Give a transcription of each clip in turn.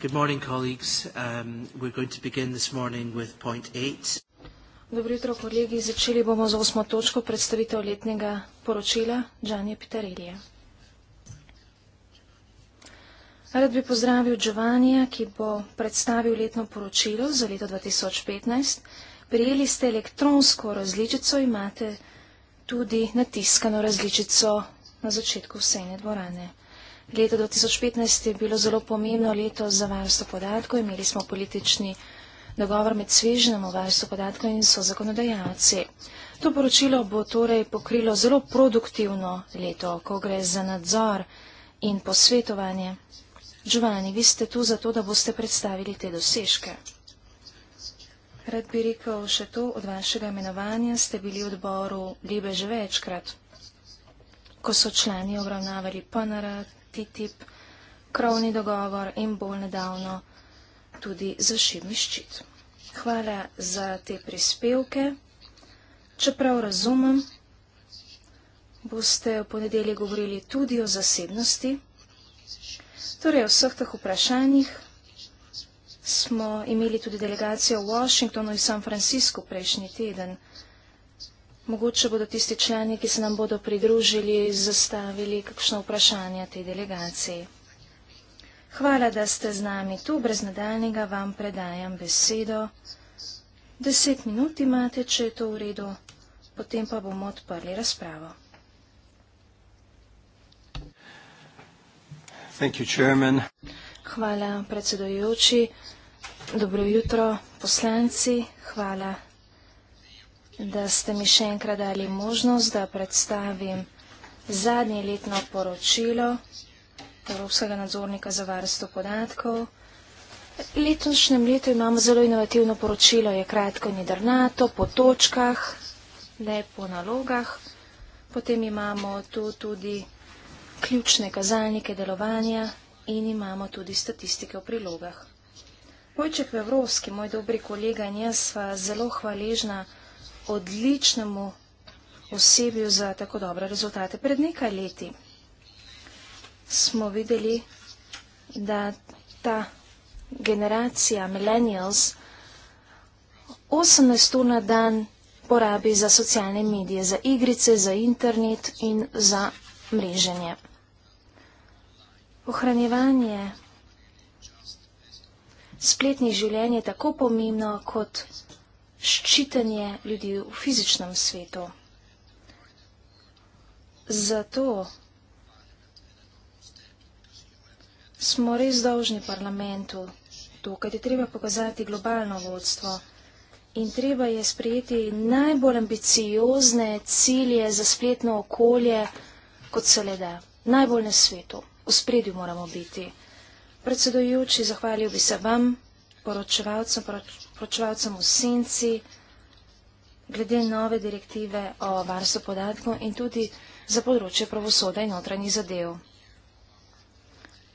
Good morning, colleagues. Um, we're going to begin this morning with point eight. Dobro jutro, kolegi. Začeli bomo z osmo točko predstavitev letnega poročila Džanje Pitarelije. Rad bi pozdravil Džovanija, ki bo predstavil letno poročilo za leto 2015. Prijeli ste elektronsko različico, imate tudi natiskano različico na začetku vsejne dvorane. Leto 2015 je bilo zelo pomembno leto za varstvo podatkov. Imeli smo politični dogovor med svežnjem o varstvu podatkov in so zakonodajalci. To poročilo bo torej pokrilo zelo produktivno leto, ko gre za nadzor in posvetovanje. Giovanni, vi ste tu zato, da boste predstavili te dosežke. Rad bi rekel še to, od vašega imenovanja ste bili v odboru Libe že večkrat, ko so člani obravnavali PNR, TTIP, krovni dogovor in bolj nedavno tudi zašibni ščit. Hvala za te prispevke. Čeprav razumem, boste v ponedelji govorili tudi o zasebnosti. Torej, o vseh teh vprašanjih smo imeli tudi delegacijo v Washingtonu in San Francisco prejšnji teden. Mogoče bodo tisti člani, ki se nam bodo pridružili, zastavili kakšno vprašanje tej delegaciji. Hvala, da ste z nami tu. Brez nadaljnega vam predajam besedo. Deset minut imate, če je to v redu. Potem pa bomo odprli razpravo. Hvala, predsedojoči. Dobro jutro, poslanci. Hvala da ste mi še enkrat dali možnost, da predstavim zadnje letno poročilo Evropskega nadzornika za varstvo podatkov. Letošnjem letu imamo zelo inovativno poročilo, je kratko nidrnato, po točkah, ne po nalogah. Potem imamo tu tudi ključne kazalnike delovanja in imamo tudi statistike o prilogah. Vojček Vevrovski, moj dobri kolega in jaz, sva zelo hvaležna vsega, odličnemu osebju za tako dobre rezultate. Pred nekaj leti smo videli, da ta generacija millennials 18 ur na dan porabi za socialne medije, za igrice, za internet in za mreženje. Ohranjevanje spletnih življenj je tako pomembno kot ščitanje ljudi v fizičnem svetu. Zato smo res dolžni parlamentu. Tukaj je treba pokazati globalno vodstvo in treba je sprejeti najbolj ambiciozne cilje za spletno okolje, kot se le da. Najbolj na svetu. V spredju moramo biti. Predsedujoči, zahvalil bi se vam, poročevalcem, poroč poročevalcem v senci, glede nove direktive o varstvu podatkov in tudi za področje pravosoda in notranjih zadev.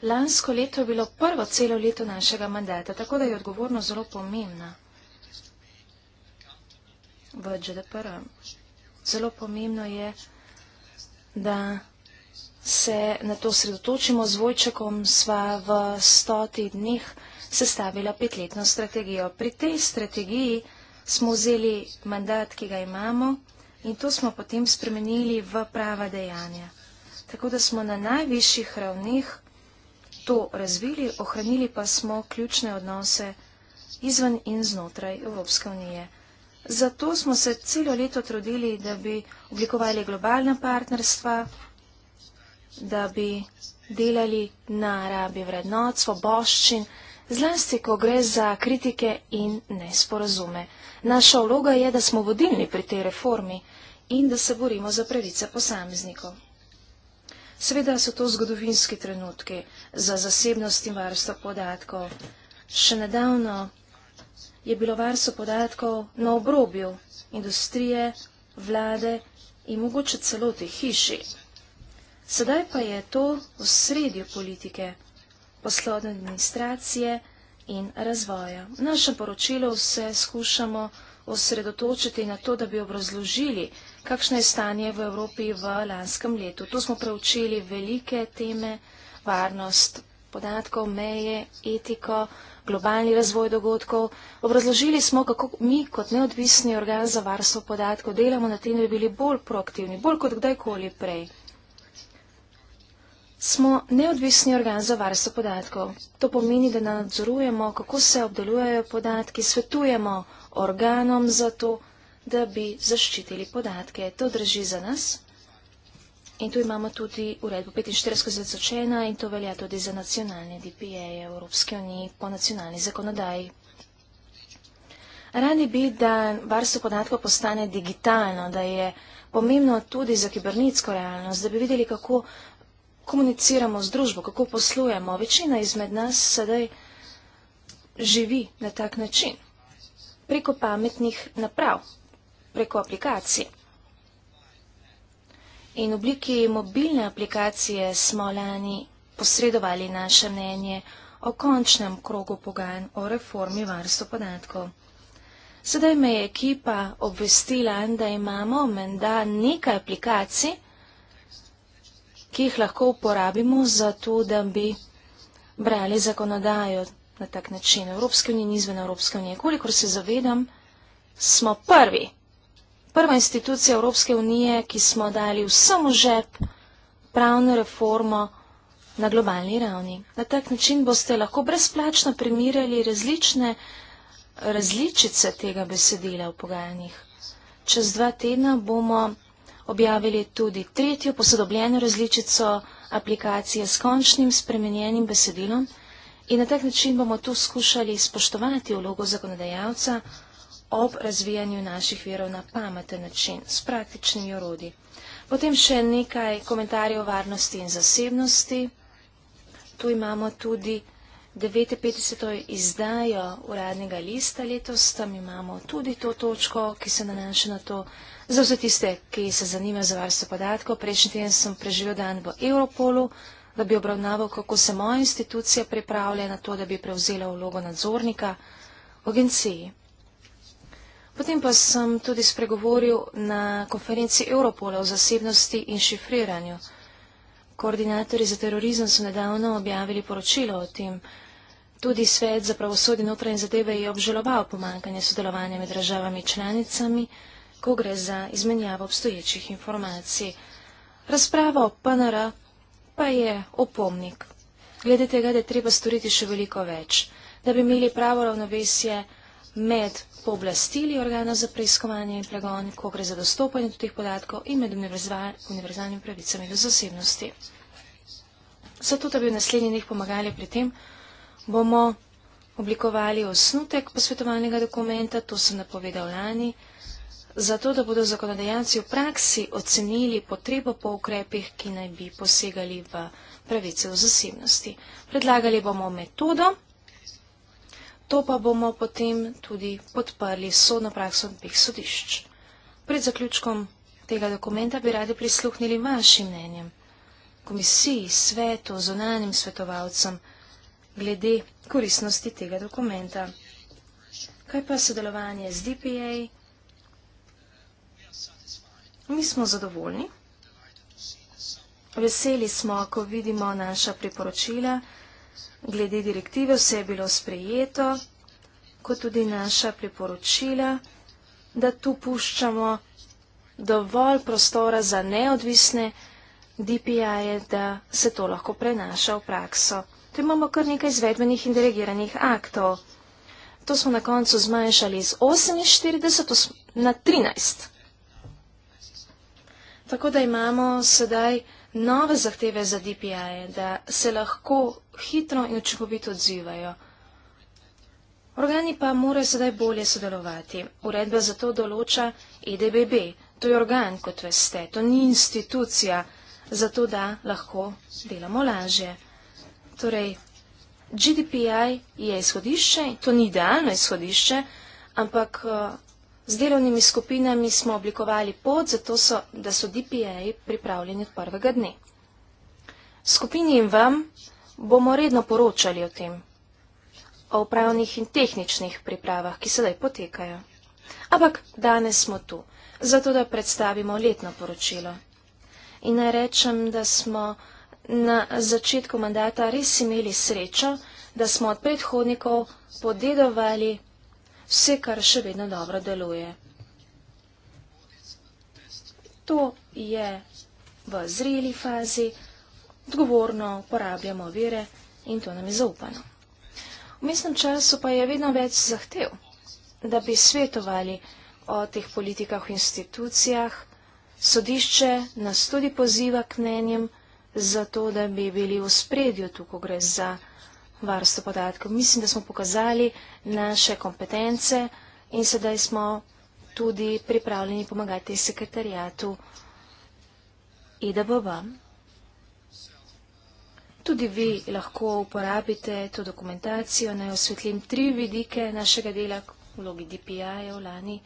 Lansko leto je bilo prvo celo leto našega mandata, tako da je odgovorno zelo pomembna v GDPR. Zelo pomembno je, da se na to sredotočimo z Vojčekom, sva v stoti dneh, sestavila petletno strategijo. Pri tej strategiji smo vzeli mandat, ki ga imamo in to smo potem spremenili v prava dejanja. Tako da smo na najvišjih ravnih to razvili, ohranili pa smo ključne odnose izven in znotraj Evropske unije. Zato smo se celo leto trudili, da bi oblikovali globalna partnerstva, da bi delali na rabi vrednot, svoboščin, zlasti ko gre za kritike in nesporazume. Naša vloga je, da smo vodilni pri tej reformi in da se borimo za pravice posameznikov. Seveda so to zgodovinski trenutki za zasebnost in varstvo podatkov. Še nedavno je bilo varstvo podatkov na obrobju industrije, vlade in mogoče celote hiši. Sedaj pa je to v sredju politike poslovne administracije in razvoja. V našem poročilu se skušamo osredotočiti na to, da bi obrazložili, kakšno je stanje v Evropi v lanskem letu. Tu smo preučili velike teme, varnost podatkov, meje, etiko, globalni razvoj dogodkov. Obrazložili smo, kako mi kot neodvisni organ za varstvo podatkov delamo na tem, da bi bili bolj proaktivni, bolj kot kdajkoli prej. Smo neodvisni organ za varstvo podatkov. To pomeni, da nadzorujemo, kako se obdelujejo podatki, svetujemo organom za to, da bi zaščitili podatke. To drži za nas. In tu imamo tudi uredbo 45.001 in to velja tudi za nacionalne DPA Evropske unije po nacionalni zakonodaji. Radi bi, da varstvo podatkov postane digitalno, da je pomembno tudi za kibernetsko realnost, da bi videli, kako komuniciramo z družbo, kako poslujemo. Večina izmed nas sedaj živi na tak način, preko pametnih naprav, preko aplikacij. In v obliki mobilne aplikacije smo lani posredovali naše mnenje o končnem krogu pogajanj o reformi varstva podatkov. Sedaj me je ekipa obvestila, da imamo menda nekaj aplikacij, ki jih lahko uporabimo za to, da bi brali zakonodajo na tak način Evropske unije in izven Evropske unije. Kolikor se zavedam, smo prvi, prva institucija Evropske unije, ki smo dali vsem v žep pravno reformo na globalni ravni. Na tak način boste lahko brezplačno primirjali različne različice tega besedila v pogajanjih. Čez dva tedna bomo objavili tudi tretjo posodobljeno različico aplikacije s končnim spremenjenim besedilom in na tak način bomo tu skušali spoštovati vlogo zakonodajalca ob razvijanju naših verov na pameten način, s praktičnimi orodji. Potem še nekaj komentarjev o varnosti in zasebnosti. Tu imamo tudi 59. izdajo uradnega lista letos, tam imamo tudi to točko, ki se nanaša na to, Za vse tiste, ki se zanimajo za varstvo podatkov, prejšnji teden sem preživel dan v Europolu, da bi obravnaval, kako se moja institucija pripravlja na to, da bi prevzela vlogo nadzornika v agenciji. Potem pa sem tudi spregovoril na konferenci Europola o zasebnosti in šifriranju. Koordinatori za terorizem so nedavno objavili poročilo o tem. Tudi svet za pravosodje notranje zadeve je obžaloval pomankanje sodelovanja med državami članicami ko gre za izmenjavo obstoječih informacij. Razprava o PNR pa je opomnik. Glede tega, da je treba storiti še veliko več, da bi imeli pravo ravnovesje med pooblastili organa za preiskovanje in pregon, ko gre za dostopanje do teh podatkov in med univerzalnimi pravicami do zasebnosti. Zato, da bi v naslednjih pomagali pri tem, bomo oblikovali osnutek posvetovalnega dokumenta, to sem napovedal lani zato da bodo zakonodajalci v praksi ocenili potrebo po ukrepih, ki naj bi posegali v pravice v zasebnosti. Predlagali bomo metodo, to pa bomo potem tudi podprli sodno prakso dveh sodišč. Pred zaključkom tega dokumenta bi radi prisluhnili vašim mnenjem, komisiji, svetu, zunanjim svetovalcem, glede koristnosti tega dokumenta. Kaj pa sodelovanje z DPA? Mi smo zadovoljni. Veseli smo, ko vidimo naša priporočila. Glede direktive vse je bilo sprejeto, kot tudi naša priporočila, da tu puščamo dovolj prostora za neodvisne DPI-je, da se to lahko prenaša v prakso. Tu imamo kar nekaj izvedbenih in delegiranih aktov. To smo na koncu zmanjšali iz 48 na 13. Tako da imamo sedaj nove zahteve za DPI, da se lahko hitro in učinkovito odzivajo. Organi pa morajo sedaj bolje sodelovati. Uredba za to določa EDBB. To je organ, kot veste, to ni institucija, zato da lahko delamo lažje. Torej, GDPI je izhodišče, to ni idealno izhodišče, ampak eh, Z delovnimi skupinami smo oblikovali pot, zato so, da so DPA-ji pripravljeni od prvega dne. Skupini in vam bomo redno poročali o tem, o upravnih in tehničnih pripravah, ki sedaj potekajo. Ampak danes smo tu, zato da predstavimo letno poročilo. In naj rečem, da smo na začetku mandata res imeli srečo, da smo od predhodnikov podedovali vse, kar še vedno dobro deluje. To je v zreli fazi, odgovorno uporabljamo vire in to nam je zaupano. V mestnem času pa je vedno več zahtev, da bi svetovali o teh politikah v institucijah. Sodišče nas tudi poziva k mnenjem, zato da bi bili v spredju tukaj, ko gre za varstvo podatkov. Mislim, da smo pokazali naše kompetence in sedaj smo tudi pripravljeni pomagati sekretarijatu IDBB. E tudi vi lahko uporabite to dokumentacijo. Naj osvetlim tri vidike našega dela v vlogi DPI-ja v lani.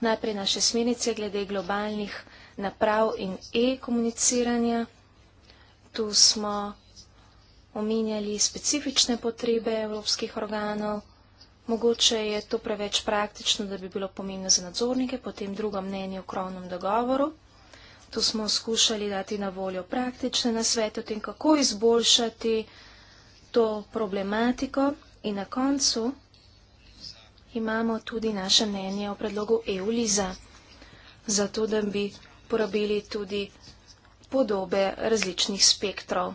Najprej naše smernice glede globalnih naprav in e-komuniciranja. Tu smo omenjali specifične potrebe evropskih organov. Mogoče je to preveč praktično, da bi bilo pomembno za nadzornike, potem drugo mnenje v krovnem dogovoru. Tu smo skušali dati na voljo praktične nasvete o tem, kako izboljšati to problematiko in na koncu imamo tudi naše mnenje o predlogu EU-LIZA, zato da bi porabili tudi podobe različnih spektrov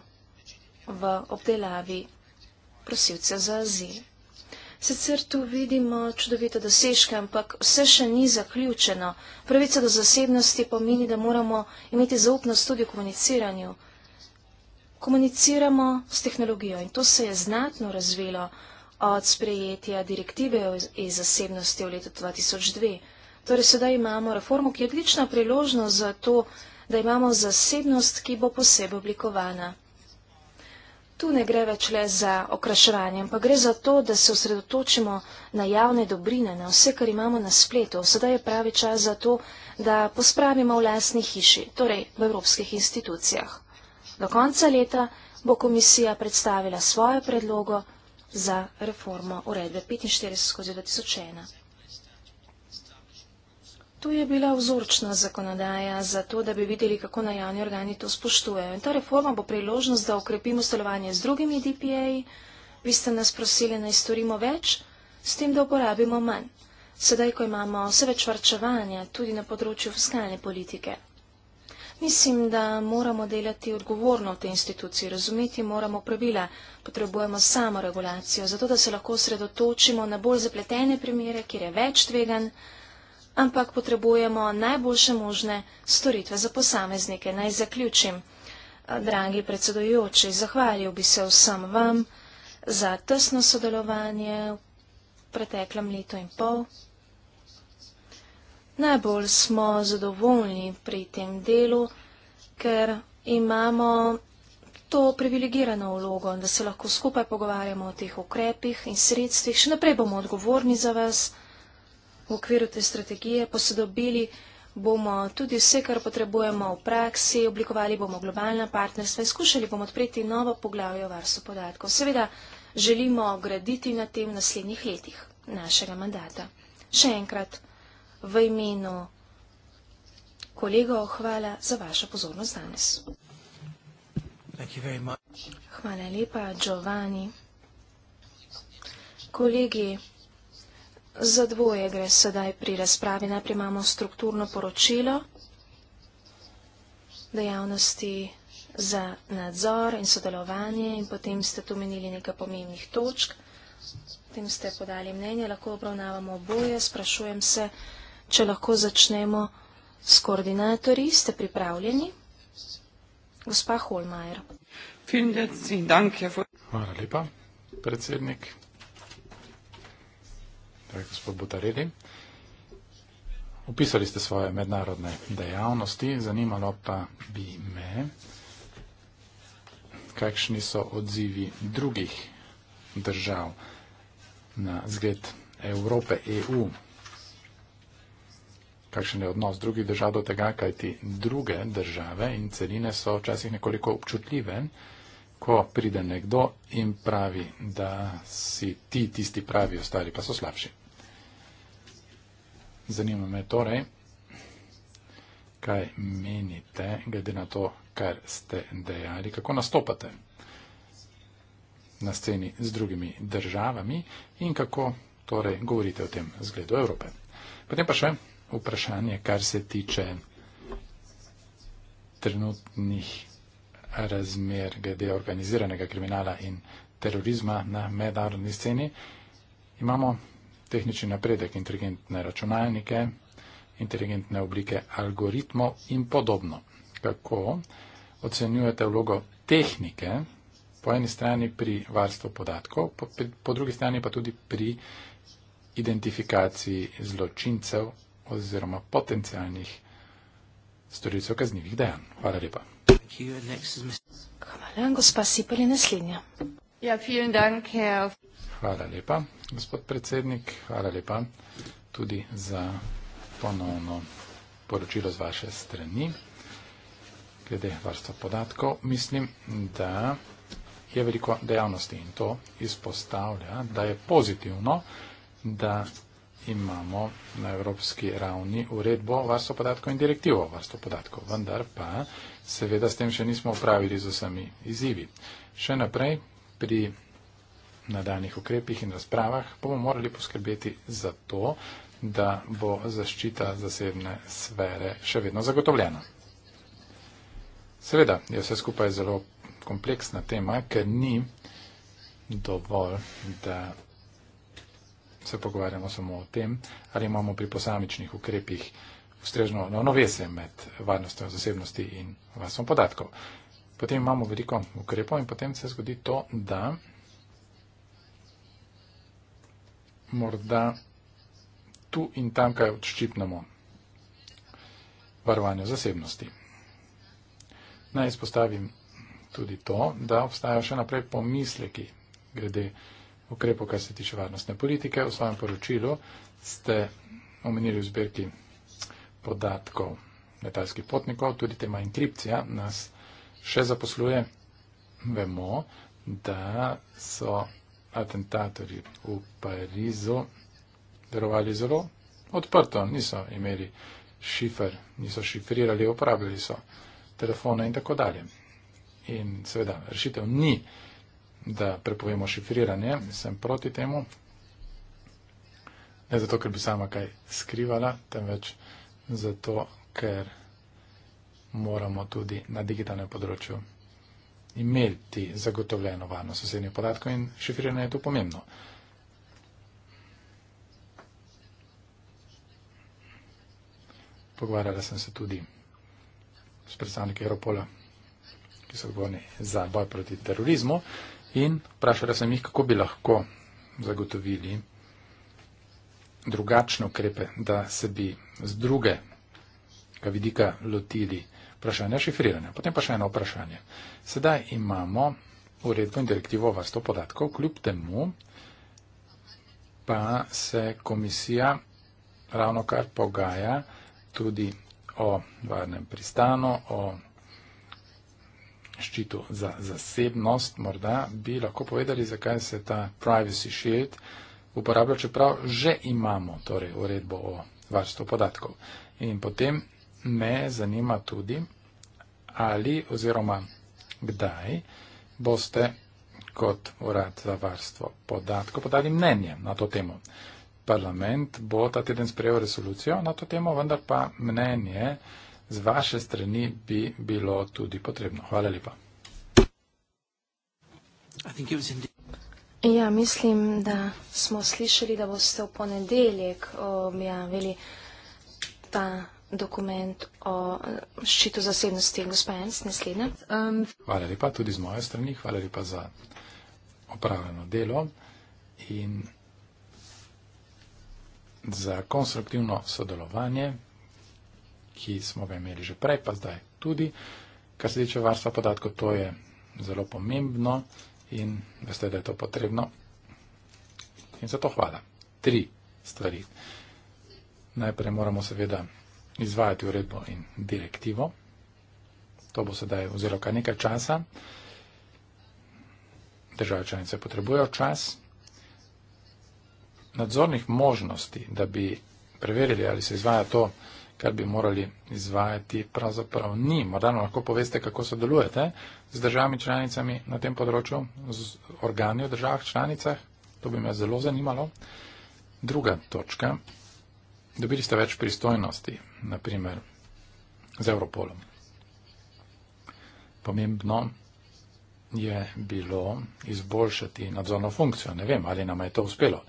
v obdelavi prosilcev za azil. Sicer tu vidimo čudovite dosežke, ampak vse še ni zaključeno. Pravica do zasebnosti pomeni, da moramo imeti zaupnost tudi v komuniciranju. Komuniciramo s tehnologijo in to se je znatno razvilo od sprejetja direktive iz zasebnosti v letu 2002. Torej sedaj imamo reformo, ki je odlična priložnost za to, da imamo zasebnost, ki bo posebej oblikovana tu ne gre več le za okraševanje, ampak gre za to, da se osredotočimo na javne dobrine, na vse, kar imamo na spletu. Sedaj je pravi čas za to, da pospravimo v lasni hiši, torej v evropskih institucijah. Do konca leta bo komisija predstavila svojo predlogo za reformo uredbe 45 skozi 2001. To je bila vzorčna zakonodaja za to, da bi videli, kako na javni organi to spoštujejo. In ta reforma bo priložnost, da okrepimo sodelovanje z drugimi DPA. Vi ste nas prosili, naj storimo več, s tem, da uporabimo manj. Sedaj, ko imamo vse več varčevanja, tudi na področju fiskalne politike. Mislim, da moramo delati odgovorno v tej instituciji, razumeti moramo pravila, potrebujemo samo regulacijo, zato da se lahko osredotočimo na bolj zapletene primere, kjer je več tveganj ampak potrebujemo najboljše možne storitve za posameznike. Naj zaključim. Dragi predsedujoči, zahvalil bi se vsem vam za tesno sodelovanje v preteklem letu in pol. Najbolj smo zadovoljni pri tem delu, ker imamo to privilegirano vlogo, da se lahko skupaj pogovarjamo o teh ukrepih in sredstvih. Še naprej bomo odgovorni za vas v okviru te strategije, posodobili bomo tudi vse, kar potrebujemo v praksi, oblikovali bomo globalna partnerstva in skušali bomo odpreti novo poglavje o varstvu podatkov. Seveda želimo graditi na tem naslednjih letih našega mandata. Še enkrat v imenu kolegov hvala za vašo pozornost danes. Hvala lepa, Giovanni. Kolegi, Za dvoje gre sedaj pri razpravi. Najprej imamo strukturno poročilo dejavnosti za nadzor in sodelovanje in potem ste tu menili nekaj pomembnih točk. Potem ste podali mnenje, lahko obravnavamo oboje. Sprašujem se, če lahko začnemo s koordinatorji. Ste pripravljeni? Gospa Holmajer. Hvala lepa, predsednik pravi torej, gospod Butaredi. Opisali ste svoje mednarodne dejavnosti, zanimalo pa bi me, kakšni so odzivi drugih držav na zgled Evrope, EU. Kakšen je odnos drugih držav do tega, kajti druge države in celine so včasih nekoliko občutljive, ko pride nekdo in pravi, da si ti tisti pravi, ostali pa so slabši. Zanima me torej, kaj menite, glede na to, kar ste dejali, kako nastopate na sceni z drugimi državami in kako torej govorite o tem zgledu Evrope. Potem pa še vprašanje, kar se tiče trenutnih razmer glede organiziranega kriminala in terorizma na mednarodni sceni. Imamo tehnični napredek, inteligentne računalnike, inteligentne oblike algoritmov in podobno. Kako ocenjujete vlogo tehnike po eni strani pri varstvu podatkov, po, pri, po drugi strani pa tudi pri identifikaciji zločincev oziroma potencijalnih storilcev kaznjivih dejanj. Hvala lepa. Hvala, gospa Sipeli, naslednja. Ja, vielen dank, Herr. Hvala lepa, gospod predsednik. Hvala lepa tudi za ponovno poročilo z vaše strani. Glede varstva podatkov, mislim, da je veliko dejavnosti in to izpostavlja, da je pozitivno, da imamo na evropski ravni uredbo o varstvu podatkov in direktivo o varstvu podatkov, vendar pa seveda s tem še nismo upravili z vsemi izzivi. Še naprej pri nadaljnih ukrepih in razpravah bomo morali poskrbeti za to, da bo zaščita zasebne sfere še vedno zagotovljena. Seveda je vse skupaj zelo kompleksna tema, ker ni dovolj, da se pogovarjamo samo o tem, ali imamo pri posamičnih ukrepih ustrežno ravnovesje med varnostjo zasebnosti in vasom podatkov. Potem imamo veliko ukrepov in potem se zgodi to, da morda tu in tam kaj odščipnemo. Varovanje zasebnosti. Naj izpostavim tudi to, da obstajajo še naprej pomisleki glede ukrepov, kar se tiče varnostne politike. V svojem poročilu ste omenili v zbirki podatkov letalskih potnikov, tudi tema inkripcija nas še zaposluje. Vemo, da so atentatorji v Parizu darovali zelo odprto, niso imeli šifr, niso šifrirali, uporabljali so telefone in tako dalje. In seveda, rešitev ni, da prepovemo šifriranje, sem proti temu, ne zato, ker bi sama kaj skrivala, temveč zato, ker moramo tudi na digitalnem področju imeti zagotovljeno varnost osebnih podatkov in šifriranje je tu pomembno. Pogovarjala sem se tudi s predstavniki Europola, ki so odgovorni za boj proti terorizmu in vprašala sem jih, kako bi lahko zagotovili drugačne ukrepe, da se bi z drugega vidika lotili vprašanja šifriranja. Potem pa še eno vprašanje. Sedaj imamo uredbo in direktivo o varstvu podatkov, kljub temu pa se komisija ravno kar pogaja tudi o varnem pristanu, o ščitu za zasebnost. Morda bi lahko povedali, zakaj se ta privacy shield uporablja, čeprav že imamo torej, uredbo o varstvu podatkov. In potem me zanima tudi, ali oziroma kdaj boste kot urad za varstvo podatkov podali mnenje na to temo. Parlament bo ta teden sprejel resolucijo na to temo, vendar pa mnenje z vaše strani bi bilo tudi potrebno. Hvala lepa. Ja, mislim, da smo slišali, da boste v ponedeljek objavili ta dokument o eh, ščitu zasebnosti gospa Jens, naslednja. Um. Hvala lepa tudi z moje strani, hvala lepa za opravljeno delo in za konstruktivno sodelovanje, ki smo ga imeli že prej, pa zdaj tudi. Kar se tiče varstva podatkov, to je zelo pomembno in veste, da je to potrebno. In zato hvala. Tri stvari. Najprej moramo seveda izvajati uredbo in direktivo. To bo sedaj vzelo kar nekaj časa. Države članice potrebujejo čas. Nadzornih možnosti, da bi preverili, ali se izvaja to, kar bi morali izvajati, pravzaprav ni. Morda nam lahko poveste, kako sodelujete z državami članicami na tem področju, z organi v državah članicah. To bi me zelo zanimalo. Druga točka dobili ste več pristojnosti, naprimer z Europolom. Pomembno je bilo izboljšati nadzorno funkcijo. Ne vem, ali nam je to uspelo.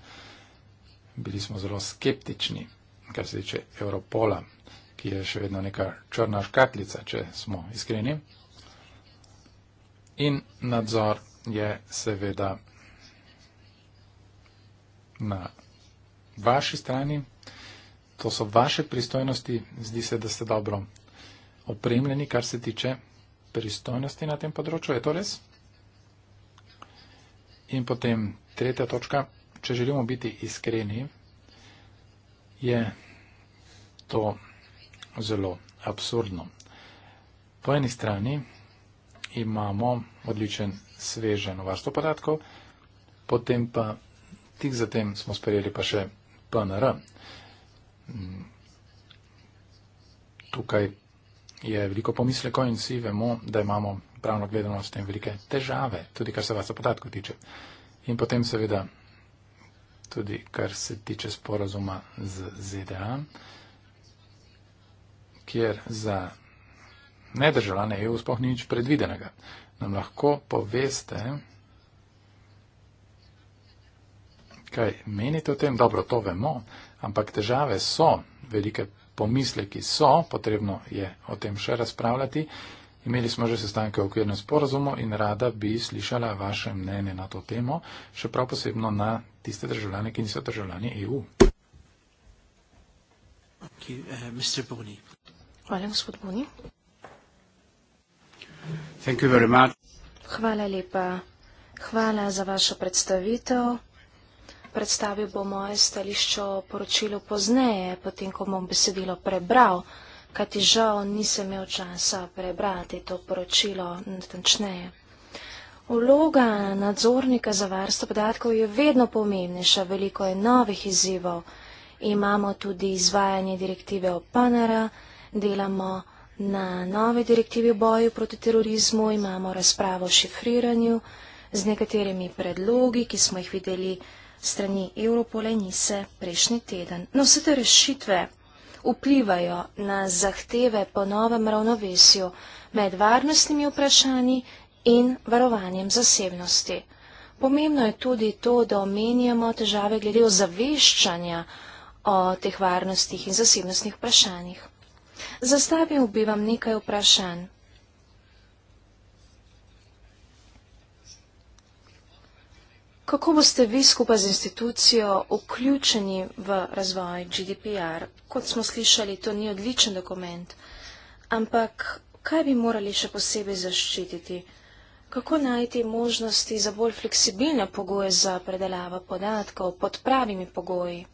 Bili smo zelo skeptični, kar se tiče Europola, ki je še vedno neka črna škatlica, če smo iskreni. In nadzor je seveda na vaši strani, to so vaše pristojnosti, zdi se, da ste dobro opremljeni, kar se tiče pristojnosti na tem področju. Je to res? In potem tretja točka, če želimo biti iskreni, je to zelo absurdno. Po eni strani imamo odličen svežen varstvo podatkov, potem pa tik zatem smo sprejeli pa še PNR. Tukaj je veliko pomisleko in vsi vemo, da imamo pravno gledano s tem velike težave, tudi kar se vas podatkov tiče. In potem seveda tudi kar se tiče sporazuma z ZDA, kjer za nedržavane EU sploh ni nič predvidenega. Nam lahko poveste, kaj menite o tem, dobro, to vemo, ampak težave so, velike pomisleki so, potrebno je o tem še razpravljati. Imeli smo že sestanke v okvirnem sporazumu in rada bi slišala vaše mnenje na to temo, še prav posebno na tiste državljane, ki niso državljani EU. Uh, Hvala, gospod Boni. Hvala lepa. Hvala za vašo predstavitev predstavil bo moje stališče o poročilu pozneje, potem, ko bom besedilo prebral, kajti žal nisem imel časa prebrati to poročilo natančneje. Vloga nadzornika za varstvo podatkov je vedno pomembnejša, veliko je novih izzivov. Imamo tudi izvajanje direktive OPANERA, delamo na nove direktive o boju proti terorizmu, imamo razpravo o šifriranju z nekaterimi predlogi, ki smo jih videli strani Evropole Nise prejšnji teden. No, vse te rešitve vplivajo na zahteve po novem ravnovesju med varnostnimi vprašanji in varovanjem zasebnosti. Pomembno je tudi to, da omenjamo težave glede ozaveščanja o teh varnostih in zasebnostnih vprašanjih. Zastavil bi vam nekaj vprašanj. Kako boste vi skupaj z institucijo vključeni v razvoj GDPR? Kot smo slišali, to ni odličen dokument, ampak kaj bi morali še posebej zaščititi? Kako najti možnosti za bolj fleksibilne pogoje za predelavo podatkov pod pravimi pogoji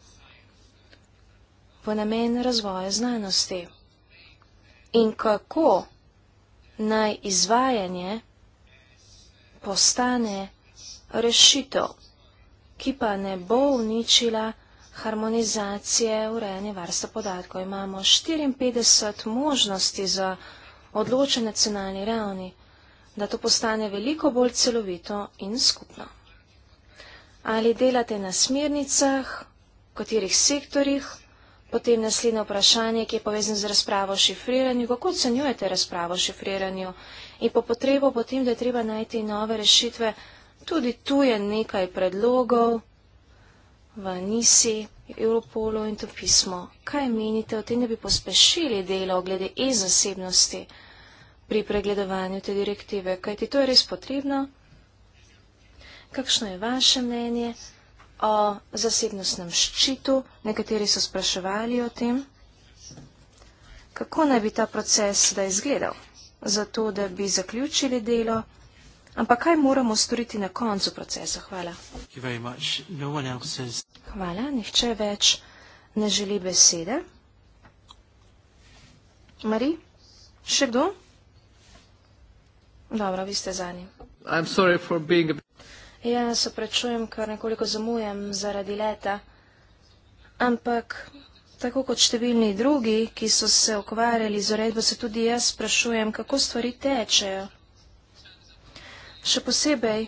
v namen razvoja znanosti? In kako naj izvajanje postane rešitev, ki pa ne bo uničila harmonizacije urejanja varstva podatkov. Imamo 54 možnosti za odločen nacionalni ravni, da to postane veliko bolj celovito in skupno. Ali delate na smernicah, v katerih sektorjih, potem naslednje vprašanje, ki je povezano z razpravo o šifriranju, kako ocenjujete razpravo o šifriranju in po potrebo potem, da je treba najti nove rešitve, Tudi tu je nekaj predlogov v Nisi, Europolu in to pismo. Kaj menite o tem, da bi pospešili delo glede e-zasebnosti pri pregledovanju te direktive? Kaj ti to je res potrebno? Kakšno je vaše mnenje o zasebnostnem ščitu? Nekateri so spraševali o tem. Kako naj bi ta proces da izgledal? Zato, da bi zaključili delo. Ampak kaj moramo storiti na koncu procesa? Hvala. No is... Hvala, nihče več ne želi besede. Mari, še kdo? Dobro, vi ste zani. A... Ja, se prečujem, kar nekoliko zamujam zaradi leta. Ampak tako kot številni drugi, ki so se ukvarjali z uredbo, se tudi jaz sprašujem, kako stvari tečejo. Še posebej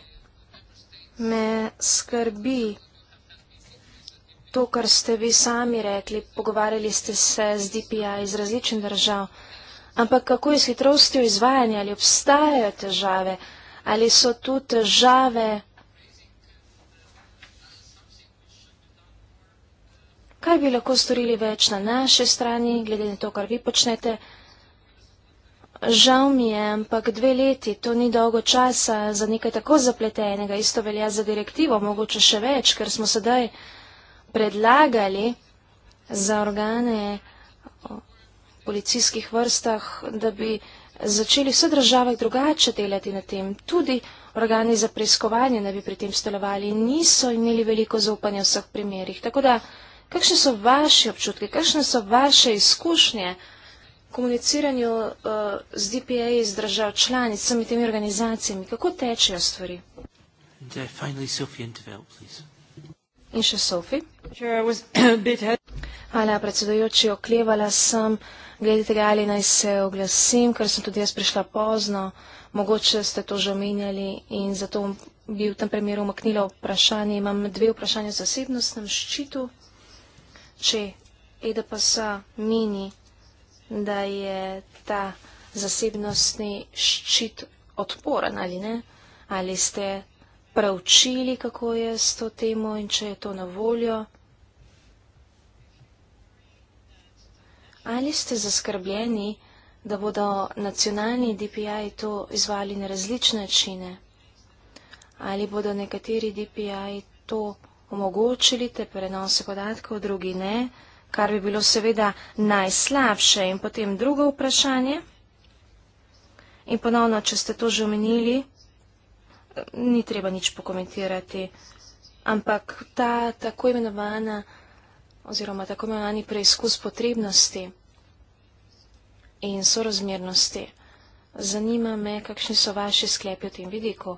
me skrbi to, kar ste vi sami rekli, pogovarjali ste se z DPA iz različnih držav, ampak kako je s hitrostjo izvajanja, ali obstajajo težave, ali so tu težave. Kaj bi lahko storili več na naši strani, glede na to, kar vi počnete? žal mi je, ampak dve leti, to ni dolgo časa za nekaj tako zapletenega, isto velja za direktivo, mogoče še več, ker smo sedaj predlagali za organe v policijskih vrstah, da bi začeli vse države drugače delati na tem. Tudi organi za preiskovanje ne bi pri tem stelovali in niso imeli veliko zaupanja v vseh primerjih. Tako da, kakšne so vaše občutke, kakšne so vaše izkušnje? komuniciranju uh, z DPA, z držav članic, s vsemi temi organizacijami? Kako tečejo stvari? And, uh, finally, In še Sophie. Hvala, predsedujoči, oklevala sem. Gledajte, ali naj se oglasim, ker sem tudi jaz prišla pozno. Mogoče ste to že omenjali in zato bi v tem primeru umaknila vprašanje. Imam dve vprašanje o zasebnostnem ščitu. Če EDPS meni, da je ta zasebnostni ščit odporen ali ne? Ali ste preučili, kako je s to temo in če je to na voljo? Ali ste zaskrbljeni, da bodo nacionalni DPI to izvali na različne načine? Ali bodo nekateri DPI to omogočili, te prenose podatkov, drugi ne? kar bi bilo seveda najslabše. In potem drugo vprašanje. In ponovno, če ste to že omenili, ni treba nič pokomentirati. Ampak ta tako imenovana oziroma tako imenovani preizkus potrebnosti in sorozmernosti. Zanima me, kakšni so vaši sklepi v tem vidiku.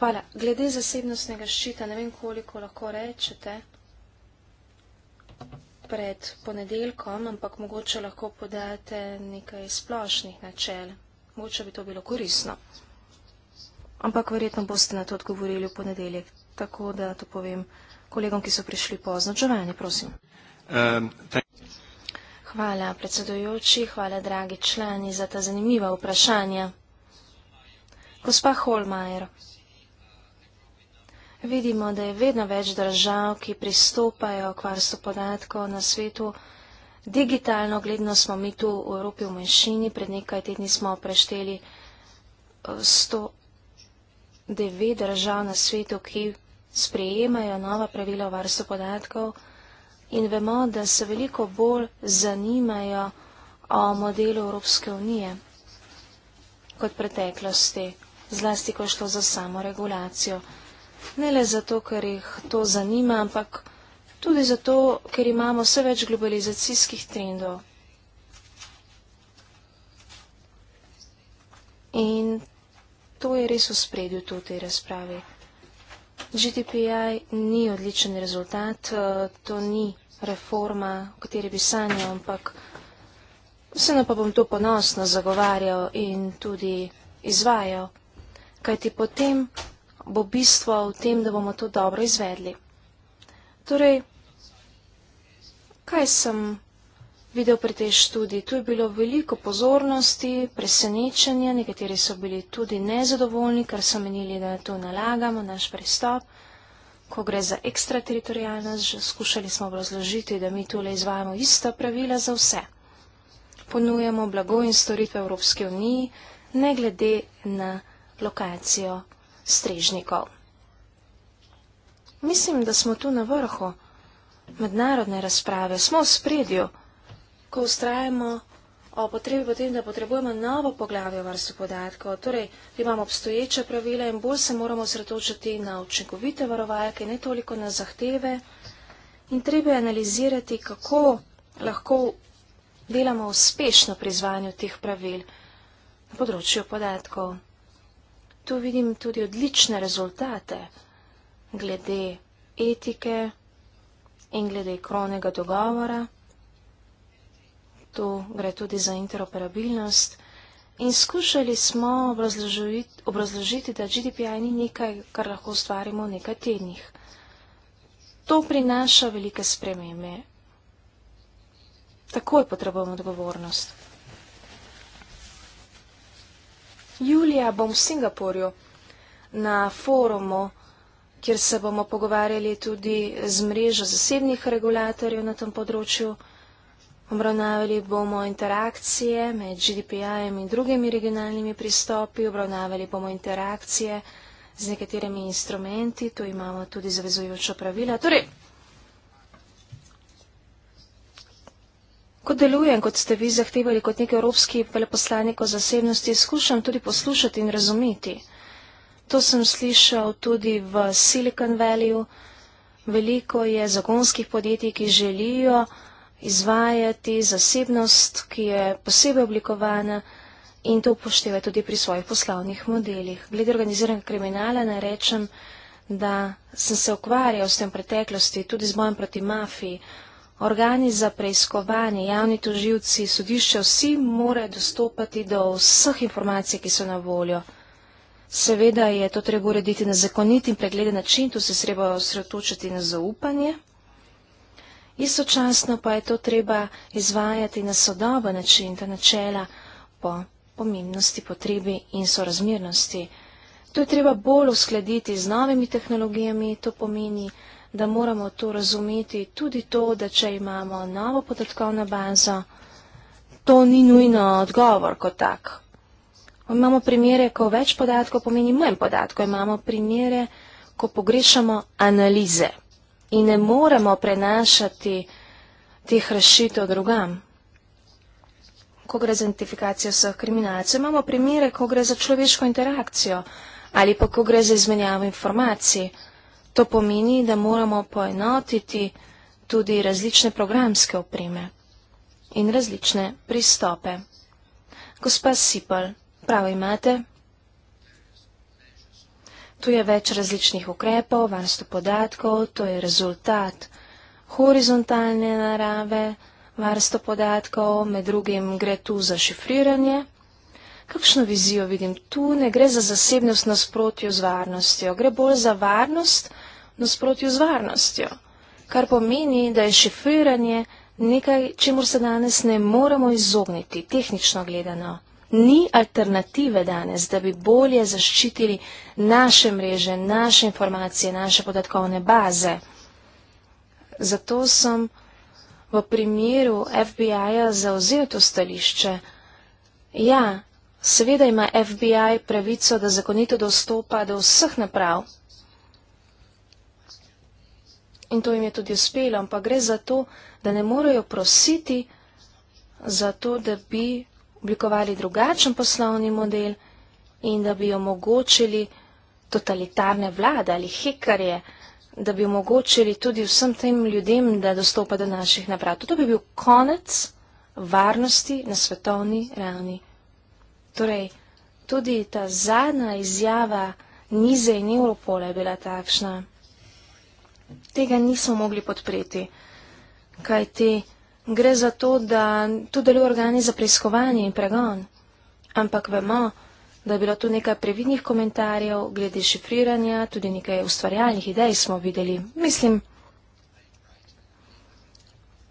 Hvala. Glede zasebnostnega ščita, ne vem, koliko lahko rečete pred ponedeljkom, ampak mogoče lahko podate nekaj splošnih načel. Mogoče bi to bilo korisno. Ampak verjetno boste na to odgovorili v ponedeljek. Tako da to povem kolegom, ki so prišli pozno. Čovani, prosim. Um, hvala, predsedojoči, hvala, dragi člani, za ta zanimiva vprašanja. Gospa Holmajer. Vidimo, da je vedno več držav, ki pristopajo k varstvu podatkov na svetu. Digitalno gledno smo mi tu v Evropi v manjšini, pred nekaj tedni smo prešteli 109 eh, držav na svetu, ki sprejemajo nova pravila o varstvu podatkov in vemo, da se veliko bolj zanimajo o modelu Evropske unije kot preteklosti, zlasti ko šlo za samo regulacijo ne le zato, ker jih to zanima, ampak tudi zato, ker imamo vse več globalizacijskih trendov. In to je res v spredju v tej razpravi. GDPI ni odličen rezultat, eh, to ni reforma, o kateri bi sanjal, ampak vseeno pa bom to ponosno zagovarjal in tudi izvajal, kajti potem bo bistvo v tem, da bomo to dobro izvedli. Torej, kaj sem videl pri tej študiji? Tu je bilo veliko pozornosti, presenečenja, nekateri so bili tudi nezadovoljni, ker so menili, da to nalagamo, naš pristop. Ko gre za ekstrateritorijalnost, skušali smo razložiti, da mi tole izvajamo ista pravila za vse. Ponujamo blago in storitve Evropske unije, ne glede na lokacijo strežnikov. Mislim, da smo tu na vrhu mednarodne razprave, smo v spredju, ko ustrajamo o potrebi potem, da potrebujemo novo poglavje o varstvu podatkov. Torej, imamo obstoječa pravila in bolj se moramo sretočiti na učinkovite varovalke, ne toliko na zahteve. In treba je analizirati, kako lahko delamo uspešno pri izvanju teh pravil na področju podatkov. Tu vidim tudi odlične rezultate glede etike in glede kronega dogovora. Tu gre tudi za interoperabilnost. In skušali smo obrazložiti, obrazložiti da GDPR ni nekaj, kar lahko ustvarimo v nekaj tednih. To prinaša velike spremembe. Takoj potrebujemo odgovornost. Julija bom v Singapurju na forumu, kjer se bomo pogovarjali tudi z mrežo zasebnih regulatorjev na tem področju. Obravnavali bomo interakcije med GDPI-jem in drugimi regionalnimi pristopi, obravnavali bomo interakcije z nekaterimi instrumenti, tu imamo tudi zavezujoča pravila. Torej, Ko delujem, kot ste vi zahtevali, kot nek evropski veleposlanik o zasebnosti, skušam tudi poslušati in razumeti. To sem slišal tudi v Silicon Valley. Veliko je zagonskih podjetij, ki želijo izvajati zasebnost, ki je posebej oblikovana in to upošteva tudi pri svojih poslovnih modelih. Glede organiziranega kriminala naj rečem, da sem se ukvarjal s tem preteklosti, tudi z bojem proti mafiji organi za preiskovanje, javni toživci, sodišče, vsi morajo dostopati do vseh informacij, ki so na voljo. Seveda je to treba urediti na zakonit in pregleden način, tu se treba osredotočiti na zaupanje. Istočasno pa je to treba izvajati na sodoben način, ta načela po pomembnosti, potrebi in sorazmernosti. To je treba bolj uskladiti z novimi tehnologijami, to pomeni da moramo to razumeti, tudi to, da če imamo novo podatkovno bazo, to ni nujno odgovor kot tak. Imamo primere, ko več podatkov pomeni manj podatkov, imamo primere, ko pogrešamo analize in ne moremo prenašati teh rešitev drugam. Ko gre za identifikacijo vseh kriminalcev, imamo primere, ko gre za človeško interakcijo ali pa ko gre za izmenjavo informacij. To pomeni, da moramo poenotiti tudi različne programske opreme in različne pristope. Gospa Sipal, prav imate? Tu je več različnih ukrepov, varstvo podatkov, to je rezultat horizontalne narave, varstvo podatkov, med drugim gre tu za šifriranje. Kakšno vizijo vidim tu? Ne gre za zasebnost nasprotju z varnostjo, gre bolj za varnost, nasprotju z varnostjo, kar pomeni, da je šifriranje nekaj, čemur se danes ne moremo izogniti, tehnično gledano. Ni alternative danes, da bi bolje zaščitili naše mreže, naše informacije, naše podatkovne baze. Zato sem v primeru FBI-ja zauzel to stališče. Ja, seveda ima FBI pravico, da zakonito dostopa do vseh naprav, In to jim je tudi uspelo, ampak gre za to, da ne morejo prositi za to, da bi oblikovali drugačen poslovni model in da bi omogočili totalitarne vlade ali hekarje, da bi omogočili tudi vsem tem ljudem, da dostopa do naših naprav. To bi bil konec varnosti na svetovni ravni. Torej, tudi ta zadnja izjava nize in Europola je bila takšna tega niso mogli podpreti. Kaj ti gre za to, da tu delujo organi za preiskovanje in pregon? Ampak vemo, da je bilo tu nekaj previdnih komentarjev glede šifriranja, tudi nekaj ustvarjalnih idej smo videli. Mislim,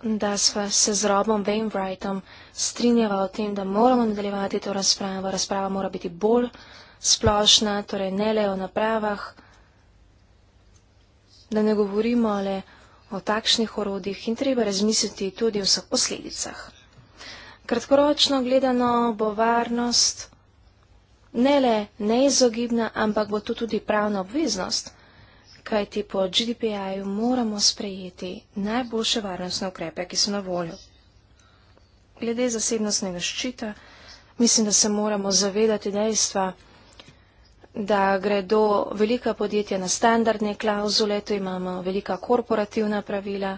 da sva se z Robom Wainwrightom strinjava o tem, da moramo nadaljevati to razpravo. Razprava mora biti bolj splošna, torej ne le o napravah da ne govorimo le o takšnih orodjih in treba razmisliti tudi o vseh posledicah. Kratkoročno gledano bo varnost ne le neizogibna, ampak bo to tudi pravna obveznost, kajti po GDPI-ju moramo sprejeti najboljše varnostne ukrepe, ki so na voljo. Glede zasebnostnega ščita, mislim, da se moramo zavedati dejstva, da gredo velika podjetja na standardne klauzule, tu imamo velika korporativna pravila.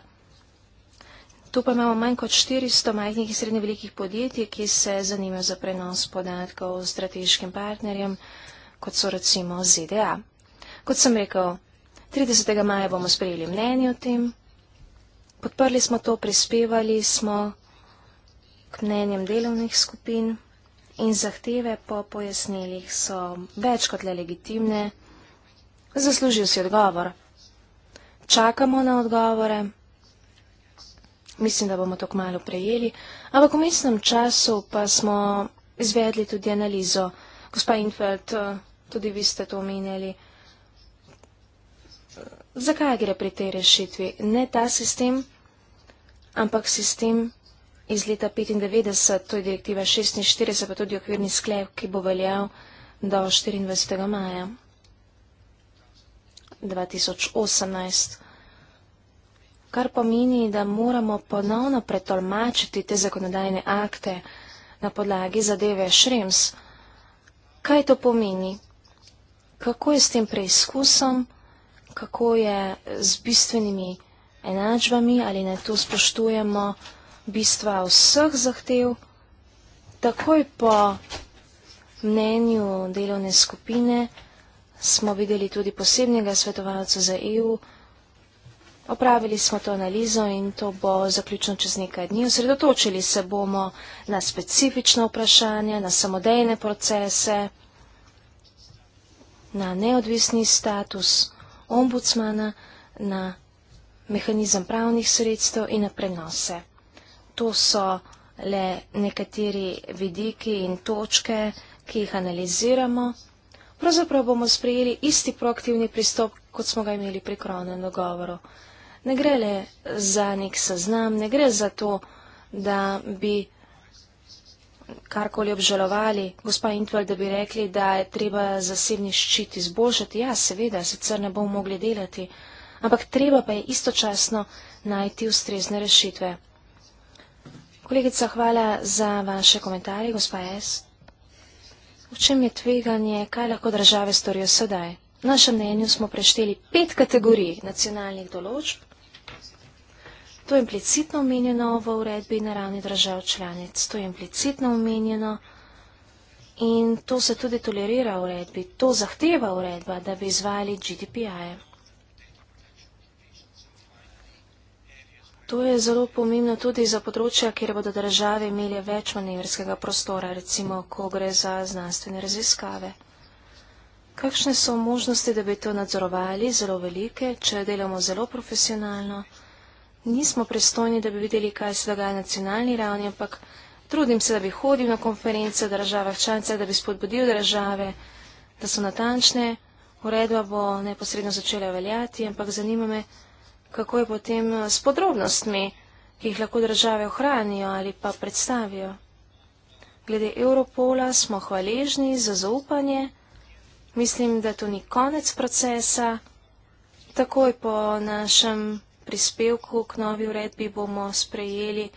Tu pa imamo manj kot 400 majhnih in srednje velikih podjetij, ki se zanimajo za prenos podatkov s strateškim partnerjem, kot so recimo ZDA. Kot sem rekel, 30. maja bomo sprejeli mnenje o tem. Podprli smo to, prispevali smo k mnenjem delovnih skupin in zahteve po pojasnilih so več kot le legitimne, zaslužil si odgovor. Čakamo na odgovore, mislim, da bomo to kmalo prejeli, ampak v mestnem času pa smo izvedli tudi analizo. Gospa Infeld, tudi vi ste to omenjali. Zakaj gre pri tej rešitvi? Ne ta sistem, ampak sistem iz leta 1995, to je direktiva 46, pa tudi okvirni sklep, ki bo veljal do 24. maja 2018. Kar pomeni, da moramo ponovno pretolmačiti te zakonodajne akte na podlagi zadeve Šrems. Kaj to pomeni? Kako je s tem preizkusom? Kako je z bistvenimi enačbami? Ali ne to spoštujemo? bistva vseh zahtev, takoj po mnenju delovne skupine smo videli tudi posebnega svetovalca za EU, opravili smo to analizo in to bo zaključno čez nekaj dni. Osredotočili se bomo na specifična vprašanja, na samodejne procese, na neodvisni status ombudsmana, na mehanizem pravnih sredstev in na prenose to so le nekateri vidiki in točke, ki jih analiziramo. Pravzaprav bomo sprejeli isti proaktivni pristop, kot smo ga imeli pri kronem dogovoru. Ne gre le za nek seznam, ne gre za to, da bi karkoli obžalovali, gospa Intvar, da bi rekli, da je treba zasebni ščit izboljšati. Ja, seveda, sicer ne bomo mogli delati, ampak treba pa je istočasno najti ustrezne rešitve. Kolegica, hvala za vaše komentarje, gospa S. V čem je tveganje, kaj lahko države storijo sedaj? V našem mnenju smo prešteli pet kategorij nacionalnih določb. To je implicitno omenjeno v uredbi na ravni držav članic. To je implicitno omenjeno in to se tudi tolerira v uredbi. To zahteva uredba, da bi izvali GDPR. -e. To je zelo pomembno tudi za področja, kjer bodo države imeli več manevrskega prostora, recimo, ko gre za znanstvene raziskave. Kakšne so možnosti, da bi to nadzorovali, zelo velike, če delamo zelo profesionalno? Nismo pristojni, da bi videli, kaj se dogaja na nacionalni ravni, ampak trudim se, da bi hodil na konference v državah članicah, da bi spodbudil države, da so natančne. Uredba bo neposredno začela veljati, ampak zanima me, kako je potem eh, s podrobnostmi, ki jih lahko države ohranijo ali pa predstavijo. Glede Europola smo hvaležni za zaupanje. Mislim, da to ni konec procesa. Takoj po našem prispevku k novi uredbi bomo sprejeli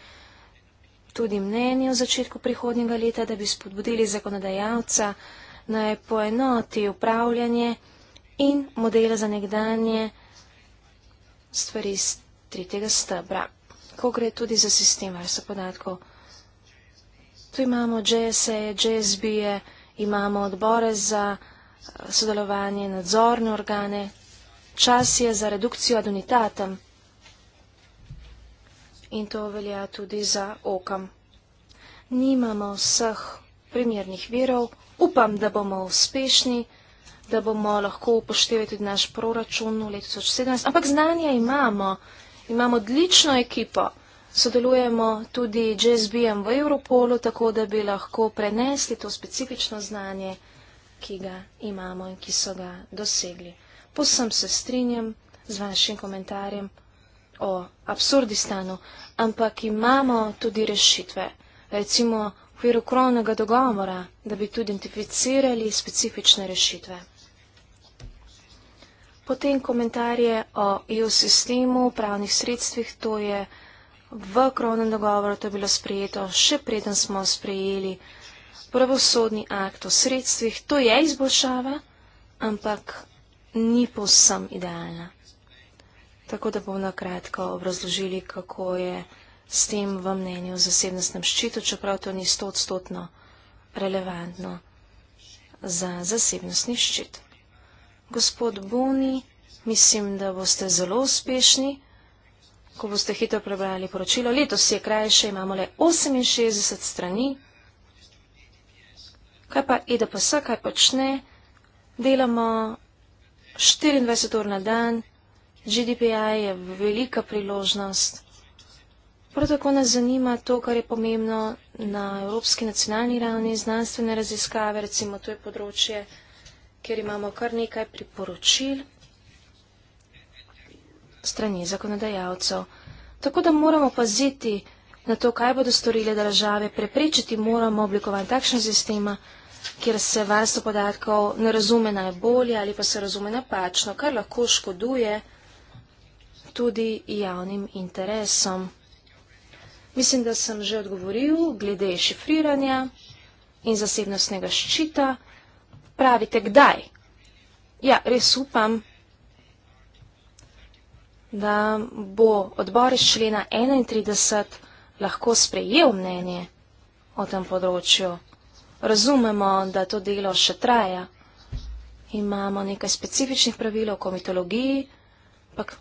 tudi mnenje v začetku prihodnjega leta, da bi spodbudili zakonodajalca naj poenoti upravljanje in modele za nekdanje stvari iz tretjega stebra, ko gre tudi za sistem varstva podatkov. Tu imamo JSA-je, JSB-je, imamo odbore za eh, sodelovanje, nadzorne organe. Čas je za redukcijo ad unitatem in to velja tudi za okam. Nimamo vseh primernih virov, upam, da bomo uspešni da bomo lahko upoštevali tudi naš proračun v letu 2017. Ampak znanja imamo, imamo odlično ekipo. Sodelujemo tudi z JSB-em v Europolu, tako da bi lahko prenesli to specifično znanje, ki ga imamo in ki so ga dosegli. Posem se strinjam z vašim komentarjem o absurdistanu, ampak imamo tudi rešitve. Recimo v okviru krovnega dogovora, da bi tudi identificirali specifične rešitve. Potem komentarje o EU sistemu pravnih sredstvih, to je v krovnem dogovoru, to je bilo sprejeto, še preden smo sprejeli pravosodni akt o sredstvih, to je izboljšava, ampak ni povsem idealna. Tako da bom na kratko obrazložili, kako je s tem v mnenju o zasebnostnem ščitu, čeprav to ni stotstotno relevantno za zasebnostni ščit gospod Boni, mislim, da boste zelo uspešni. Ko boste hitro prebrali poročilo, letos je krajše, imamo le 68 strani. Kaj pa EDPS, kaj počne? Delamo 24 ur na dan, GDPI je velika priložnost. Prav tako nas zanima to, kar je pomembno na evropski nacionalni ravni, znanstvene raziskave, recimo to je področje kjer imamo kar nekaj priporočil strani zakonodajalcev. Tako da moramo paziti na to, kaj bodo storile države, preprečiti moramo oblikovanje takšnega sistema, kjer se varstvo podatkov ne razume najbolje ali pa se razume napačno, kar lahko škoduje tudi javnim interesom. Mislim, da sem že odgovoril glede šifriranja in zasebnostnega ščita pravite, kdaj? Ja, res upam, da bo odbor iz člena 31 lahko sprejel mnenje o tem področju. Razumemo, da to delo še traja. Imamo nekaj specifičnih pravil o komitologiji, ampak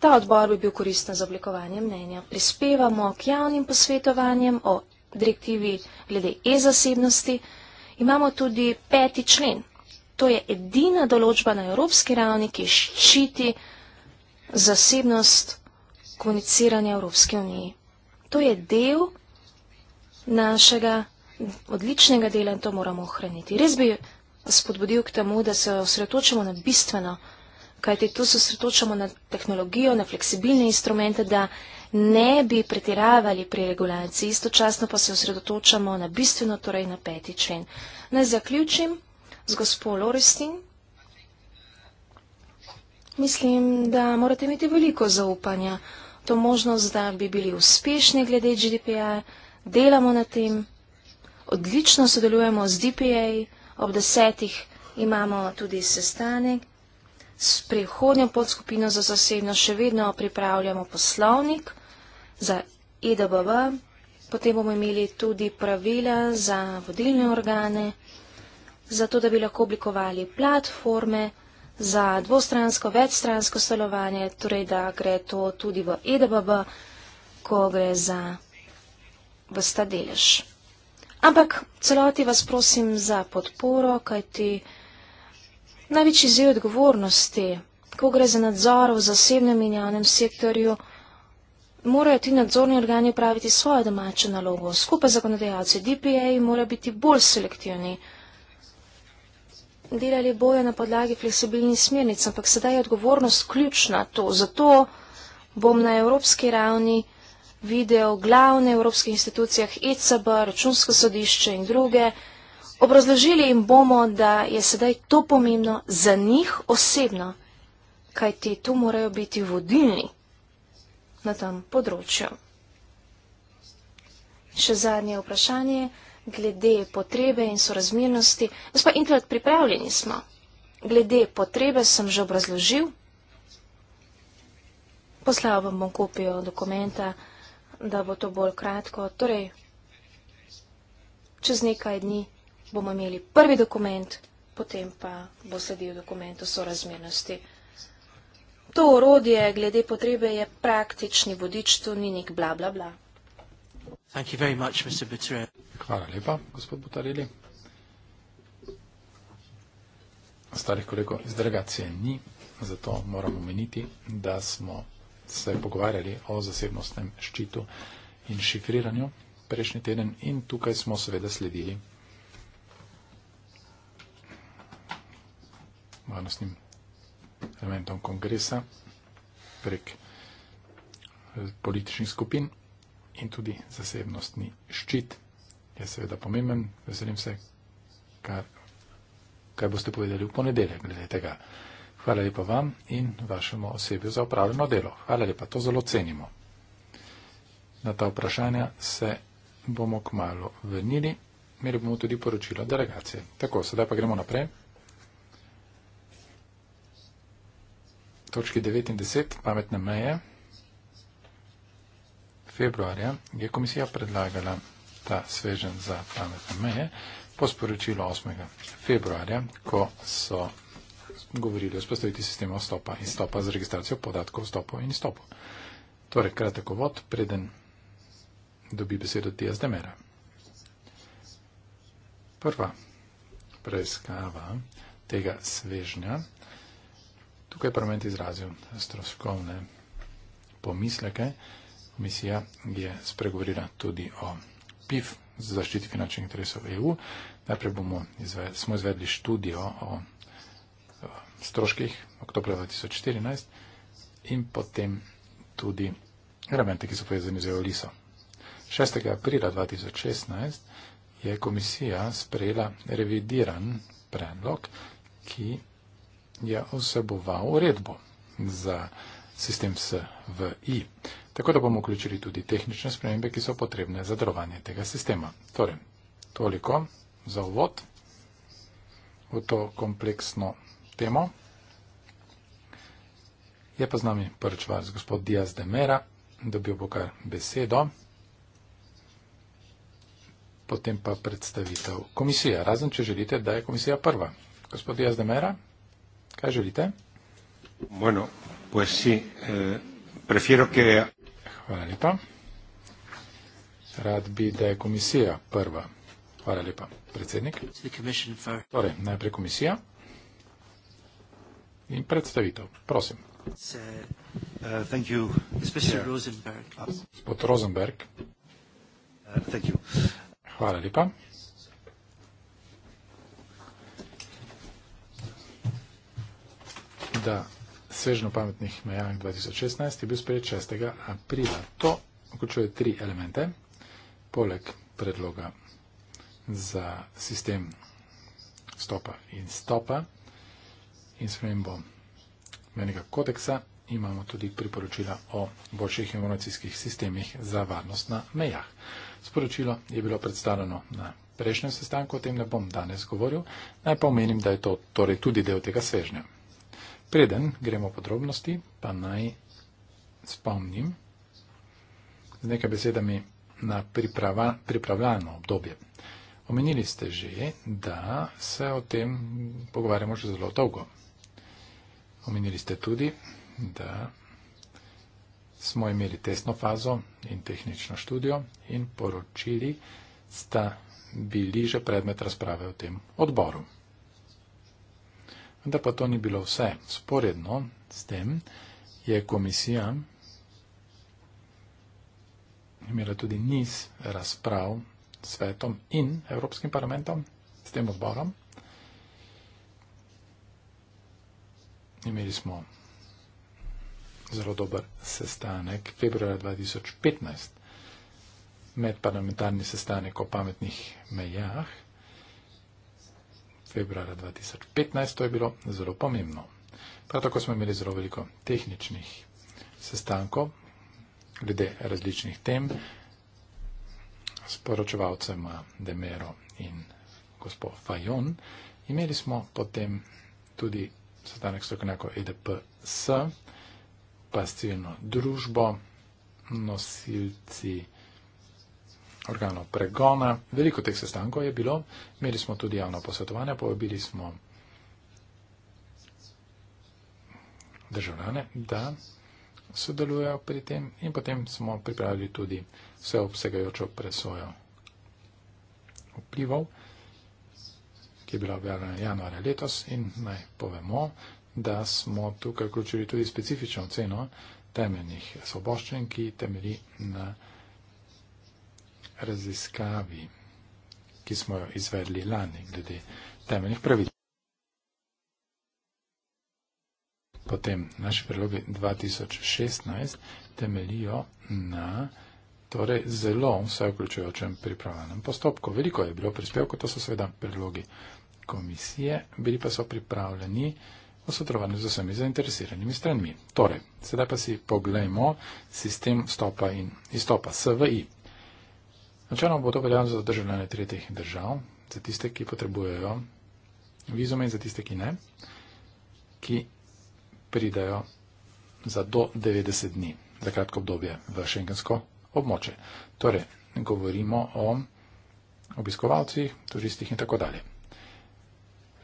ta odbor bi bil koristen za oblikovanje mnenja. Prispevamo k javnim posvetovanjem o direktivi glede e-zasebnosti imamo tudi peti člen. To je edina določba na evropski ravni, ki ščiti zasebnost komuniciranja Evropske unije. To je del našega odličnega dela in to moramo ohraniti. Res bi spodbudil k temu, da se osredotočamo na bistveno, kajti tu se osredotočamo na tehnologijo, na fleksibilne instrumente, da ne bi pretiravali pri regulaciji, istočasno pa se osredotočamo na bistveno, torej na peti člen. Naj zaključim z gospod Loristin. Mislim, da morate imeti veliko zaupanja. To možnost, da bi bili uspešni glede GDPR, delamo na tem, odlično sodelujemo z DPA, ob desetih imamo tudi sestanek, s prihodnjo podskupino za zasebno še vedno pripravljamo poslovnik, za EDBV, potem bomo imeli tudi pravila za vodilne organe, zato da bi lahko oblikovali platforme za dvostransko, večstransko sodelovanje, torej da gre to tudi v EDBV, ko gre za vsta delež. Ampak celoti vas prosim za podporo, kajti največji zelo odgovornosti, ko gre za nadzor v zasebnem in javnem sektorju, morajo ti nadzorni organi praviti svojo domačo nalogo. Skupaj zakonodajalci DPA mora biti bolj selektivni. Delali bojo na podlagi fleksibilnih smernic, ampak sedaj je odgovornost ključna to. Zato bom na evropski ravni videl glavne evropske institucije, ECB, računsko sodišče in druge. Obrazložili jim bomo, da je sedaj to pomembno za njih osebno, kajti tu morajo biti vodilni na tem področju. Še zadnje vprašanje glede potrebe in sorazmernosti. Gospod Intelat, pripravljeni smo. Glede potrebe sem že obrazložil. Poslal vam bom kopijo dokumenta, da bo to bolj kratko. Torej, čez nekaj dni bomo imeli prvi dokument, potem pa bo sledil dokument o sorazmernosti. To orodje glede potrebe je praktični vodič, to ni nek bla bla bla. Much, Hvala lepa, gospod Butarili. Starih kolegov iz delegacije ni, zato moramo meniti, da smo se pogovarjali o zasebnostnem ščitu in šifriranju prejšnji teden in tukaj smo seveda sledili varnostnim elementom kongresa, prek eh, političnih skupin in tudi zasebnostni ščit je seveda pomemben. Veselim se, kar, kaj boste povedali v ponedeljek glede tega. Hvala lepa vam in vašemu osebju za opravljeno delo. Hvala lepa, to zelo cenimo. Na ta vprašanja se bomo kmalo vrnili. Imeli bomo tudi poročilo delegacije. Tako, sedaj pa gremo naprej. točki 9 in 10, pametne meje, februarja je komisija predlagala ta svežen za pametne meje po sporočilu 8. februarja, ko so govorili o spostaviti sistema vstopa in stopa z registracijo podatkov vstopov in stopov. Torej, kratek vod, preden dobi besedo Tija Zdemera. Prva preiskava tega svežnja Tukaj je parlament izrazil stroškovne pomisleke. Komisija je spregovorila tudi o PIF za zaščiti finančnih interesov EU. Najprej bomo izvedli, smo izvedli študijo o stroških oktober 2014 in potem tudi elemente, ki so povezani z EOLISO. 6. aprila 2016 je komisija sprejela revidiran predlog, ki je vseboval uredbo za sistem SVI. Tako da bomo vključili tudi tehnične spremembe, ki so potrebne za delovanje tega sistema. Torej, toliko za uvod v to kompleksno temo. Je pa z nami prvič vas gospod Diaz de Mera, dobil bo kar besedo, potem pa predstavitev komisije, razen če želite, da je komisija prva. Gospod Diaz de Mera. Kaj želite? Bueno, pues sí, eh, prefiero que... Hvala lepa. Rad bi, da je komisija prva. Hvala lepa, predsednik. For... Torej, najprej komisija in predstavitev. Prosim. Uh, ja. Gospod uh, Rosenberg. Uh, thank you. Hvala lepa. da svežno pametnih mejavnik 2016 je bil sprejet 6. aprila. To vključuje tri elemente, poleg predloga za sistem stopa in stopa in spremembo menega kodeksa, imamo tudi priporočila o boljših informacijskih sistemih za varnost na mejah. Sporočilo je bilo predstavljeno na prejšnjem sestanku, o tem ne bom danes govoril, naj pa omenim, da je to torej tudi del tega svežnja preden gremo v podrobnosti, pa naj spomnim z nekaj besedami na priprava, pripravljalno obdobje. Omenili ste že, da se o tem pogovarjamo že zelo dolgo. Omenili ste tudi, da smo imeli testno fazo in tehnično študijo in poročili sta bili že predmet razprave v tem odboru. Vendar pa to ni bilo vse. Sporedno s tem je komisija imela tudi niz razprav s svetom in Evropskim parlamentom, s tem odborom. Imeli smo zelo dober sestanek februarja 2015, medparlamentarni sestanek o pametnih mejah, februara 2015, to je bilo zelo pomembno. Prav tako smo imeli zelo veliko tehničnih sestankov glede različnih tem s poročevalcem Demero in gospod Fajon. Imeli smo potem tudi sestanek strokovnjakov EDPS, pa s civilno družbo, nosilci organov pregona. Veliko teh sestankov je bilo, imeli smo tudi javno posvetovanje, povabili smo državljane, da sodelujejo pri tem in potem smo pripravili tudi vseobsegajočo presojo vplivov, ki je bila objavljena januarja letos in naj povemo, da smo tukaj vključili tudi specifično oceno temeljnih svoboščen, ki temelji na raziskavi, ki smo jo izvedli lani glede temeljnih pravic. Potem naši prilogi 2016 temelijo na torej, zelo vseoključujočem pripravljenem postopku. Veliko je bilo prispevkov, to so seveda prilogi komisije, bili pa so pripravljeni osotrovani z vsemi zainteresiranimi stranmi. Torej, sedaj pa si poglejmo sistem vstopa in izstopa SVI. Načeloma bo to veljalo za državljane tretjih držav, za tiste, ki potrebujejo vizume in za tiste, ki ne, ki pridajo za do 90 dni, za kratko obdobje v šengensko območje. Torej, govorimo o obiskovalcih, turistih in tako dalje.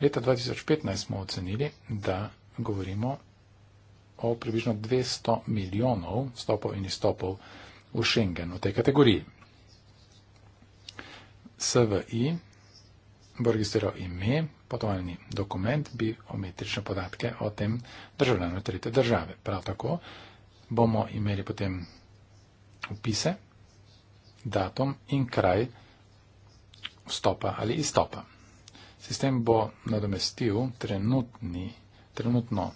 Leta 2015 smo ocenili, da govorimo o približno 200 milijonov stopov in izstopov v Schengen v tej kategoriji. SVI, bo registriral ime, potovalni dokument, biometrične podatke o tem državljanju tretje države. Prav tako bomo imeli potem upise, datum in kraj vstopa ali izstopa. Sistem bo nadomestil trenutni, trenutno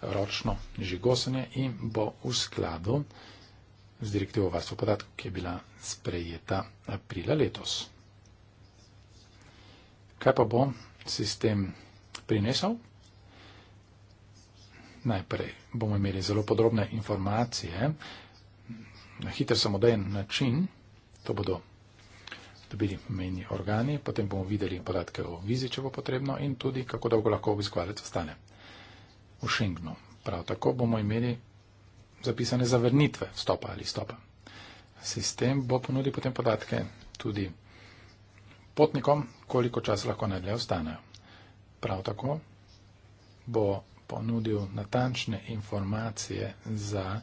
ročno žigosanje in bo v skladu z direktivo varstva podatkov, ki je bila sprejeta aprila letos. Kaj pa bo sistem prinesel? Najprej bomo imeli zelo podrobne informacije na hiter samodejen način. To bodo dobili meni organi, potem bomo videli podatke o vizi, če bo potrebno, in tudi kako dolgo lahko obiskovalec ostane v Schengnu. Prav tako bomo imeli zapisane zavrnitve vstopa ali stopa. Sistem bo ponudil potem podatke tudi potnikom, koliko časa lahko najdlje ostanejo. Prav tako bo ponudil natančne informacije za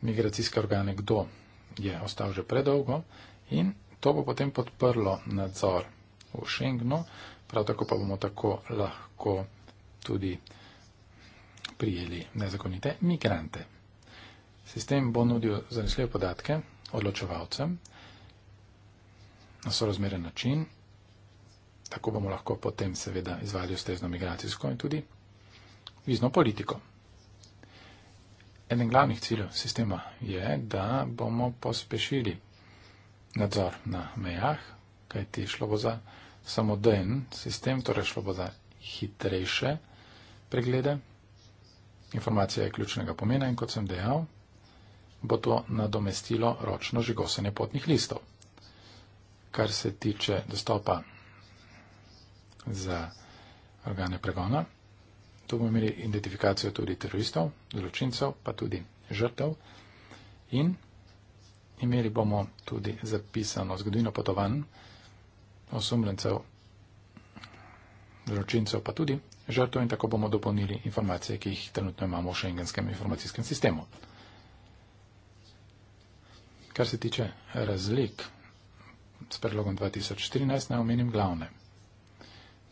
migracijske organe, kdo je ostal že predolgo in to bo potem podprlo nadzor v Schengenu, prav tako pa bomo tako lahko tudi prijeli nezakonite migrante. Sistem bo nudil zanesljive podatke odločevalcem, na sorazmeren način, tako bomo lahko potem seveda izvali ustrezno migracijsko in tudi vizno politiko. Eden glavnih ciljev sistema je, da bomo pospešili nadzor na mejah, kajti šlo bo za samoden sistem, torej šlo bo za hitrejše preglede. Informacija je ključnega pomena in kot sem dejal, bo to nadomestilo ročno žigosanje potnih listov kar se tiče dostopa za organe pregona. Tu bomo imeli identifikacijo tudi teroristov, zločincev, pa tudi žrtev. In imeli bomo tudi zapisano zgodovino potovanj osumljencev, zločincev, pa tudi žrtev in tako bomo dopolnili informacije, ki jih trenutno imamo v šengenskem informacijskem sistemu. Kar se tiče razlik s predlogom 2014 naj omenim glavne.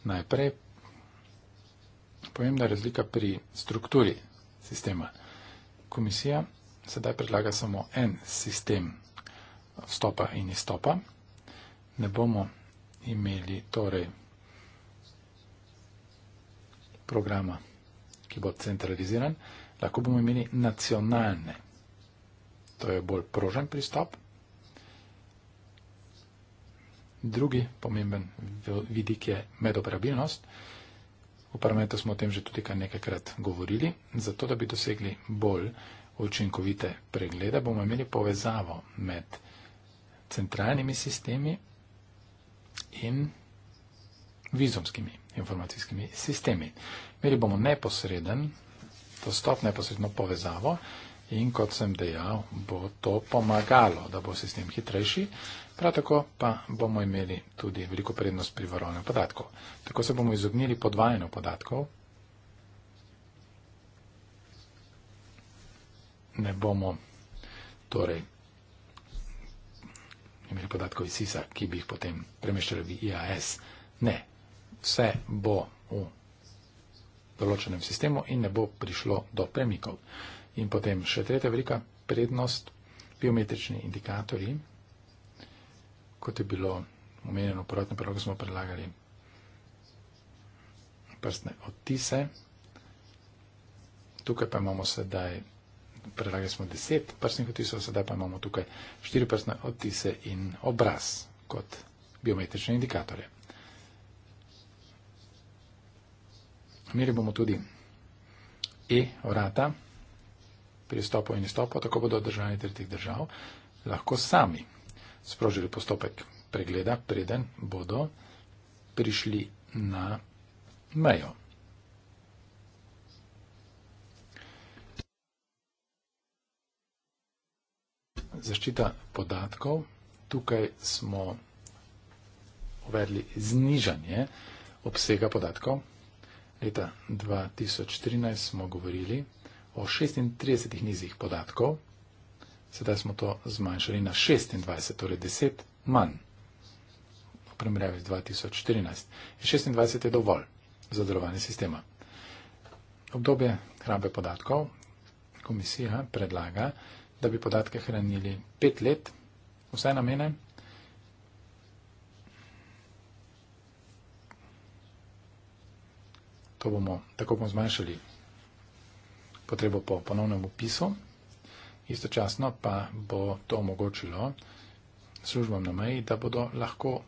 Najprej povem, da je razlika pri strukturi sistema. Komisija sedaj predlaga samo en sistem vstopa in izstopa. Ne bomo imeli torej programa, ki bo centraliziran, lahko bomo imeli nacionalne. To je bolj prožen pristop. Drugi pomemben vidik je medoperabilnost. V parlamentu smo o tem že tudi kar nekajkrat govorili. Zato, da bi dosegli bolj učinkovite preglede, bomo imeli povezavo med centralnimi sistemi in vizumskimi informacijskimi sistemi. Imeli bomo neposreden dostop, neposredno povezavo in kot sem dejal, bo to pomagalo, da bo sistem hitrejši, prav tako pa bomo imeli tudi veliko prednost pri varovanju podatkov. Tako se bomo izognili podvajanju podatkov, ne bomo torej imeli podatkov iz SISA, ki bi jih potem premeščali v IAS. Ne, vse bo v določenem sistemu in ne bo prišlo do premikov. In potem še tretja velika prednost, biometrični indikatorji, kot je bilo omenjeno v prvotnem prologu, smo predlagali prstne odtise. Tukaj pa imamo sedaj, predlagali smo deset prstnih odtisov, sedaj pa imamo tukaj štiri prstne odtise in obraz kot biometrične indikatorje. Imeli bomo tudi e-orata, pri vstopu in izstopu, tako bodo državljani tretjih držav lahko sami sprožili postopek pregleda, preden bodo prišli na mejo. Zaščita podatkov. Tukaj smo uvedli znižanje obsega podatkov. Leta 2013 smo govorili, o 36 nizih podatkov, sedaj smo to zmanjšali na 26, torej 10 manj v primerjavi z 2014. 26 je dovolj za delovanje sistema. Obdobje hrabe podatkov komisija predlaga, da bi podatke hranili 5 let, vse namene. To bomo, tako bomo zmanjšali potrebo po ponovnem upisu. Istočasno pa bo to omogočilo službam na meji, da bodo lahko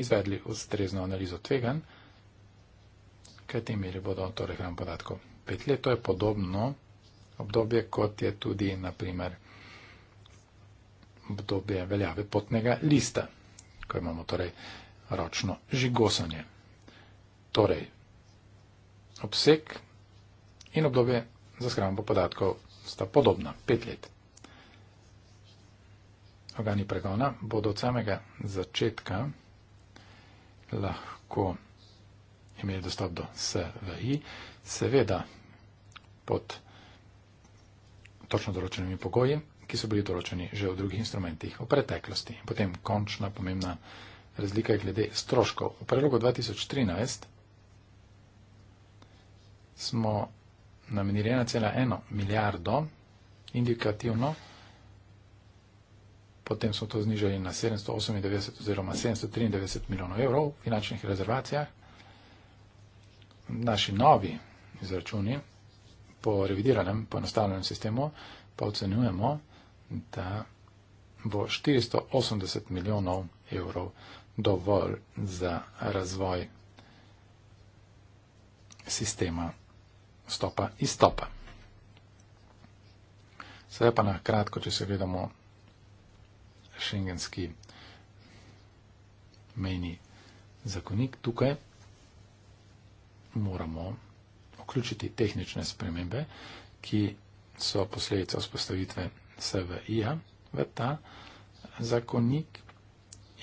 izvedli ustrezno analizo tvegan, kaj te imeli bodo torej hran podatkov. Pet let to je podobno obdobje, kot je tudi naprimer obdobje veljave potnega lista, ko imamo torej ročno žigosanje. Torej, obseg in obdobje za shrambo podatkov sta podobna pet let. Organi pregona bodo od samega začetka lahko imeli dostop do SVI, seveda pod točno določenimi pogoji, ki so bili določeni že v drugih instrumentih v preteklosti. Potem končna pomembna razlika je glede stroškov. V prelogu 2013 smo namenili 1,1 milijardo indikativno, potem so to znižali na 798 oziroma 793 milijonov evrov v finančnih rezervacijah. Naši novi izračuni po revidiranem, poenostavljenem sistemu pa ocenjujemo, da bo 480 milijonov evrov dovolj za razvoj sistema vstopa in izstopa. Sedaj pa na kratko, če se vedamo šengenski meni zakonik, tukaj moramo vključiti tehnične spremembe, ki so posledica vzpostavitve SVI-ja v ta zakonik.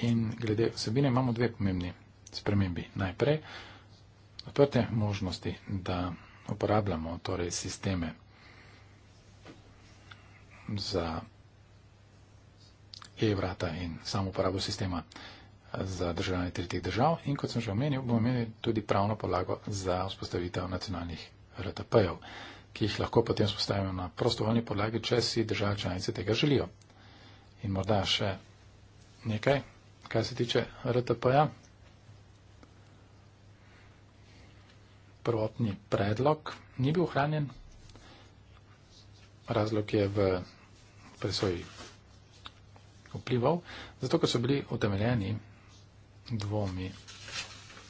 In glede vsebine imamo dve pomembni spremembi. Najprej, odprte možnosti, da uporabljamo torej sisteme za e-vrata in samo uporabo sistema za državljanje tretjih držav in kot sem že omenil, bomo imeli tudi pravno podlago za vzpostavitev nacionalnih RTP-jev, ki jih lahko potem vzpostavimo na prostovoljni podlagi, če si države članice tega želijo. In morda še nekaj, kar se tiče RTP-ja. prvotni predlog ni bil ohranjen. Razlog je v presoji vplival, zato ker so bili utemeljeni dvomi,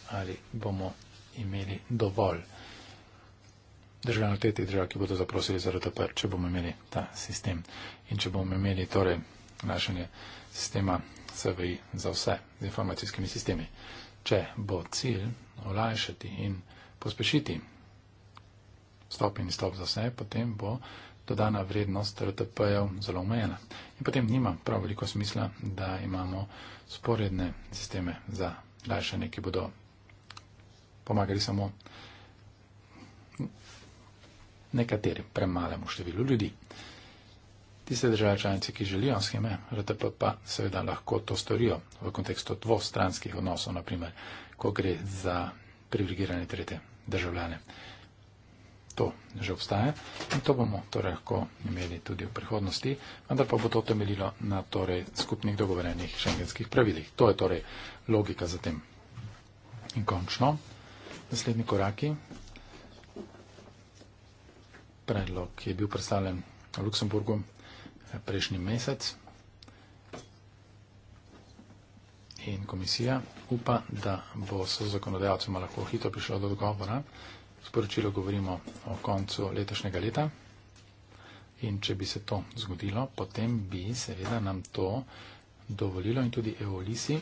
ali bomo imeli dovolj državno teti držav, ki bodo zaprosili za RTP, če bomo imeli ta sistem in če bomo imeli torej našanje sistema SVI za vse z informacijskimi sistemi. Če bo cilj olajšati in pospešiti. Stop in stop za vse, potem bo dodana vrednost RTP-jev zelo omejena. In potem nima prav veliko smisla, da imamo sporedne sisteme za lajšanje, ki bodo pomagali samo nekaterim, premalemu številu ljudi. Tiste države članice, ki želijo scheme, RTP pa seveda lahko to storijo v kontekstu dvostranskih odnosov, naprimer, ko gre za privilegirane trete državljane. To že obstaja in to bomo torej lahko imeli tudi v prihodnosti, vendar pa bo to temeljilo na torej skupnih dogovorenih šengenskih pravilih. To je torej logika za tem. In končno, naslednji koraki. Predlog je bil predstavljen v Luksemburgu eh, prejšnji mesec. in komisija upa, da bo s zakonodajalcema lahko hitro prišlo do dogovora. Sporočilo govorimo o koncu letošnjega leta in če bi se to zgodilo, potem bi seveda nam to dovolilo in tudi EOLISI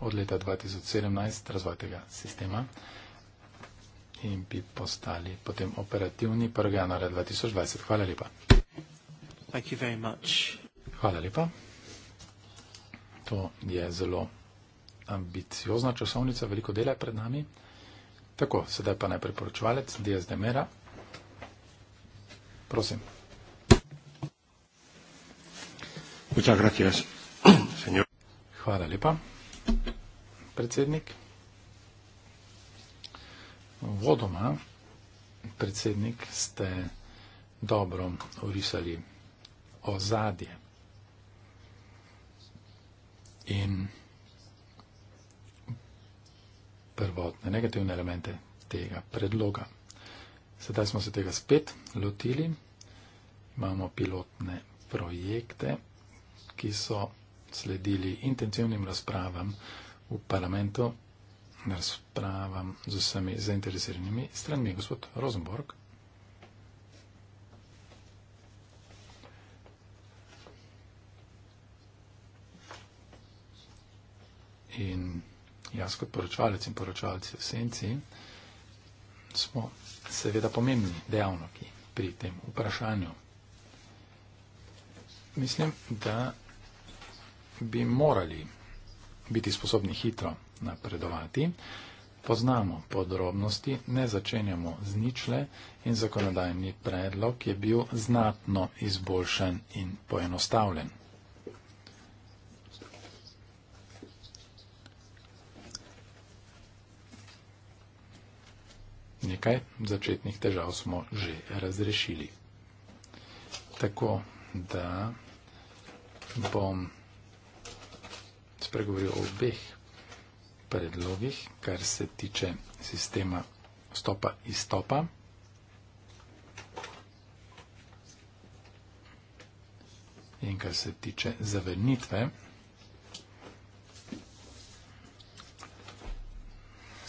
od leta 2017 razvoj tega sistema in bi postali potem operativni 1. januarja 2020. Hvala lepa. Hvala lepa to je zelo ambiciozna časovnica, veliko dela je pred nami. Tako, sedaj pa najprej poročevalec, DSD Mera. Prosim. Hvala lepa, predsednik. Vodoma, predsednik, ste dobro orisali ozadje in prvotne negativne elemente tega predloga. Sedaj smo se tega spet lotili. Imamo pilotne projekte, ki so sledili intenzivnim razpravam v parlamentu, razpravam z vsemi zainteresiranimi stranmi. Gospod Rosenborg. in jaz kot poročevalec in poročevalci v senci smo seveda pomembni dejavniki pri tem vprašanju. Mislim, da bi morali biti sposobni hitro napredovati. Poznamo podrobnosti, ne začenjamo z ničle in zakonodajni predlog je bil znatno izboljšan in poenostavljen. Nekaj začetnih težav smo že razrešili. Tako da bom spregovoril o obeh predlogih, kar se tiče sistema vstopa in izstopa. In kar se tiče zavrnitve.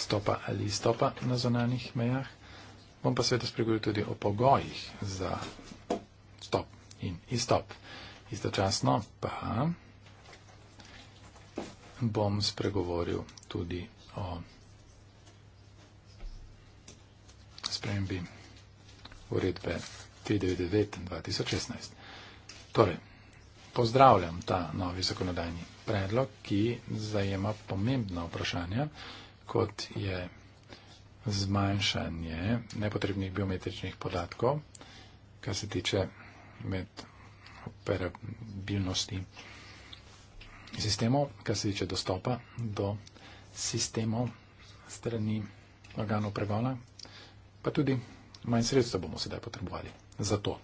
vstopa ali izstopa na zonanih mejah. Bom pa seveda spregovoril tudi o pogojih za vstop in izstop. Istočasno pa bom spregovoril tudi o spremembi uredbe 399-2016. Torej, pozdravljam ta novi zakonodajni predlog, ki zajema pomembna vprašanja kot je zmanjšanje nepotrebnih biometričnih podatkov, kar se tiče med operabilnosti sistemov, kar se tiče dostopa do sistemov strani organov pregona, pa tudi manj sredstva bomo sedaj potrebovali za to.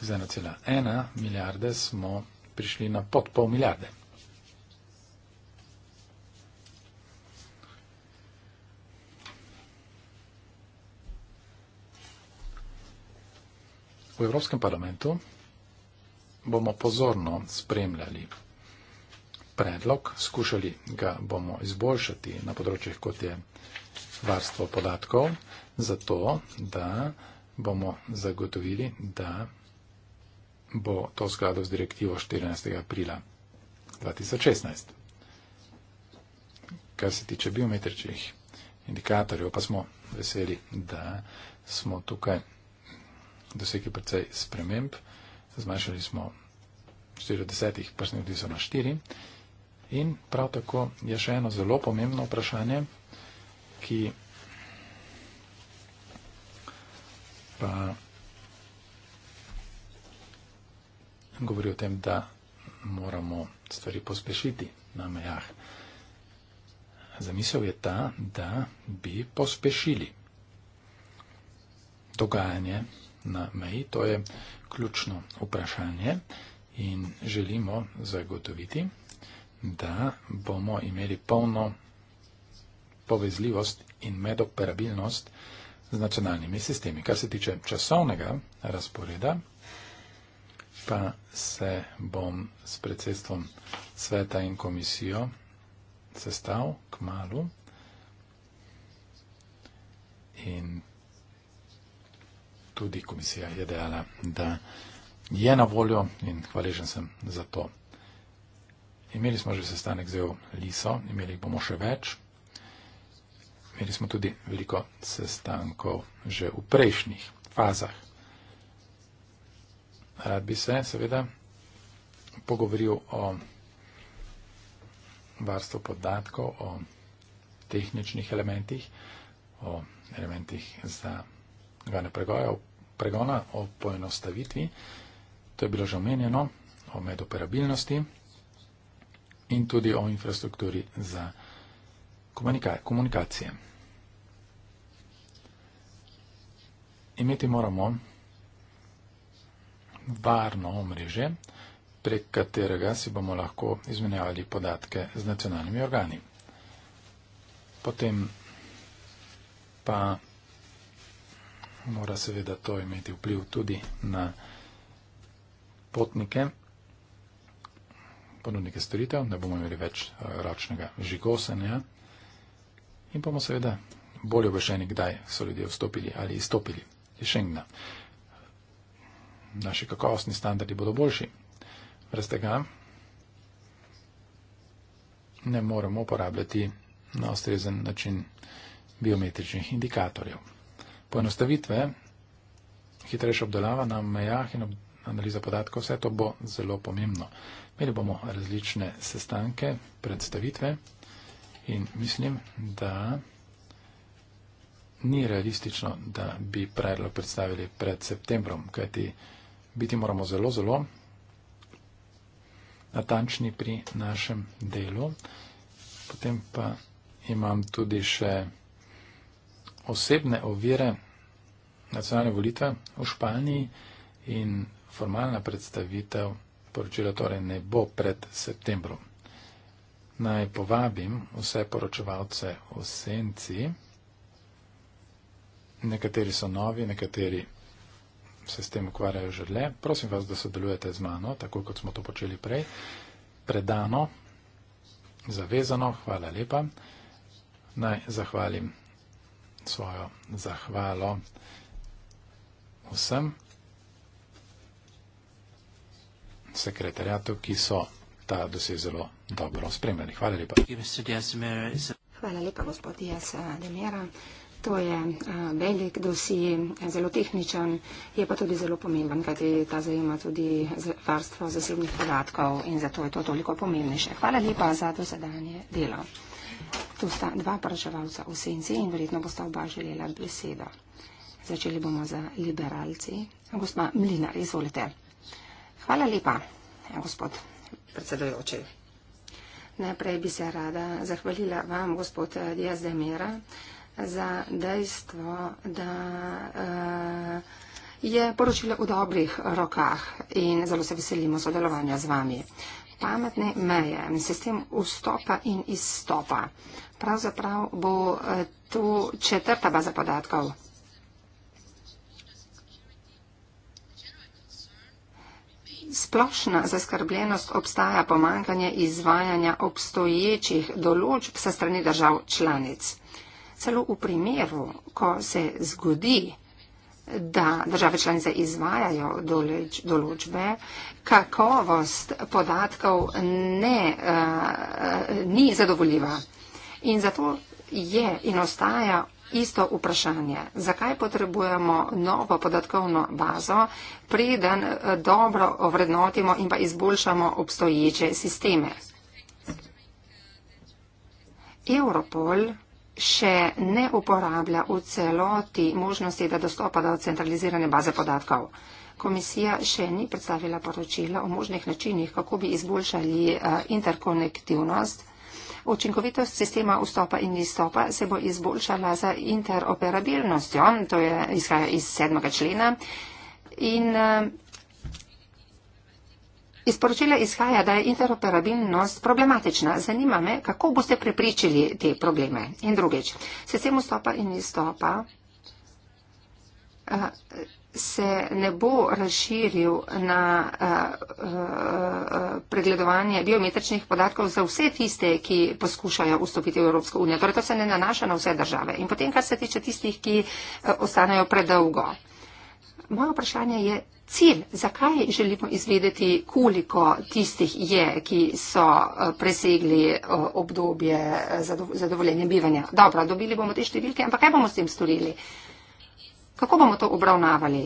Z 1,1 milijarde smo prišli na pod pol milijarde. V Evropskem parlamentu bomo pozorno spremljali predlog, skušali ga bomo izboljšati na področjih, kot je varstvo podatkov, zato da bomo zagotovili, da bo to skladov z direktivo 14. aprila 2016. Kar se tiče biometričnih indikatorjev, pa smo veseli, da smo tukaj vsega, dosegli precej sprememb. Zmanjšali smo 40, pa smo tudi na 4. In prav tako je še eno zelo pomembno vprašanje, ki pa govori o tem, da moramo stvari pospešiti na mejah. Zamisel je ta, da bi pospešili dogajanje na meji? To je ključno vprašanje in želimo zagotoviti, da bomo imeli polno povezljivost in medoperabilnost z nacionalnimi sistemi. Kar se tiče časovnega razporeda, pa se bom s predsedstvom sveta in komisijo sestal k malu in tudi komisija je dejala, da je na voljo in hvaležen sem za to. Imeli smo že sestanek z e Liso, imeli bomo še več. Imeli smo tudi veliko sestankov že v prejšnjih fazah. Rad bi se seveda pogovoril o varstvu podatkov, o tehničnih elementih, o elementih za gane pregoja, pregona, o poenostavitvi, to je bilo že omenjeno, o medoperabilnosti in tudi o infrastrukturi za komunikacije. Imeti moramo varno omrežje, prek katerega si bomo lahko izmenjavali podatke z nacionalnimi organi. Potem pa mora seveda to imeti vpliv tudi na potnike, ponudnike storitev, da bomo imeli več eh, ročnega žigosanja in bomo seveda bolje obešeni, kdaj so ljudje vstopili ali izstopili iz Schengna. Naši kakovostni standardi bodo boljši. Brez tega ne moremo uporabljati na ustrezen način biometričnih indikatorjev poenostavitve, hitrejša obdelava na mejah in analiza podatkov, vse to bo zelo pomembno. Imeli bomo različne sestanke, predstavitve in mislim, da ni realistično, da bi predlog predstavili pred septembrom, kajti biti moramo zelo, zelo natančni pri našem delu. Potem pa imam tudi še osebne ovire nacionalne volitve v Španiji in formalna predstavitev poročila torej ne bo pred septembrom. Naj povabim vse poročevalce v senci. Nekateri so novi, nekateri se s tem ukvarjajo že dlje. Prosim vas, da sodelujete z mano, tako kot smo to počeli prej. Predano, zavezano, hvala lepa. Naj zahvalim svojo zahvalo vsem sekretarjatu, ki so ta dosež zelo dobro spremljali. Hvala lepa. Hvala lepa, gospod Jasa Demera. To je uh, velik dosij, zelo tehničen, je pa tudi zelo pomemben, kajti ta zajema tudi varstvo zasebnih podatkov in zato je to toliko pomembnejše. Hvala lepa za dosedanje delo. To sta dva praševalca v senci in verjetno bosta oba želela besedo. Začeli bomo z liberalci. Gospa Mlinar, izvolite. Hvala lepa, ja, gospod predsedojoči. Najprej bi se rada zahvalila vam, gospod Diaz de Mera, za dejstvo, da uh, je poročilo v dobrih rokah in zelo se veselimo sodelovanja z vami. Uh, pametne meje, sistem vstopa in izstopa. Pravzaprav bo eh, tu četrta baza podatkov. Splošna zaskrbljenost obstaja pomankanje izvajanja obstoječih določb sa strani držav članic. Celo v primeru, ko se zgodi, da države članice izvajajo določ, določbe, kakovost podatkov ne, uh, ni zadovoljiva. In zato je in ostaja isto vprašanje, zakaj potrebujemo novo podatkovno bazo, preden eh, dobro ovrednotimo in pa izboljšamo obstoječe sisteme. Europol še ne uporablja v celoti možnosti dostopa do centralizirane baze podatkov. Komisija še ni predstavila poročila o možnih načinih, kako bi izboljšali eh, interkonektivnost. Učinkovitost sistema vstopa in izstopa se bo izboljšala za interoperabilnostjo, to je izhaja iz sedmega člena. In eh, Iz poročila izhaja, da je interoperabilnost problematična. Zanima me, kako boste prepričali te probleme. In drugič, sistem vstopa in izstopa eh, se ne bo razširil na eh, eh, pregledovanje biometričnih podatkov za vse tiste, ki poskušajo vstopiti v Evropsko unijo. Torej, to se ne nanaša na vse države. In potem, kar se tiče tistih, ki ostanejo predolgo. Moje vprašanje je cilj, zakaj želimo izvedeti, koliko tistih je, ki so eh, presegli eh, obdobje eh, zadovoljenja bivanja. Dobro, dobili bomo te številke, ampak kaj bomo s tem storili? Kako bomo to obravnavali?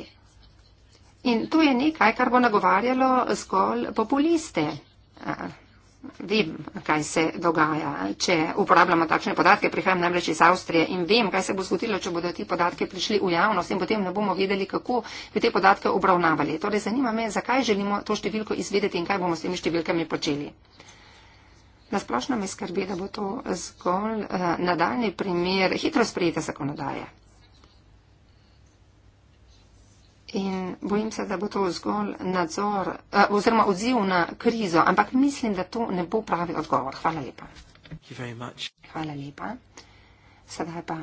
In to je nekaj, kar bo nagovarjalo zgolj populiste vem, kaj se dogaja, če uporabljamo takšne podatke. Prihajam namreč iz Avstrije in vem, kaj se bo zgodilo, če bodo ti podatki prišli v javnost in potem ne bomo vedeli, kako bi te podatke obravnavali. Torej, zanima me, zakaj želimo to številko izvedeti in kaj bomo s temi številkami počeli. Nasplošno me skrbi, da bo to zgolj uh, eh, nadaljni primer hitro sprejete zakonodaje. in bojim se, da bo to zgolj nadzor eh, oziroma odziv na krizo, ampak mislim, da to ne bo pravi odgovor. Hvala lepa. Hvala lepa. Sedaj pa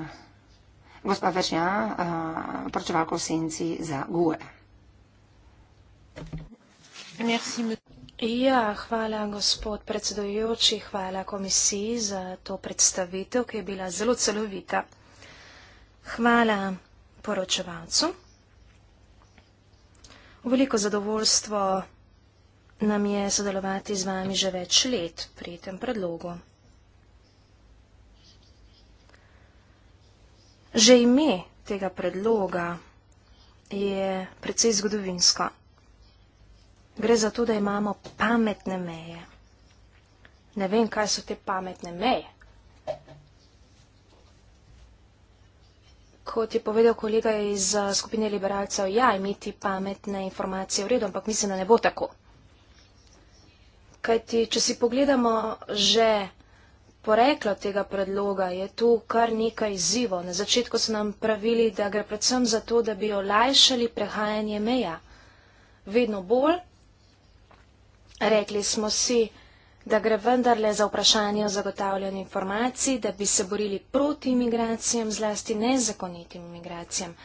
gospa Veržja, eh, pročevalko v senci za GUE. Ja, hvala gospod predsedojoči, hvala komisiji za to predstavitev, ki je bila zelo celovita. Hvala poročevalcu. Veliko zadovoljstvo nam je sodelovati z vami že več let pri tem predlogu. Že ime tega predloga je precej zgodovinsko. Gre za to, da imamo pametne meje. Ne vem, kaj so te pametne meje. kot je povedal kolega iz eh, skupine liberalcev, ja, imeti pametne informacije v redu, ampak mislim, da ne bo tako. Kajti, če si pogledamo že poreklo tega predloga, je tu kar nekaj izzivo. Na začetku so nam pravili, da gre predvsem za to, da bi olajšali prehajanje meja. Vedno bolj. Rekli smo si, da gre vendarle za vprašanje o zagotavljanju informacij, da bi se borili proti imigracijam, zlasti nezakonitim imigracijam.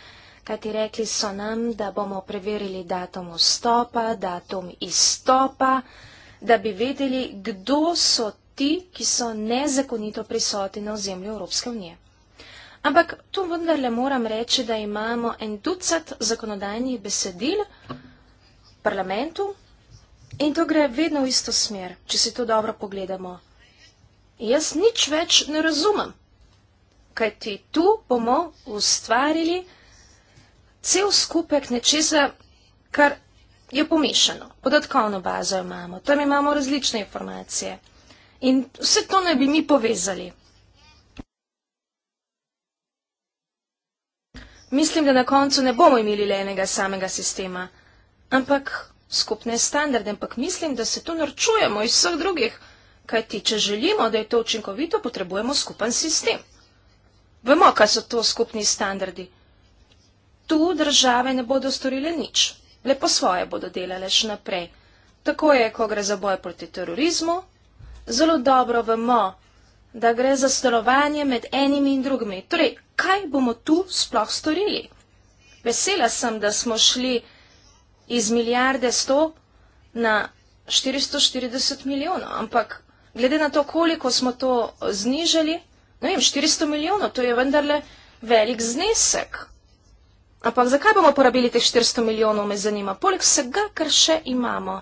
Kajti rekli so nam, da bomo preverili datum vstopa, datum izstopa, da bi vedeli, kdo so ti, ki so nezakonito prisotni na ozemlju Evropske unije. Ampak tu vendarle moram reči, da imamo en ducat zakonodajnih besedil v parlamentu, In to gre vedno v isto smer, če si to dobro pogledamo. Jaz nič več ne razumem, kaj ti tu bomo ustvarili cel skupek nečesa, kar je pomešano. Podatkovno bazo imamo, tam imamo različne informacije. In vse to naj bi mi povezali. Mislim, da na koncu ne bomo imeli le enega samega sistema, ampak skupne standarde, ampak mislim, da se tu norčujemo iz vseh drugih, kajti če želimo, da je to učinkovito, potrebujemo skupen sistem. Vemo, kaj so to skupni standardi. Tu države ne bodo storile nič, le po svoje bodo delale še naprej. Tako je, ko gre za boj proti terorizmu, zelo dobro vemo, da gre za stolovanje med enimi in drugimi. Torej, kaj bomo tu sploh storili? Vesela sem, da smo šli iz milijarde 100 na 440 milijonov. Ampak glede na to, koliko smo to znižali, ne vem, 400 milijonov, to je vendarle velik znesek. Ampak zakaj bomo porabili teh 400 milijonov, me zanima, poleg vsega, kar še imamo.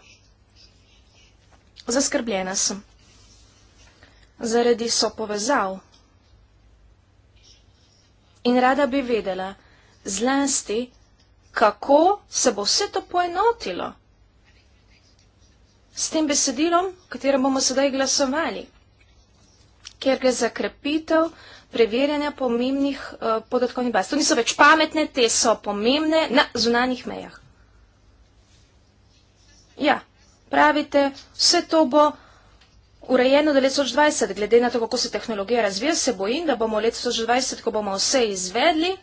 Zaskrbljena sem. Zaradi so povezav. In rada bi vedela, zlasti, kako se bo vse to poenotilo s tem besedilom, katero bomo sedaj glasovali, ker gre za krepitev preverjanja pomembnih uh, podatkovnih baz. To niso več pametne, te so pomembne na zunanjih mejah. Ja, pravite, vse to bo urejeno do leta 2020, glede na to, kako se tehnologija razvija, se bojim, da bomo leta 2020, ko bomo vse izvedli,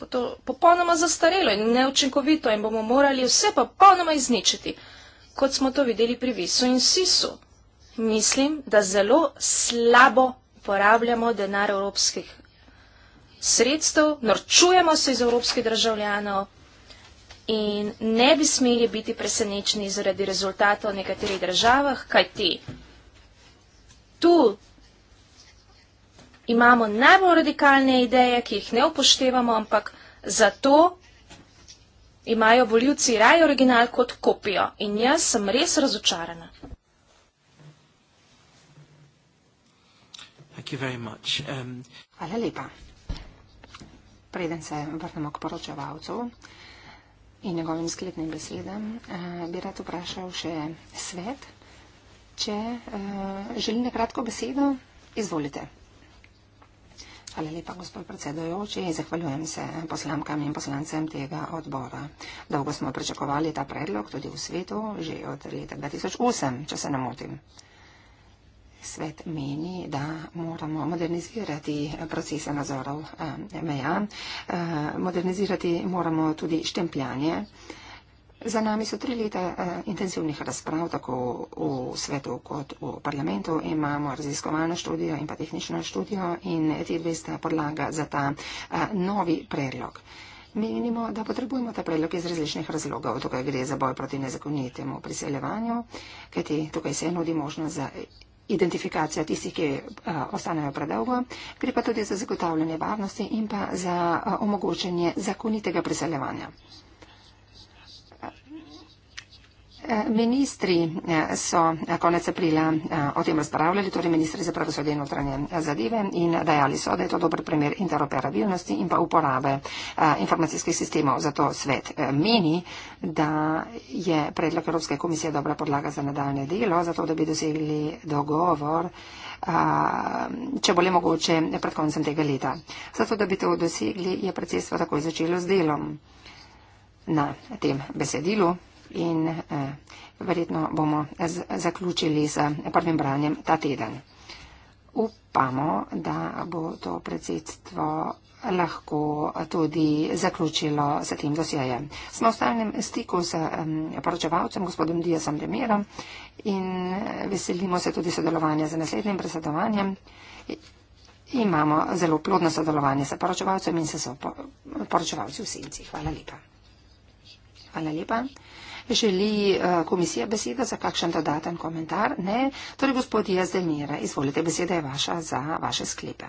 bo to popolnoma zastarelo in neučinkovito in bomo morali vse popolnoma izničiti, kot smo to videli pri Visu in Sisu. Mislim, da zelo slabo uporabljamo denar evropskih sredstev, norčujemo se iz evropskih državljanov in ne bi smeli biti presenečni zaradi rezultatov v nekaterih državah, kaj ti. Tu imamo najbolj radikalne ideje, ki jih ne upoštevamo, ampak zato imajo voljivci raje original kot kopijo. In jaz sem res razočarana. Um... Hvala lepa. Preden se vrnemo k poročevalcu in njegovim sklepnim besedam, uh, bi rad vprašal še svet. Če uh, želi na kratko besedo, izvolite. Hvala lepa, gospod predsedojoči. Zahvaljujem se poslankam in poslancem tega odbora. Dolgo smo pričakovali ta predlog tudi v svetu, že od leta 2008, če se ne motim. Svet meni, da moramo modernizirati procese nazorov eh, meja. Eh, modernizirati moramo tudi štempljanje. Za nami so tri leta uh, intenzivnih razprav, tako v svetu kot v parlamentu. Imamo raziskovalno študijo in pa tehnično študijo in te dve sta podlaga za ta uh, novi predlog. Menimo, da potrebujemo ta predlog iz različnih razlogov. Tukaj gre za boj proti nezakonitemu priseljevanju, kajti tukaj se nudi možnost za identifikacija tistih, ki a, eh, ostanejo predolgo, gre pa tudi za zagotavljanje varnosti in pa za a, omogočenje zakonitega priseljevanja. Ministri eh, so eh, konec aprila eh, o tem razpravljali, torej ministri za pravosodje in notranje zadeve in dajali so, da je to dober primer interoperabilnosti in pa uporabe informacijskih sistemov. Zato svet meni, da je predlog Evropske komisije dobra podlaga za nadaljne delo, zato da bi dosegli dogovor, če bo le mogoče pred koncem tega leta. Zato da bi to dosegli, je predsedstvo takoj začelo z delom na tem besedilu in eh, verjetno bomo z, zaključili z prvim branjem ta teden. Upamo, da bo to predsedstvo lahko tudi zaključilo s tem dosjejem. Smo v stalnem stiku s um, poročevalcem, gospodom Diasom Demirom in eh, veselimo se tudi sodelovanja z naslednjim predsedovanjem. Imamo zelo plodno sodelovanje s poročevalcem in se so poročevalci v senci. Hvala lepa. Hvala lepa. Želi eh, komisija besedo za kakšen dodaten komentar? Ne. Torej, gospodija Zdenjera, izvolite, beseda je vaša za vaše sklepe.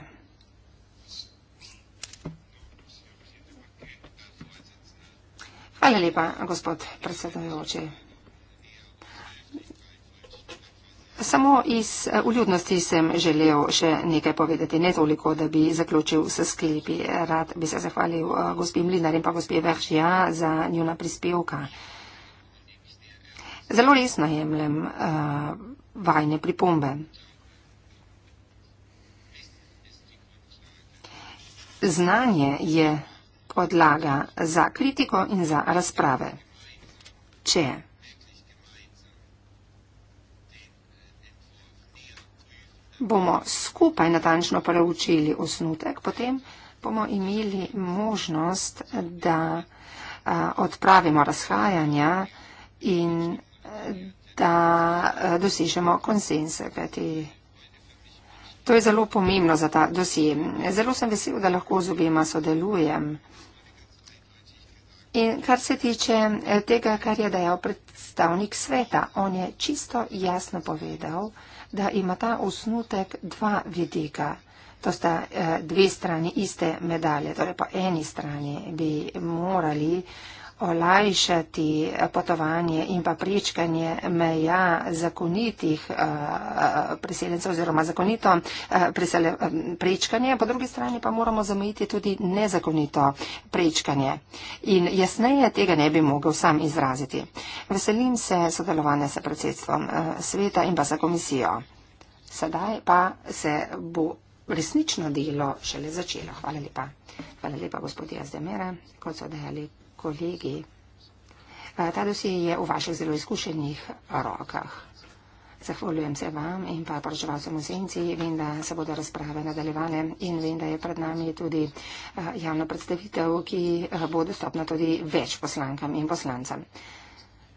Hvala lepa, gospod predsedujoči. Samo iz eh, uljudnosti sem želel še nekaj povedati, ne toliko, da bi zaključil s sklepi. Rad bi se zahvalil eh, gospi Mlinar in pa gospi Veržija za njuna prispevka. Zelo resno jemljem uh, vajne pripombe. Znanje je podlaga za kritiko in za razprave. Če bomo skupaj natančno preučili osnutek, potem bomo imeli možnost, da a, eh, odpravimo razhajanja in da eh, dosežemo konsense. Kajti. To je zelo pomembno za ta dosje. Zelo sem vesel, da lahko z obima sodelujem. In kar se tiče eh, tega, kar je dejal predstavnik sveta, on je čisto jasno povedal, da ima ta osnutek dva vidika. To sta eh, dve strani iste medalje. Torej po eni strani bi morali eh, olajšati potovanje in pa prečkanje meja zakonitih eh, eh, priseljencev oziroma zakonito eh, prečkanje, po drugi strani pa moramo zamejiti tudi nezakonito prečkanje. In jasneje tega ne bi mogel sam izraziti. Veselim se sodelovanja s predsedstvom sveta in pa sa komisijo. Sedaj pa se bo resnično delo šele začelo. Hvala lepa. Hvala lepa gospodija Zdemere, kot so dejali kolegi. Eh, ta dosje je v vaših zelo izkušenih rokah. Zahvaljujem se vam in pa poročevalcem v senci. Vem, da se bodo razprave nadaljevale in vem, da je pred nami tudi eh, javna predstavitev, ki eh, bo dostopna tudi več poslankam in poslancem.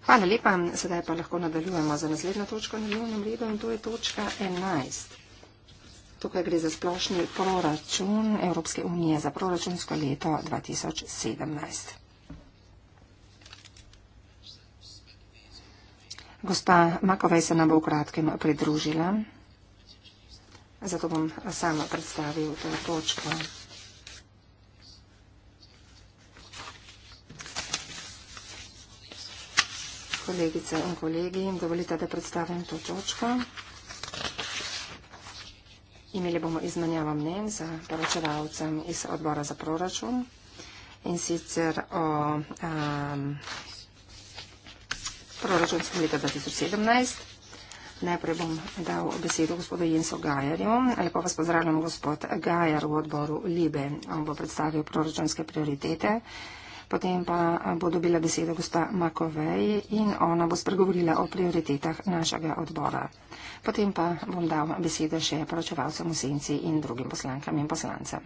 Hvala lepa. Sedaj pa lahko nadaljujemo za naslednjo točko na dnevnem redu in to je točka 11. Tukaj gre za splošni proračun Evropske unije za proračunsko leto 2017. Gospa Makovej se nam bo v kratkem pridružila, zato bom sama predstavil to točko. Kolegice in kolegi, dovolite, da predstavim to točko. Imeli bomo izmenjavo mnen za poročevalcem iz odbora za proračun in sicer o um, proračunskem letu 2017. Najprej bom dal besedo gospodu Jensu Gajarju. Lepo vas pozdravljam, gospod Gajar v odboru Libe. On bo predstavil proračunske prioritete. Potem pa bo dobila besedo gospa Makovej in ona bo spregovorila o prioritetah našega odbora. Potem pa bom dal besedo še poročevalcem v senci in drugim poslankam in poslancem.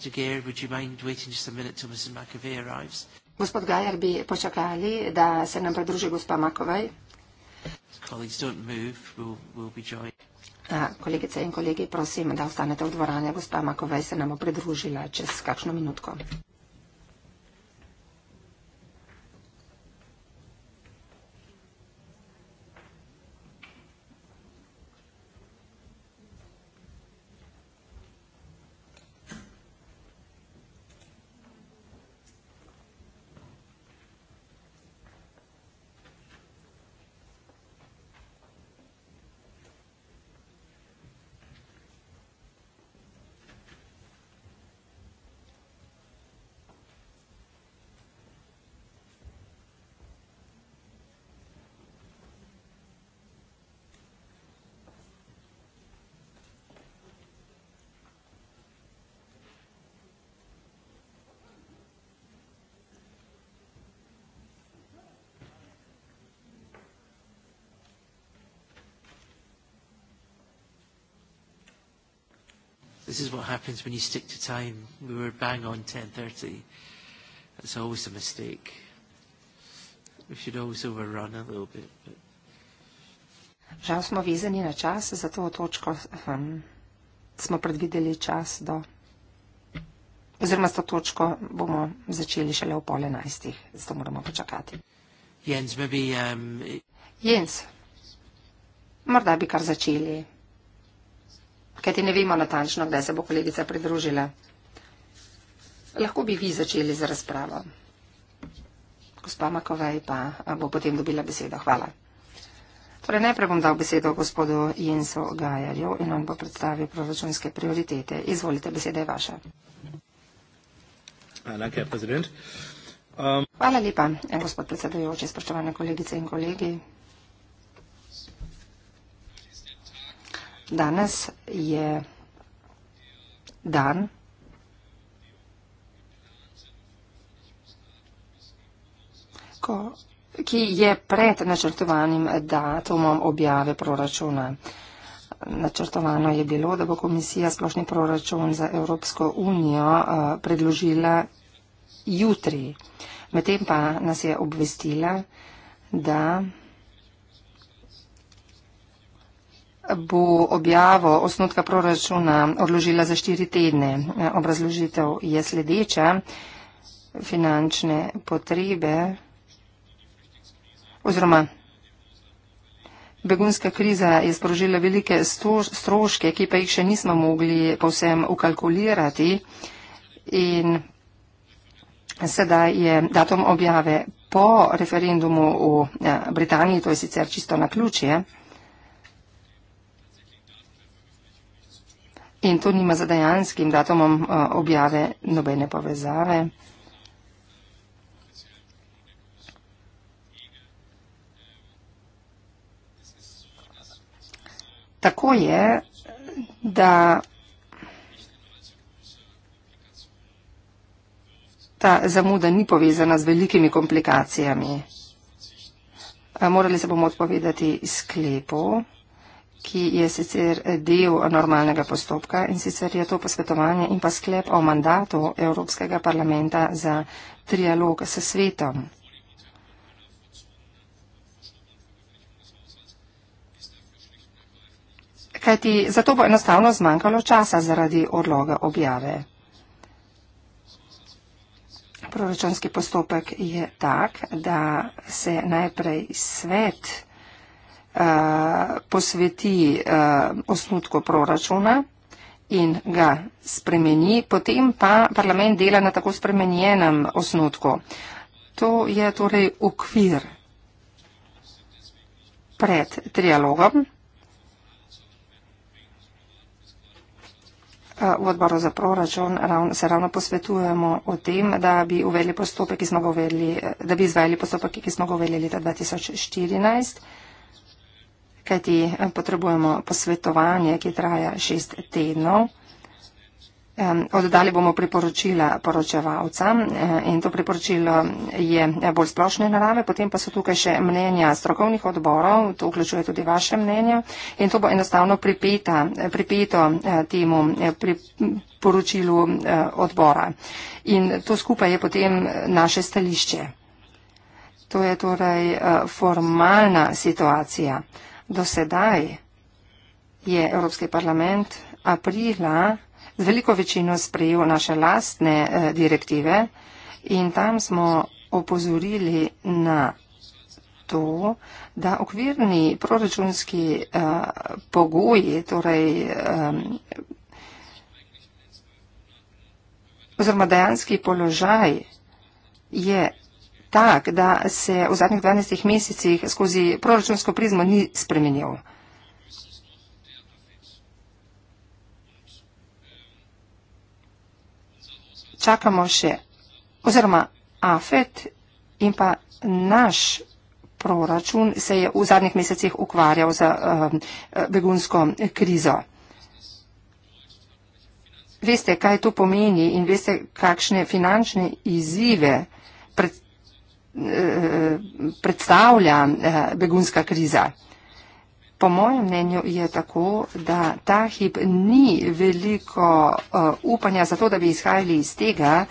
Mr. Gear, would you mind waiting just a minute till Mrs. McAvey arrives? Gospod Gajer bi počakali, da se nam pridruži gospa Makovej. Kolegice in kolegi, prosim, da ostanete v dvorani. Gospa Makovej se nam pridružila čez kakšno minutko. this is what happens when you stick to time. We were bang on 10.30. That's always a mistake. We should always overrun a little bit. But... Žal smo vezani na čas, zato točko um, smo predvideli čas do. Oziroma, s to točko bomo začeli šele v pol enajstih, zato moramo počakati. Jens, maybe, um... Jens morda bi kar začeli kajti ne vemo natančno, kdaj se bo kolegica pridružila. Lahko bi vi začeli z razpravo. Gospa Makovej pa eh, bo potem dobila besedo. Hvala. Torej, najprej bom dal besedo gospodu Jensu Gajarju in on bo predstavil proračunske prioritete. Izvolite, beseda je vaša. Hvala lepa, gospod predsedujoči, spoštovane kolegice in kolegi. Danes je dan, ko, ki je pred načrtovanim datumom objave proračuna. Načrtovano je bilo, da bo komisija splošni proračun za Evropsko unijo eh, predložila jutri. Medtem pa nas je obvestila, da bo objavo osnutka proračuna odložila za štiri tedne. Obrazložitev je sledeča. Finančne potrebe oziroma begunska kriza je sprožila velike stroške, ki pa jih še nismo mogli povsem ukalkulirati in sedaj je datum objave po referendumu v eh, Britaniji, to je sicer čisto na ključje. In to nima z dejanskim datumom eh, objave nobene povezave. Tako je, da ta zamuda ni povezana z velikimi komplikacijami. Eh, morali se bomo odpovedati sklepu ki je sicer del normalnega postopka in sicer je to posvetovanje in pa sklep o mandatu Evropskega parlamenta za trialog s svetom. Kajti zato bo enostavno zmanjkalo časa zaradi odloga objave. Proračunski postopek je tak, da se najprej svet. Eh, posveti uh, osnutku proračuna in ga spremeni, potem pa parlament dela na tako spremenjenem osnutku. To je torej okvir pred trialogom eh, v odboru za proračun se ravno posvetujemo o tem, da bi, uvedli postopek, ki smo ga uvedli, da bi izvajali postopek, ki smo ga uvedli leta 2014 kajti eh, potrebujemo posvetovanje, ki traja šest tednov. Oddali bomo priporočila poročevalca eh, in to priporočilo je bolj splošne narave, potem pa so tukaj še mnenja strokovnih odborov, to vključuje tudi vaše mnenje in to bo enostavno pripeta, pripeto eh, temu priporočilu odbora. In to skupaj je potem naše stališče. To je torej formalna situacija. Do sedaj je Evropski parlament aprila z veliko večino sprejel naše lastne eh, direktive in tam smo opozorili na to, da okvirni proračunski uh, pogoji, torej um, oziroma dejanski položaj je tak, da se v zadnjih 12 mesecih skozi proračunsko prizmo ni spremenil. Čakamo še, oziroma AFET in pa naš proračun se je v zadnjih mesecih ukvarjal z eh, begunsko krizo. Veste, kaj to pomeni in veste, kakšne finančne izzive predstavlja eh, begunska kriza. Po mojem mnenju je tako, da ta hip ni veliko eh, upanja za to, da bi izhajali iz tega,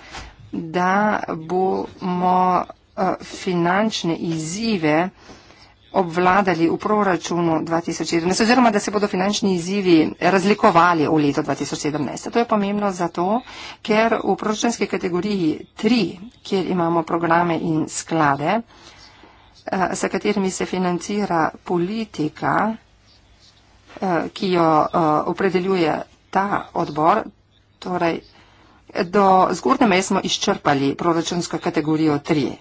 da bomo eh, finančne izzive obvladali v proračunu 2017, oziroma da se bodo finančni izzivi razlikovali v letu 2017. To je pomembno zato, ker v proračunski kategoriji 3, kjer imamo programe in sklade, eh, s katerimi se financira politika, eh, ki jo eh, opredeljuje ta odbor, torej do zgornje meje smo izčrpali proračunsko kategorijo 3.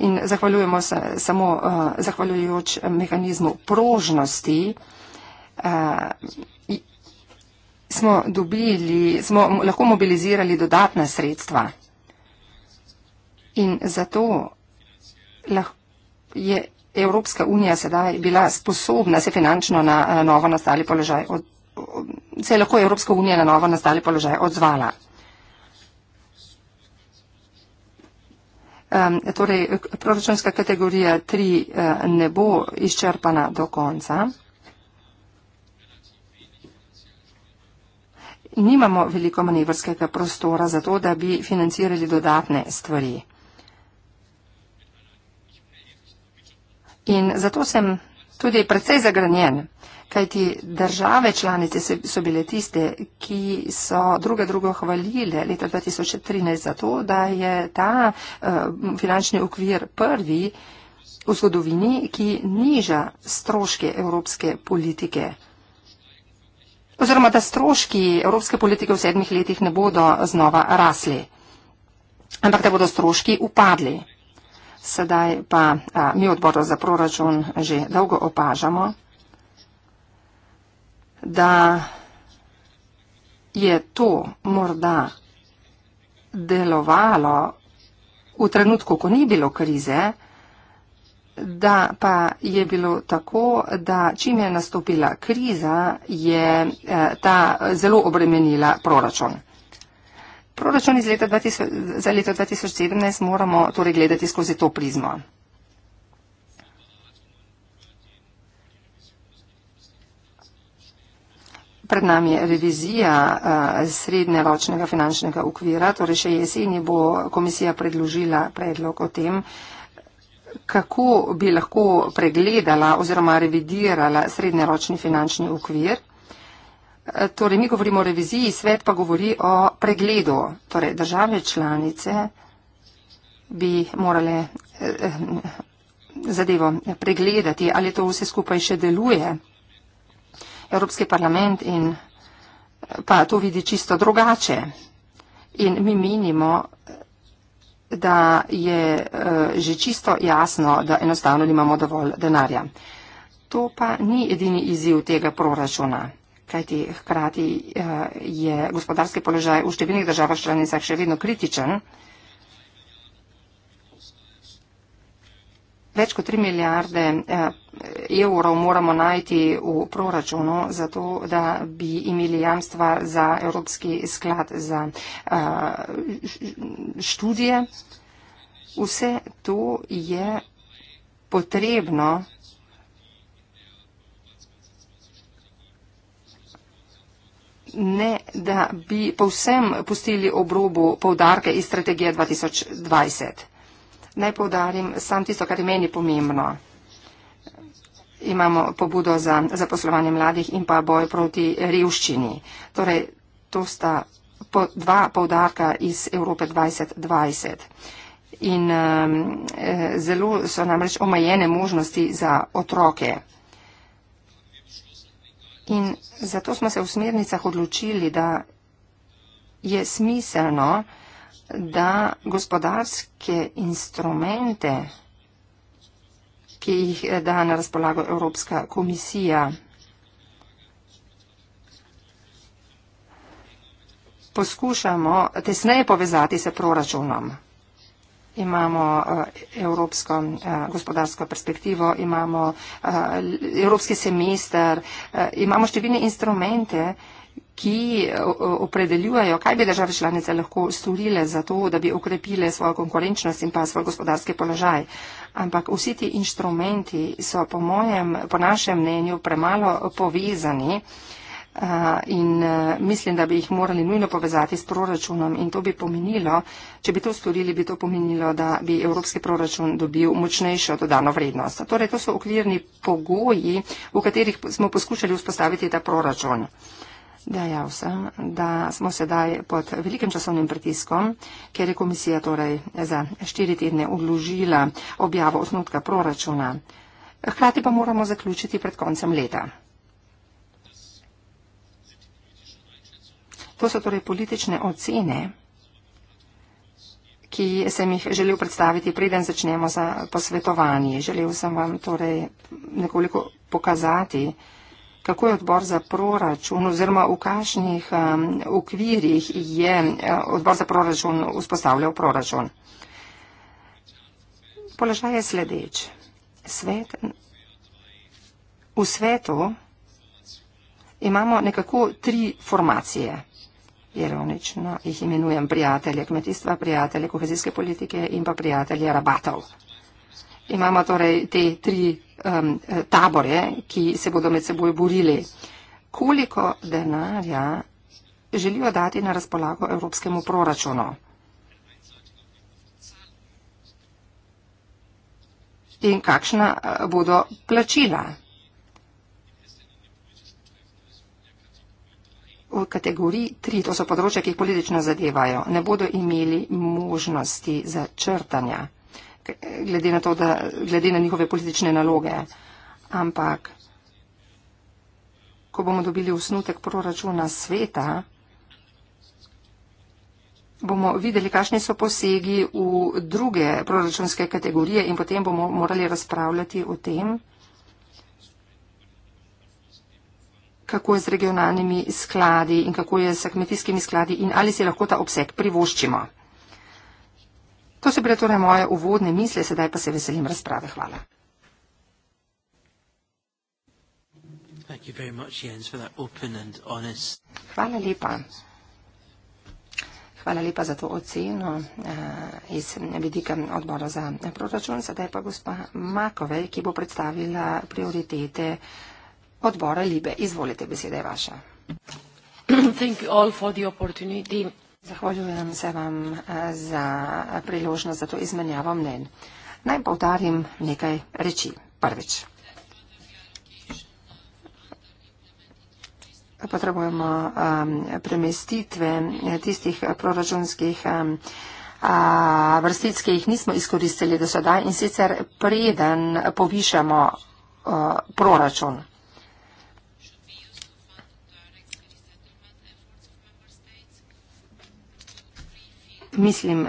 in zahvaljujemo se samo uh, zahvaljujoč mehanizmu prožnosti, uh, smo, dobili, smo lahko mobilizirali dodatna sredstva. In zato je Evropska unija sedaj bila sposobna se finančno na eh, novo nastali položaj, od, se je lahko Evropska unija na novo nastali položaj odzvala. torej proračunska kategorija 3 e, ne bo izčrpana do konca. Nimamo veliko manevrskega prostora za to, da bi financirali dodatne stvari. In zato sem tudi predvsej zagranjen, kajti države članice so bile tiste, ki so druga drugo hvalile leta 2013 za to, da je ta eh, finančni okvir prvi v zgodovini, ki niža stroške evropske politike. Oziroma, da stroški evropske politike v sedmih letih ne bodo znova rasli, ampak da bodo stroški upadli. Sedaj pa a, mi odboru za proračun že dolgo opažamo, da je to morda delovalo v trenutku, ko ni bilo krize, da pa je bilo tako, da čim je nastopila kriza, je ta zelo obremenila proračun proračun iz leta 2000, za leto 2017 moramo torej gledati skozi to prizmo. Pred nami je revizija eh, srednje ročnega finančnega ukvira, torej še jeseni bo komisija predložila predlog o tem, kako bi lahko pregledala oziroma revidirala srednje ročni finančni ukvir. Eh, torej, mi govorimo o reviziji, svet pa govori o pregledu. Torej, države članice bi morale eh, eh, zadevo pregledati, ali to vse skupaj še deluje. Evropski parlament in pa to vidi čisto drugače. In mi menimo, da je že čisto jasno, da enostavno nimamo dovolj denarja. To pa ni edini izziv tega proračuna kajti hkrati eh, je gospodarski položaj v številnih državah članicah še vedno kritičen. Več kot 3 milijarde eh, evrov moramo najti v proračunu, zato da bi imeli jamstva za Evropski sklad za eh, študije. Vse to je potrebno ne da bi povsem pustili obrobu povdarke iz strategije 2020. Naj povdarim sam tisto, kar je meni pomembno. Imamo pobudo za zaposlovanje mladih in pa boj proti revščini. Torej, to sta po dva povdarka iz Evrope 2020. In um, zelo so namreč omejene možnosti za otroke. In zato smo se v smernicah odločili, da je smiselno, da gospodarske instrumente, ki jih eh, da na razpolago Evropska komisija, poskušamo tesneje povezati s proračunom imamo eh, evropsko eh, gospodarsko perspektivo, imamo eh, evropski semester, imamo številne instrumente, ki opredeljujejo, kaj bi države članice lahko storile za to, da bi okrepile svojo konkurenčnost in pa svoj gospodarski položaj. Ampak vsi ti inštrumenti so po, mojem, po našem mnenju premalo povezani uh, Uh, in uh, mislim, da bi jih morali nujno povezati s proračunom in to bi pomenilo, če bi to storili, bi to pomenilo, da bi evropski proračun dobil močnejšo dodano vrednost. Torej, to so okvirni pogoji, v katerih smo poskušali vzpostaviti ta proračun. Dejal sem, da smo sedaj pod velikim časovnim pritiskom, ker je komisija torej za štiri tedne odložila objavo osnutka proračuna. Hkrati pa moramo zaključiti pred koncem leta. To so torej politične ocene, ki sem jih želel predstaviti, preden začnemo za posvetovanje. Želel sem vam torej nekoliko pokazati, kako je odbor za proračun oziroma v kakšnih um, okvirjih je uh, odbor za proračun vzpostavljal proračun. Položaj je sledeč. Svet, v svetu imamo nekako tri formacije ironično jih imenujem prijatelje kmetijstva, prijatelje kohezijske politike in pa prijatelje rabatov. Imamo torej te tri um, tabore, ki se bodo med seboj borili. Koliko denarja želijo dati na razpolago evropskemu proračunu? In kakšna uh, bodo plačila? v kategoriji 3, to so področja, ki jih politično zadevajo, ne bodo imeli možnosti za črtanja, glede na, to, da, glede na njihove politične naloge. Ampak, ko bomo dobili usnutek proračuna sveta, bomo videli, kakšni so posegi v druge proračunske kategorije in potem bomo morali razpravljati o tem, kako je z regionalnimi skladi in kako je z kmetijskimi skladi in ali si lahko ta obseg privoščimo. To so bile torej moje uvodne misle, sedaj pa se veselim razprave. Hvala. Much, Jens, Hvala lepa. Hvala lepa za to oceno uh, iz vidika odbora za proračun. Sedaj pa gospa Makovej, ki bo predstavila prioritete uh, odbora Libe. Izvolite, beseda je vaša. Zahvaljujem se vam eh, za priložnost za to izmenjavo mnen. Naj povdarim nekaj reči. Prvič. Potrebujemo um, premestitve tistih proračunskih um, vrstic, ki jih nismo izkoristili do sedaj in sicer preden povišamo uh, proračun. mislim,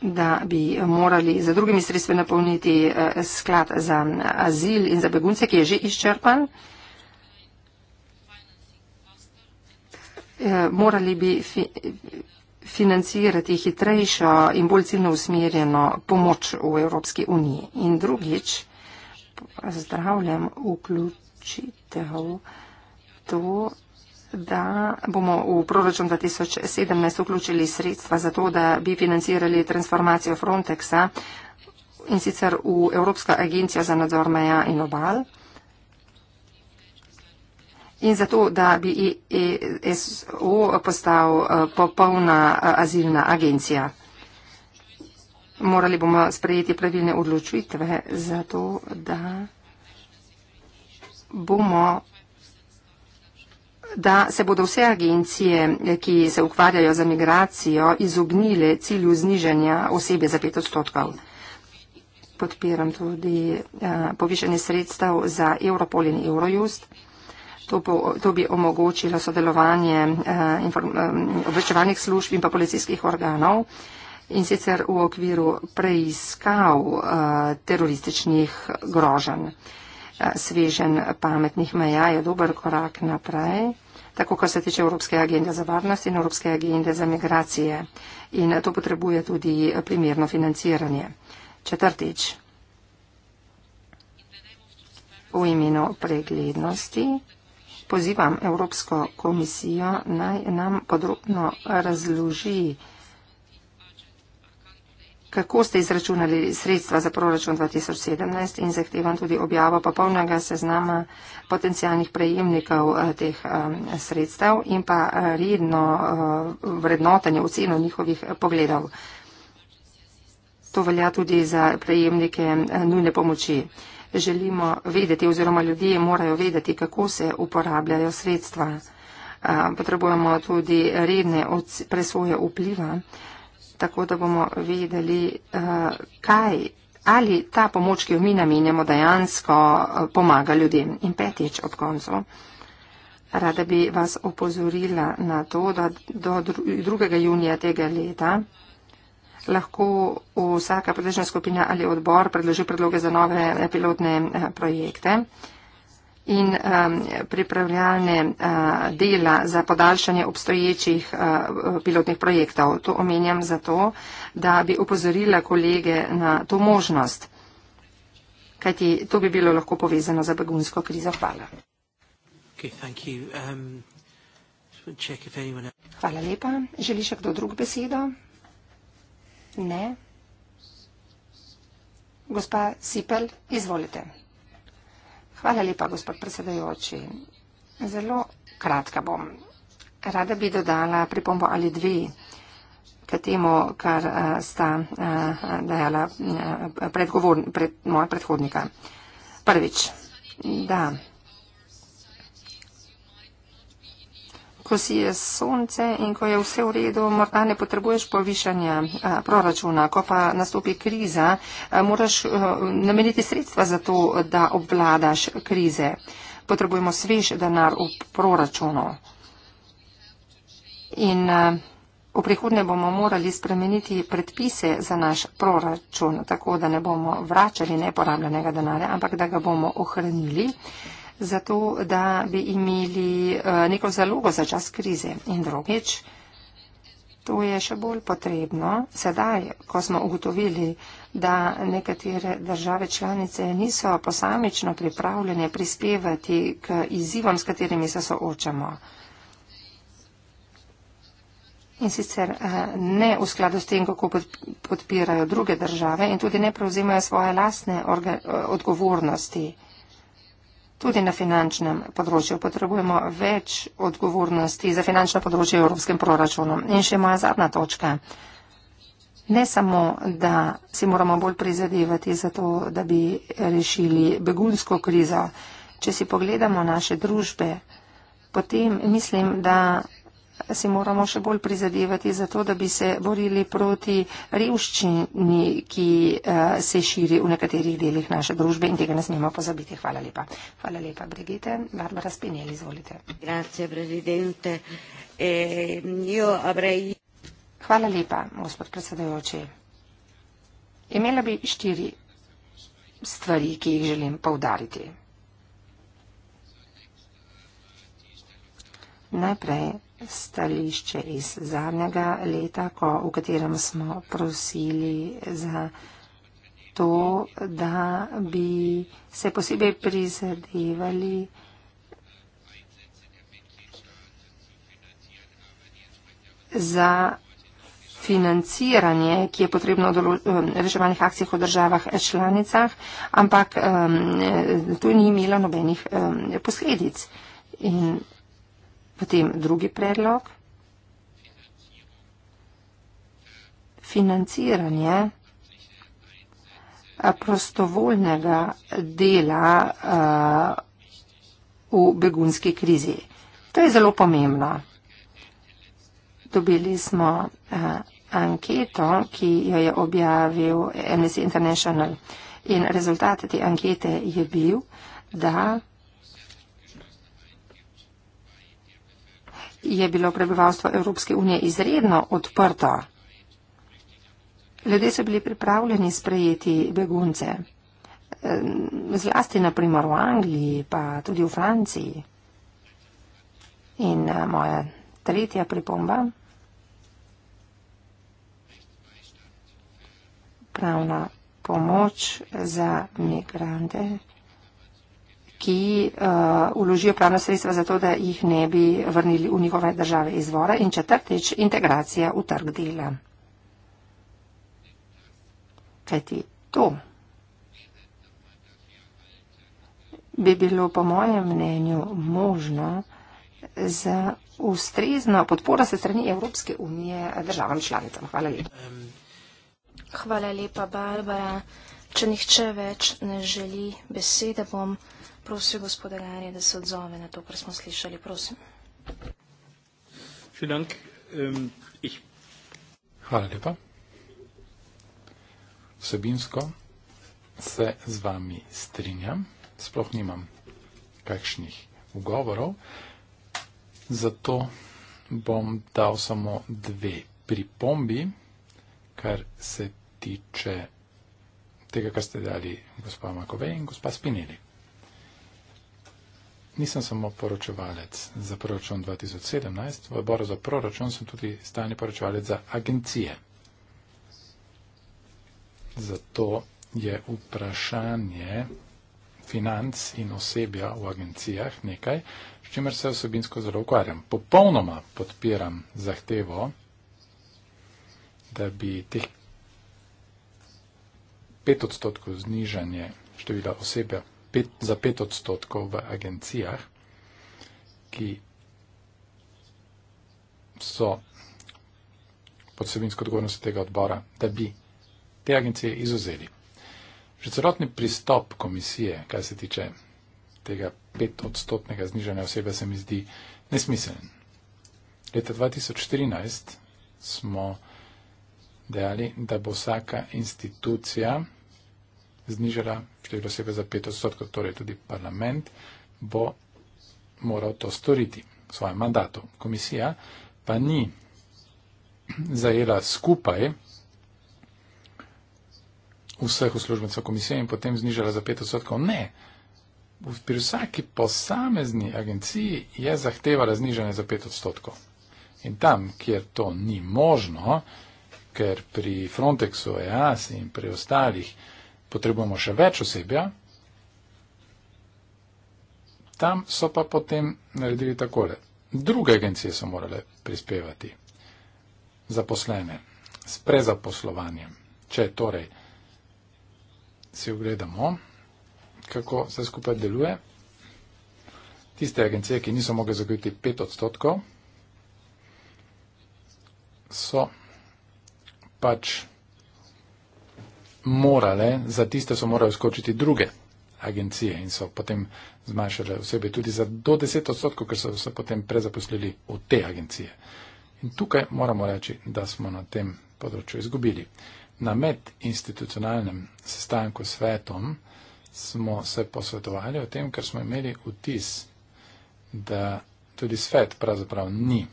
da bi morali za drugimi sredstvi napolniti eh, sklad za eh, azil in za begunce, ki je že izčrpan. Eh, morali bi financirati hitrejšo in bolj ciljno usmerjeno pomoč v Evropski uniji. In drugič, zdravljam vključitev to, da bomo v proračun 2017 vključili sredstva za to, da bi financirali transformacijo Frontexa in sicer v Evropska agencija za nadzor meja in obal. In zato, da bi ESO postal eh, popolna eh, azilna agencija. Morali bomo sprejeti pravilne odločitve za to, da bomo da se bodo vse agencije, ki se ukvarjajo za migracijo, izognile cilju znižanja osebe za pet odstotkov. Podpiram tudi uh, povišanje sredstev za Europol in Eurojust. To, bo, to bi omogočilo sodelovanje uh, obveščevalnih služb in pa policijskih organov in sicer v okviru preiskav uh, terorističnih groženj. Uh, svežen pametnih meja je dober korak naprej tako kar se tiče Evropske agende za varnost in Evropske agende za migracije. In to potrebuje tudi primerno financiranje. Četrtič. V imenu preglednosti pozivam Evropsko komisijo naj nam podrobno razloži, kako ste izračunali sredstva za proračun 2017 in zahtevam tudi objavo popolnega seznama potencijalnih prejemnikov eh, teh eh, sredstev in pa eh, redno vrednotanje oceno njihovih pogledov. To velja tudi za prejemnike nujne pomoči. Želimo vedeti oziroma ljudje morajo vedeti, kako se uporabljajo sredstva. Potrebujemo tudi redne presoje vpliva tako da bomo vedeli, eh, kaj ali ta pomoč, ki jo mi namenjamo, dejansko eh, pomaga ljudem. In petič ob koncu. Rada bi vas opozorila na to, da do 2. junija tega leta lahko vsaka predležna skupina ali odbor predloži predloge za nove eh, pilotne projekte in um, pripravljalne uh, dela za podaljšanje obstoječih uh, pilotnih projektov. To omenjam zato, da bi upozorila kolege na to možnost, kajti to bi bilo lahko povezano za begunsko krizo. Hvala. Okay, um, anyone... Hvala lepa. Želi še kdo drug besedo? Ne. Gospa Sipel, izvolite. Hvala lepa, gospod predsedajoči. Zelo kratka bom. Rada bi dodala pripombo ali dve k temu, kar eh, sta eh, dejala eh, predgovor, pred, moja predhodnika. Prvič, da. ko si je sonce in ko je vse v redu, morda ne potrebuješ povišanja proračuna. Ko pa nastopi kriza, moraš nameniti sredstva za to, da obvladaš krize. Potrebujemo svež denar v proračunu. In v prihodnje bomo morali spremeniti predpise za naš proračun, tako da ne bomo vračali neporabljenega denarja, ampak da ga bomo ohranili zato da bi imeli eh, neko zalogo za čas krize. In drugič, to je še bolj potrebno sedaj, ko smo ugotovili, da nekatere države članice niso posamično pripravljene prispevati k izzivom, s katerimi se soočamo. In sicer eh, ne v skladu s tem, kako podpirajo druge države in tudi ne prevzimajo svoje lastne eh, odgovornosti. Tudi na finančnem področju potrebujemo več odgovornosti za finančno področje v evropskem proračunu. In še moja zadnja točka. Ne samo, da si moramo bolj prizadevati za to, da bi rešili begunsko krizo. Če si pogledamo naše družbe, potem mislim, da si moramo še bolj prizadevati za to, da bi se borili proti revščini, ki eh, se širi v nekaterih delih naše družbe in tega ne smemo pozabiti. Hvala lepa. Hvala lepa, Brigitte. Barbara Spinelli, izvolite. Eh, Hvala lepa, gospod predsedajoči. Imela bi štiri stvari, ki jih želim povdariti. Najprej stališče iz zadnjega leta, ko, v katerem smo prosili za to, da bi se posebej prizadevali za financiranje, ki je potrebno v reševanih akcijah v državah eh, članicah, ampak um, to ni imelo nobenih um, posledic. In Potem drugi predlog. Financiranje eh, prostovoljnega dela eh, v begunski krizi. To je zelo pomembno. Dobili smo eh, anketo, ki jo je objavil Amnesty International. In rezultat te ankete je bil, da je bilo prebivalstvo Evropske unije izredno odprto. Ljudje so bili pripravljeni sprejeti begunce, eh, zlasti naprimer v Angliji, pa tudi v Franciji. In eh, moja tretja pripomba. Pravna pomoč za migrante ki uh, eh, uložijo pravna sredstva za to, da jih ne bi vrnili v njihove države izvora. In četrtič, integracija v trg dela. Kaj ti to? Bi bilo po mojem mnenju možno z ustrezno podporo se strani Evropske unije državam članicam. Hvala lepa. Hvala lepa, Barbara. Če nihče več ne želi besede, bom. Prosil gospoda Ganje, da se odzove na to, kar smo slišali. Prosim. Ähm, Hvala lepa. Vsebinsko se z vami strinjam. Sploh nimam kakšnih ugovorov. Zato bom dal samo dve pripombi, kar se tiče tega, kar ste dali gospa Makovej in gospa Spinelik nisem samo poročevalec za proračun 2017, v odboru za proračun sem tudi stani poročevalec za agencije. Zato je vprašanje financ in osebja v agencijah nekaj, s čimer se osebinsko zelo ukvarjam. Popolnoma podpiram zahtevo, da bi teh 5 odstotkov znižanje števila osebja pet, za pet odstotkov v agencijah, ki so pod sebinsko odgovornost tega odbora, da bi te agencije izuzeli. Že celotni pristop komisije, kaj se tiče tega petodstotnega znižanja osebe, se mi zdi nesmiselen. Leta 2014 smo dejali, da bo vsaka institucija znižala število sebe za 5 odstotkov, torej tudi parlament bo moral to storiti v svojem mandatu. Komisija pa ni zajela skupaj vseh uslužbencev komisije in potem znižala za 5 odstotkov. Ne. Pri vsaki posamezni agenciji je zahtevala znižanje za 5 odstotkov. In tam, kjer to ni možno, ker pri Frontexu, EAS in pri ostalih potrebujemo še več osebja. Tam so pa potem naredili takole. Druge agencije so morale prispevati zaposlene s prezaposlovanjem. Če torej si ogledamo, kako se skupaj deluje, tiste agencije, ki niso mogli zagotoviti 5 odstotkov, so pač morale, za tiste so morale skočiti druge agencije in so potem zmanjšale osebe tudi za do 10 odstotkov, ker so se potem prezaposlili v te agencije. In tukaj moramo reči, da smo na tem področju izgubili. Na medinstitucionalnem sestanku s svetom smo se posvetovali o tem, ker smo imeli vtis, da tudi svet pravzaprav ni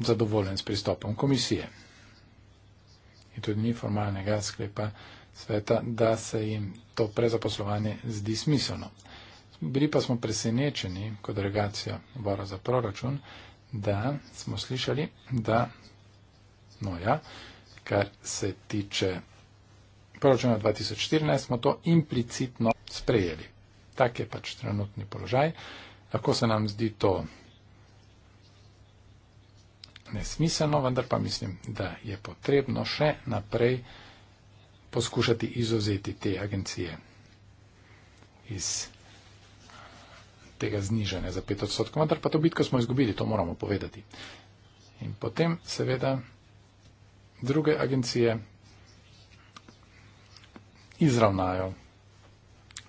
zadovoljen s pristopom komisije in tudi ni formalnega sklepa sveta, da se jim to prezaposlovanje zdi smiselno. Bili pa smo presenečeni kot delegacija Bora za proračun, da smo slišali, da, no ja, kar se tiče proračuna 2014, smo to implicitno sprejeli. Tak je pač trenutni položaj. Lahko se nam zdi to nesmiselno, vendar pa mislim, da je potrebno še naprej poskušati izuzeti te agencije iz tega znižanja za 5 odstotkov, vendar pa to bitko smo izgubili, to moramo povedati. In potem seveda druge agencije izravnajo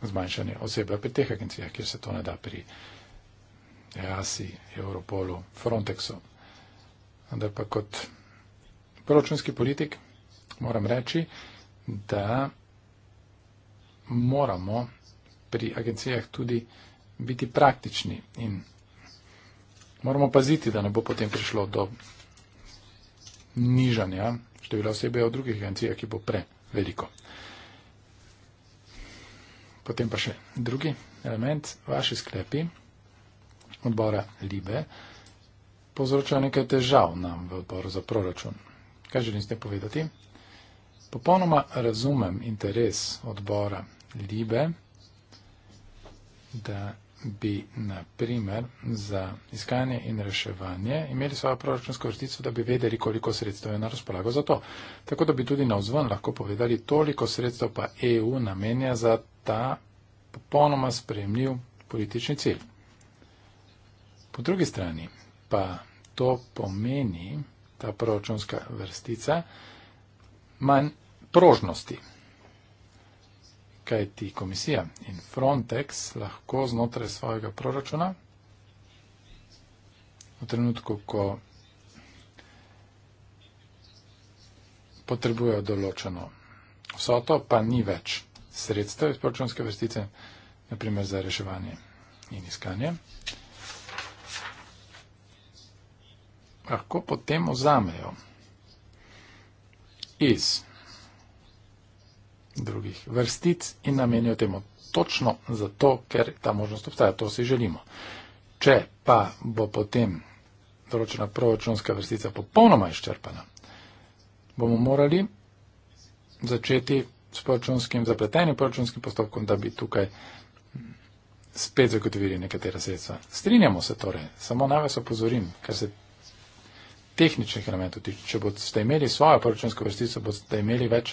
zmanjšanje osebe pri teh agencijah, kjer se to ne da pri EASI, Europolu, Frontexu. Vendar pa kot proračunski politik moram reči, da moramo pri agencijah tudi biti praktični in moramo paziti, da ne bo potem prišlo do nižanja števila osebe v drugih agencijah, ki bo preveliko. Potem pa še drugi element, vaši sklepi odbora Libe povzročal nekaj težav nam v odboru za proračun. Kaj želim s tem povedati? Popolnoma razumem interes odbora Libe, da bi na primer za iskanje in reševanje imeli svojo proračunsko vrstico, da bi vedeli, koliko sredstev je na razpolago za to. Tako da bi tudi na vzven lahko povedali, toliko sredstev pa EU namenja za ta popolnoma spremljiv politični cilj. Po drugi strani pa to pomeni, ta proračunska vrstica, manj prožnosti. Kaj ti komisija in Frontex lahko znotraj svojega proračuna v trenutku, ko potrebujejo določeno vsoto, pa ni več sredstev iz proračunske vrstice, naprimer za reševanje in iskanje. lahko potem ozamejo iz drugih vrstic in namenijo temu točno zato, ker ta možnost obstaja. To si želimo. Če pa bo potem določena proračunska vrstica popolnoma izčrpana, bomo morali začeti s proračunskim zapletenim proračunskim postopkom, da bi tukaj spet zagotovili nekatera sredstva. Strinjamo se torej, samo naj vas opozorim, kar se tehničnih elementov. Če boste imeli svojo proračunsko vrstico, boste imeli več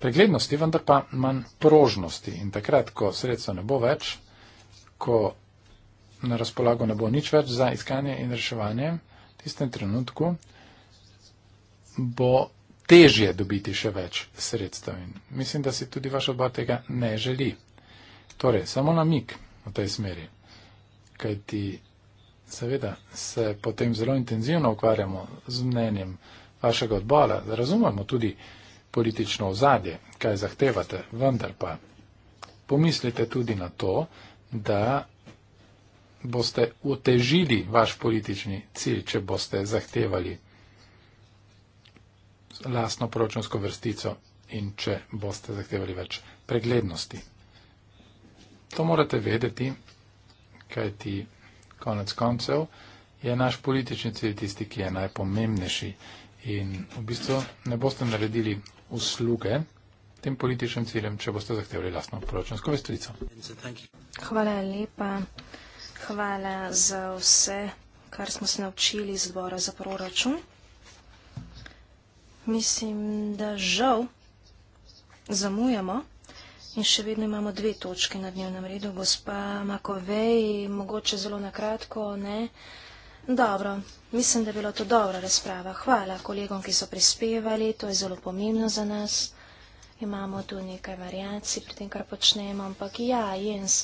preglednosti, vendar pa manj prožnosti. In takrat, ko sredstva ne bo več, ko na razpolago ne bo nič več za iskanje in reševanje, v tistem trenutku bo težje dobiti še več sredstev. In mislim, da si tudi vaš odbor tega ne želi. Torej, samo namik v tej smeri. Kaj ti Seveda se potem zelo intenzivno ukvarjamo z mnenjem vašega odbora, razumemo tudi politično ozadje, kaj zahtevate, vendar pa pomislite tudi na to, da boste utežili vaš politični cilj, če boste zahtevali lastno proračunsko vrstico in če boste zahtevali več preglednosti. To morate vedeti, kaj ti konec koncev je naš politični cilj tisti, ki je najpomembnejši. In v bistvu ne boste naredili usluge tem političnim ciljem, če boste zahtevali lastno proračunsko vestrico. Hvala lepa. Hvala za vse, kar smo se naučili iz zbora za proračun. Mislim, da žal zamujamo. In še vedno imamo dve točke na dnevnem redu, gospa Makovej, mogoče zelo na kratko, ne? Dobro, mislim, da je bila to dobra razprava. Hvala kolegom, ki so prispevali, to je zelo pomembno za nas. Imamo tu nekaj variacij pri tem, kar počnemo, ampak ja, Jens,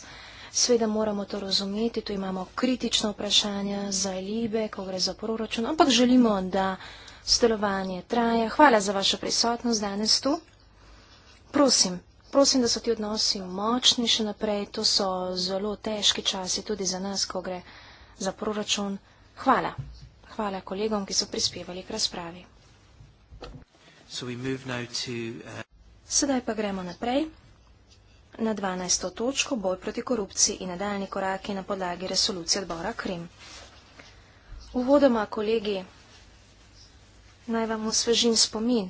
sveda moramo to razumeti, tu imamo kritično vprašanje za libe, ko gre za proračun, ampak želimo, da sodelovanje traja. Hvala za vašo prisotnost danes tu. Prosim prosim, da so ti odnosi močni še naprej. To so zelo težki časi tudi za nas, ko gre za proračun. Hvala. Hvala kolegom, ki so prispevali k razpravi. To, uh... Sedaj pa gremo naprej. Na 12. točko boj proti korupciji in nadaljni koraki na podlagi resolucije odbora Krim. Uvodoma, kolegi, naj vam osvežim spomin.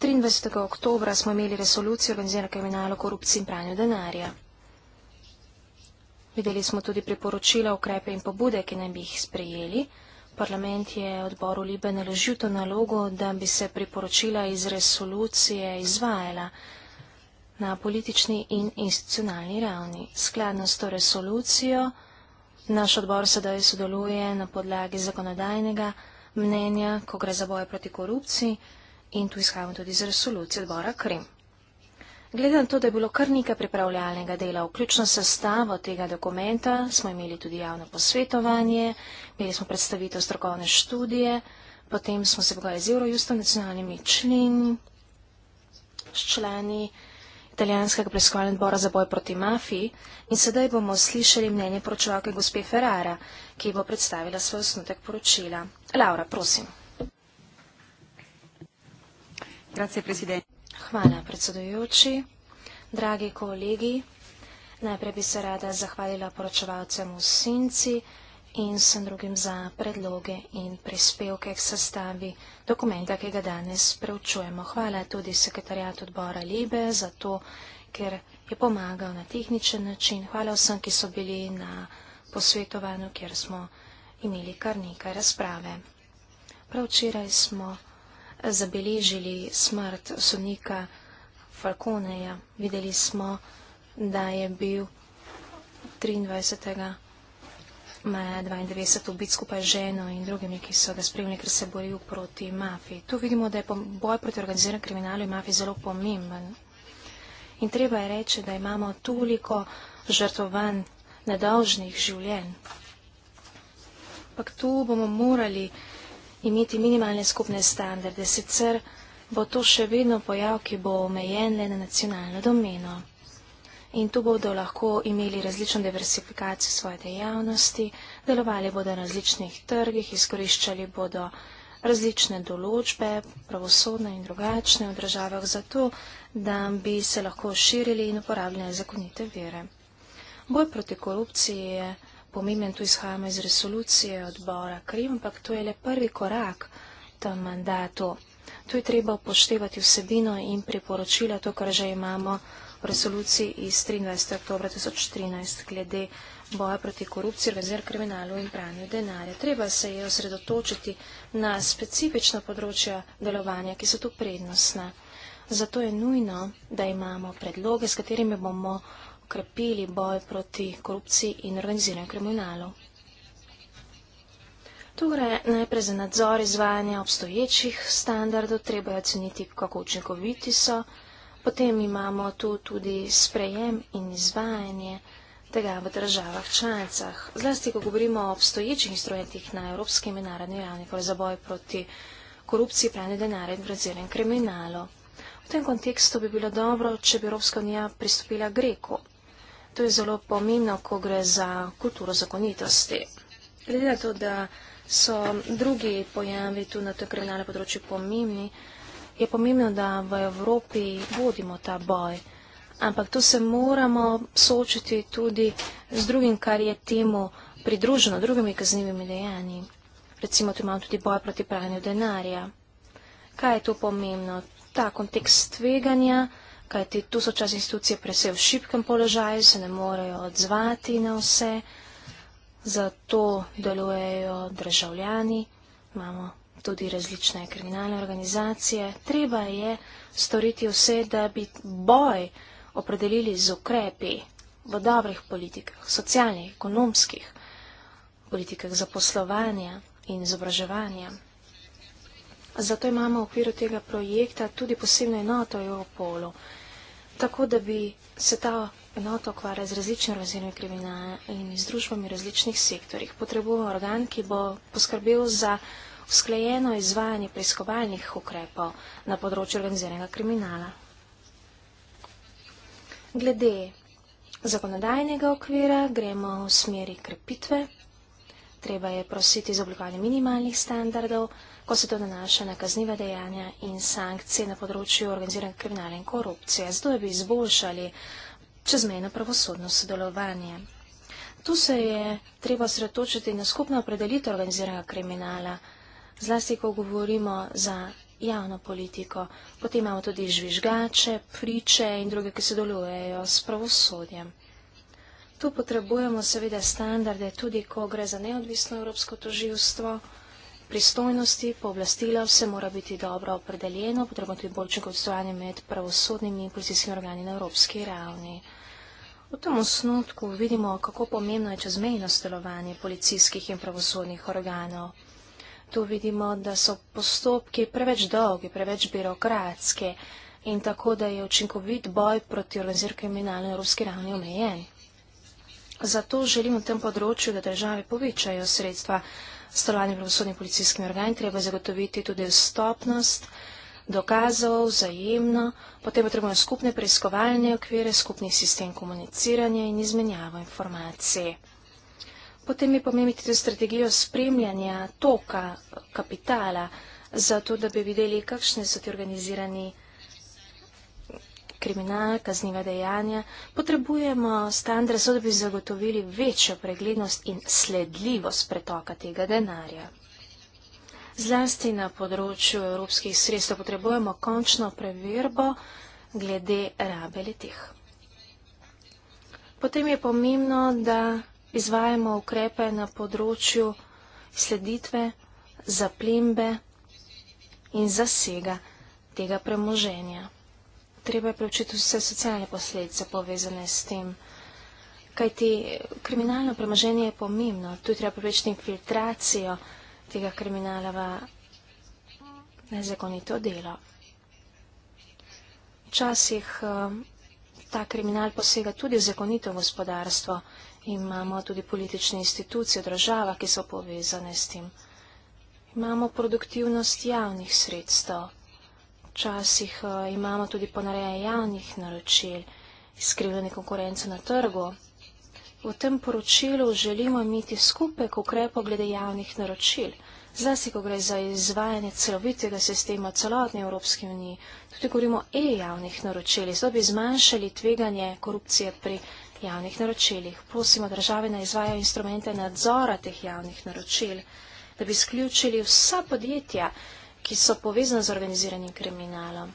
23. oktobra smo imeli resolucijo benzina kriminalu korupciji in pranju denarja. Videli smo tudi priporočila, ukrepe in pobude, ki naj bi jih sprejeli. Parlament je odboru Libe naložil to nalogo, da bi se priporočila iz resolucije izvajala na politični in institucionalni ravni. Skladno s to resolucijo naš odbor sedaj sodeluje na podlagi zakonodajnega mnenja, ko gre za boje proti korupciji in tu izhajamo tudi iz resolucije odbora Krim. Glede na to, da je bilo kar nekaj pripravljalnega dela, vključno sestavo tega dokumenta, smo imeli tudi javno posvetovanje, imeli smo predstavitev strokovne študije, potem smo se pogajali z Eurojustom, nacionalnimi členi, s člani italijanskega preiskovalnega odbora za boj proti mafiji in sedaj bomo slišali mnenje poročevalke gospe Ferrara, ki bo predstavila svoj osnutek poročila. Laura, prosim. Hvala, predsedojoči. Dragi kolegi, najprej bi se rada zahvalila poročevalcem v Sinci in sem drugim za predloge in prispevke k sestavi dokumenta, ki ga danes preučujemo. Hvala tudi sekretarjat odbora Libe za to, ker je pomagal na tehničen način. Hvala vsem, ki so bili na posvetovanju, kjer smo imeli kar nekaj razprave. Prav včeraj smo pričeli zabeležili smrt sodnika Falconeja. Videli smo, da je bil 23. maja 92 ubit skupaj z ženo in drugimi, ki so ga spremljali, ker se boril proti mafiji. Tu vidimo, da je boj proti organiziranem kriminalu in mafiji zelo pomemben. In treba je reči, da imamo toliko žrtovanj nedolžnih življenj. Pak tu bomo morali imeti minimalne skupne standarde, sicer bo to še vedno pojav, ki bo omejen le na nacionalno domeno. In tu bodo lahko imeli različno diversifikacijo svoje dejavnosti, delovali bodo na različnih trgih, izkoriščali bodo različne določbe, pravosodne in drugačne v državah, zato da bi se lahko širili in uporabljali zakonite vere. Boj proti korupciji je pomemben, tu izhajamo iz resolucije odbora KRIM, ampak to je le prvi korak v tem mandatu. Tu je treba upoštevati vsebino in priporočila, to, kar že imamo v resoluciji iz 23. oktobra 2013 glede boja proti korupciji, organiziranju kriminalu in pranju denarja. Treba se je osredotočiti na specifična področja delovanja, ki so tu prednostna. Zato je nujno, da imamo predloge, s katerimi bomo okrepili boj proti korupciji in organiziranem kriminalu. Torej, najprej za nadzor izvajanja obstoječih standardov treba je oceniti, kako učinkoviti so, potem imamo tu tudi sprejem in izvajanje tega v državah članicah. Zlasti, ko govorimo o obstoječih instrumentih na evropski in mednarodni ravni, torej za boj proti korupciji, pranju denarja in organiziranem kriminalu. V tem kontekstu bi bilo dobro, če bi Evropska unija pristopila Greku. To je zelo pomembno, ko gre za kulturo zakonitosti. Glede na to, da so drugi pojavi tu na tem kriminalnem področju pomembni, je pomembno, da v Evropi vodimo ta boj. Ampak tu se moramo soočiti tudi z drugim, kar je temu pridruženo, drugimi kaznivimi dejanji. Recimo tu imamo tudi boj proti pranju denarja. Kaj je tu pomembno? Ta kontekst tveganja kajti tu so čas institucije presej v šipkem položaju, se ne morejo odzvati na vse, zato delujejo državljani, imamo tudi različne kriminalne organizacije. Treba je storiti vse, da bi boj opredelili z ukrepi v dobrih politikah, socialnih, ekonomskih, politikah zaposlovanja in izobraževanja. Zato imamo v okviru tega projekta tudi posebno enoto Evropolo, tako, da bi se ta enota ukvarjala z različnimi razinami kriminala in z družbami različnih sektorjih. Potrebujemo organ, ki bo poskrbel za usklajeno izvajanje preiskovalnih ukrepov na področju organiziranega kriminala. Glede zakonodajnega okvira gremo v smeri krepitve. Treba je prositi za oblikovanje minimalnih standardov ko se to nanaša na kazniva dejanja in sankcije na področju organiziranega kriminala in korupcije. Zato bi izboljšali čezmejno pravosodno sodelovanje. Tu se je treba sretočiti na skupno opredelitev organiziranega kriminala, zlasti ko govorimo za javno politiko. Potem imamo tudi žvižgače, priče in druge, ki sodelujejo s pravosodjem. Tu potrebujemo seveda standarde, tudi ko gre za neodvisno evropsko toživstvo pristojnosti, pooblastila, vse mora biti dobro opredeljeno, potrebno tudi boljše kodstvovanje med pravosodnimi in policijskimi organi na evropski ravni. V tem osnutku vidimo, kako pomembno je čezmejno stelovanje policijskih in pravosodnih organov. Tu vidimo, da so postopki preveč dolgi, preveč birokratske in tako, da je učinkovit boj proti organiziranju kriminala na evropski ravni omejen. Zato želim v tem področju, da države povečajo sredstva strojanje pravosodnih policijskih organ, treba zagotoviti tudi dostopnost dokazov vzajemno, potem potrebujemo skupne preiskovalne okvire, skupni sistem komuniciranja in izmenjavo informacij. Potem je pomembno tudi strategijo spremljanja toka kapitala, zato da bi videli, kakšne so ti organizirani kriminal, kazniva dejanja, potrebujemo standard, da bi zagotovili večjo preglednost in sledljivost pretoka tega denarja. Zlasti na področju evropskih sredstev potrebujemo končno preverbo glede rabe letih. Potem je pomembno, da izvajamo ukrepe na področju sleditve, zaplembe in zasega tega premoženja treba je preučiti vse socialne posledice povezane s tem. Kaj ti kriminalno premoženje je pomembno, tu je treba preprečiti infiltracijo tega kriminala v nezakonito delo. Včasih eh, ta kriminal posega tudi v zakonito gospodarstvo. Imamo tudi politične institucije, država, ki so povezane s tem. Imamo produktivnost javnih sredstev, Včasih eh, imamo tudi ponarejanje javnih naročil, izkrivljene konkurence na trgu. V tem poročilu želimo imeti skupaj ukrepov glede javnih naročil, zlasti, ko gre za izvajanje celovitega sistema celotne Evropske unije. Tudi govorimo o e-javnih naročilih, zato bi zmanjšali tveganje korupcije pri javnih naročilih. Prosimo države, da izvajajo instrumente nadzora teh javnih naročil, da bi izključili vsa podjetja, ki so povezane z organiziranim kriminalom.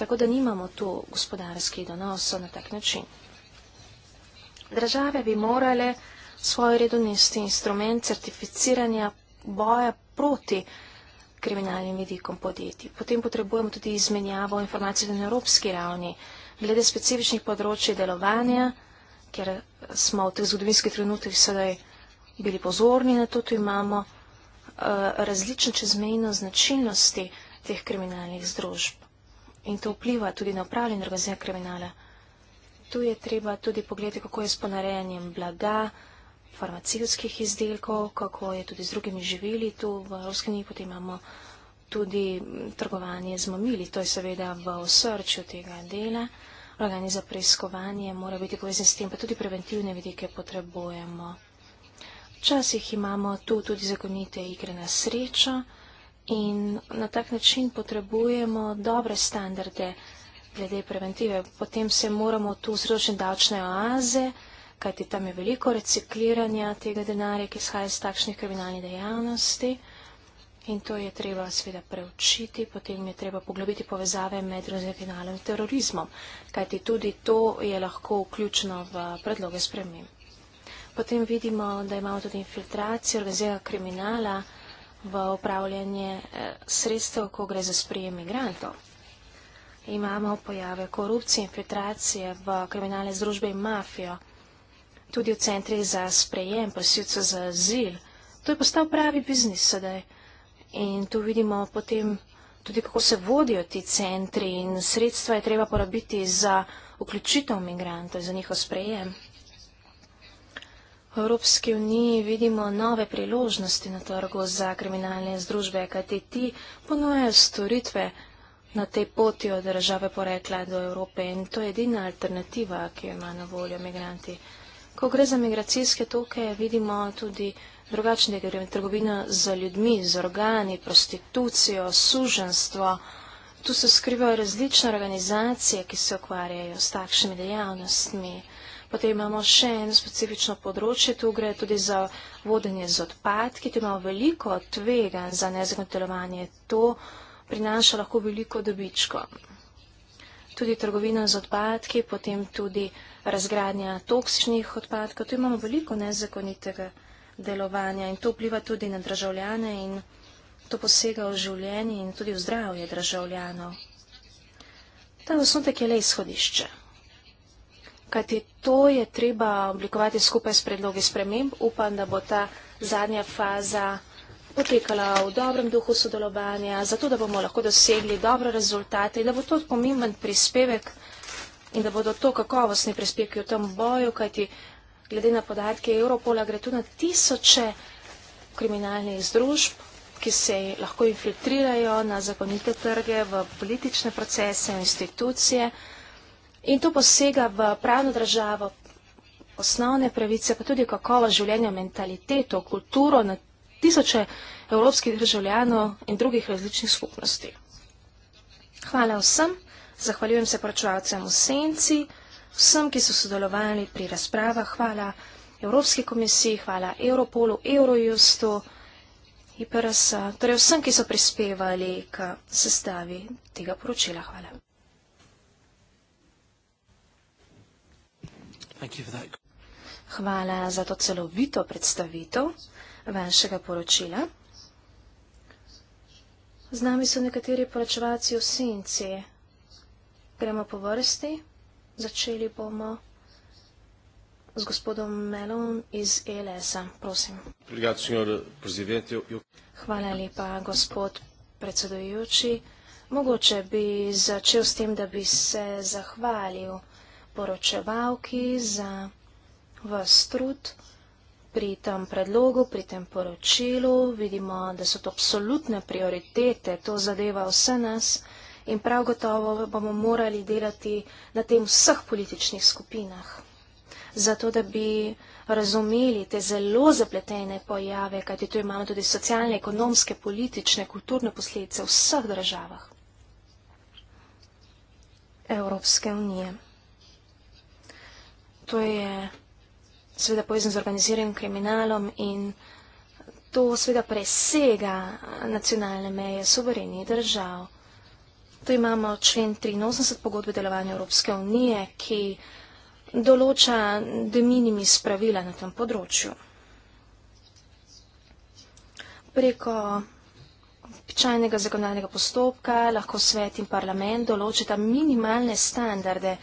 Tako da nimamo tu gospodarskih donosov na tak način. Države bi morale svoj redonesti instrument certificiranja boja proti kriminalnim vidikom podjetij. Potem potrebujemo tudi izmenjavo informacij na evropski ravni, glede specifičnih področji delovanja, ker smo v teh zgodovinskih trenutkih sedaj bili pozorni na to, tu imamo Eh, različne čezmejno značilnosti teh kriminalnih združb. In to vpliva tudi na upravljanje organizacije kriminala. Tu je treba tudi pogledati, kako je s ponarejanjem blaga, farmacijskih izdelkov, kako je tudi z drugimi živili. Tu v Evropski uniji potem imamo tudi trgovanje z mamili. To je seveda v osrčju tega dela. Organi za preiskovanje mora biti povezan s tem, pa tudi preventivne vidike potrebujemo. Včasih imamo tu tudi zakonite igre na srečo in na tak način potrebujemo dobre standarde glede preventive. Potem se moramo tu zrušiti davčne oaze, kajti tam je veliko recikliranja tega denarja, ki izhaja iz takšnih kriminalnih dejavnosti. In to je treba seveda preučiti, potem je treba poglobiti povezave med rozekinalom in terorizmom, kajti tudi to je lahko vključeno v predloge spremembe. Potem vidimo, da imamo tudi infiltracijo organiziranega kriminala v upravljanje eh, sredstev, ko gre za sprijem migrantov. Imamo pojave korupcije, infiltracije v kriminalne združbe in mafijo, tudi v centrih za sprejem, prosilcev za azil. To je postal pravi biznis sedaj. In tu vidimo potem tudi, kako se vodijo ti centri in sredstva je treba porabiti za vključitev migrantov, za njihov sprejem. V Evropski uniji vidimo nove priložnosti na trgu za kriminalne združbe, kajti ti ponujajo storitve na tej poti od države porekla do Evrope in to je edina alternativa, ki jo ima na voljo migranti. Ko gre za migracijske toke, vidimo tudi drugačne gre, torej trgovino z ljudmi, z organi, prostitucijo, suženstvo. Tu se skrivajo različne organizacije, ki se okvarjajo s takšnimi dejavnostmi. Potem imamo še eno specifično področje, tu gre tudi za vodenje z odpadki, tu imamo veliko tvega za nezagotelovanje. To prinaša lahko veliko dobičko. Tudi trgovina z odpadki, potem tudi razgradnja toksičnih odpadkov. Tu imamo veliko nezakonitega delovanja in to vpliva tudi na državljane in to posega v življenje in tudi v zdravje državljanov. Ta osnutek je le izhodišče kajti to je treba oblikovati skupaj s predlogi sprememb. Upam, da bo ta zadnja faza potekala v dobrem duhu sodelovanja, zato da bomo lahko dosegli dobre rezultate in da bo to pomemben prispevek in da bodo to kakovostni prispevki v tem boju, kajti glede na podatke Europola gre tu na tisoče kriminalnih združb, ki se lahko infiltrirajo na zakonite trge, v politične procese, institucije. In to posega v pravno državo, osnovne pravice, pa tudi kakovo življenja, mentaliteto, kulturo na tisoče evropskih državljanov in drugih različnih skupnosti. Hvala vsem, zahvaljujem se poročevalcem v Senci, vsem, ki so sodelovali pri razpravah, hvala Evropski komisiji, hvala Europolu, Eurojustu, IPRS, torej vsem, ki so prispevali k sestavi tega poročila. Hvala. Hvala za to celovito predstavitev vašega poročila. Z nami so nekateri poročevalci v senci. Gremo po vrsti. Začeli bomo z gospodom Melon iz ELS-a. Prosim. Hvala lepa, gospod predsedujoči. Mogoče bi začel s tem, da bi se zahvalil poročevalki za vas trud pri tem predlogu, pri tem poročilu. Vidimo, da so to absolutne prioritete, to zadeva vse nas in prav gotovo bomo morali delati na tem vseh političnih skupinah. Zato, da bi razumeli te zelo zapletene pojave, kajti tu imamo tudi socialne, ekonomske, politične, kulturne posledice v vseh državah Evropske unije to je seveda povezan z organiziranim kriminalom in to seveda presega nacionalne meje soverenih držav. Tu imamo člen 83 pogodbe delovanja Evropske unije, ki določa de minimis pravila na tem področju. Preko običajnega zakonodajnega postopka lahko svet in parlament določita minimalne standarde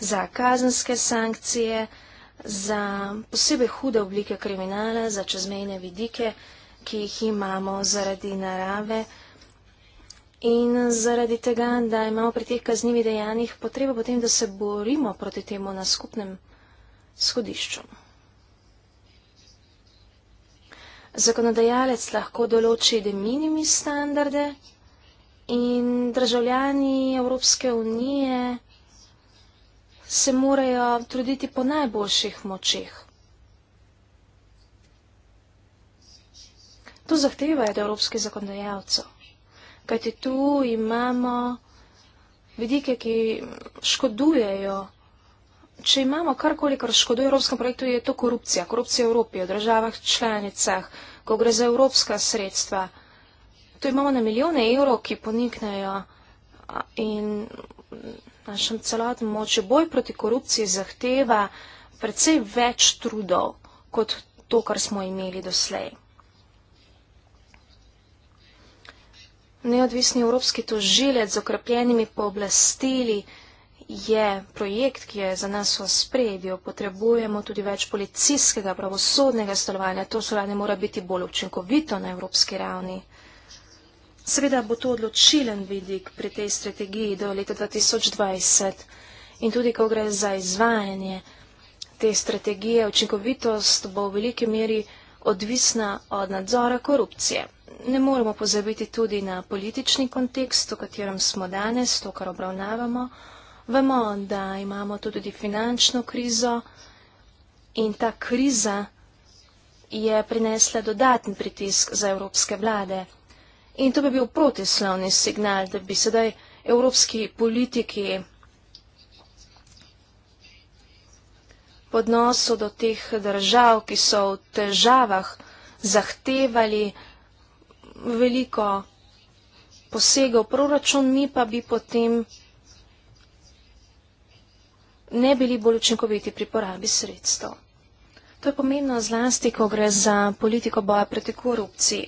za kazenske sankcije, za posebej hude oblike kriminala, za čezmejne vidike, ki jih imamo zaradi narave in zaradi tega, da imamo pri teh kaznjivih dejanjih potrebo potem, da se borimo proti temu na skupnem shodišču. Zakonodajalec lahko določi de minimis standarde in državljani Evropske unije se morajo truditi po najboljših močeh. To zahtevajo od evropskih zakonodajalcev, kajti tu imamo vidike, ki škodujejo. Če imamo karkoli, kar škoduje evropskem projektu, je to korupcija. Korupcija v Evropi, v državah članicah, ko gre za evropska sredstva. Tu imamo na milijone evrov, ki poniknejo in našem celotnem moči. Boj proti korupciji zahteva predvsej več trudov kot to, kar smo imeli doslej. Neodvisni evropski tožilec z okrepljenimi pooblastili je projekt, ki je za nas v spredju. Potrebujemo tudi več policijskega pravosodnega stolovanja. To stolovanje mora biti bolj učinkovito na evropski ravni. Seveda bo to odločilen vidik pri tej strategiji do leta 2020 in tudi, ko gre za izvajanje te strategije, učinkovitost bo v veliki meri odvisna od nadzora korupcije. Ne moremo pozabiti tudi na politični kontekst, v katerem smo danes, to, kar obravnavamo. Vemo, da imamo tudi finančno krizo in ta kriza je prinesla dodatni pritisk za evropske vlade. In to bi bil protislavni signal, da bi sedaj evropski politiki v odnosu do teh držav, ki so v težavah, zahtevali veliko posegov proračun, mi pa bi potem ne bili bolj učinkoviti pri porabi sredstev. To je pomembno zlasti, ko gre za politiko boja proti korupciji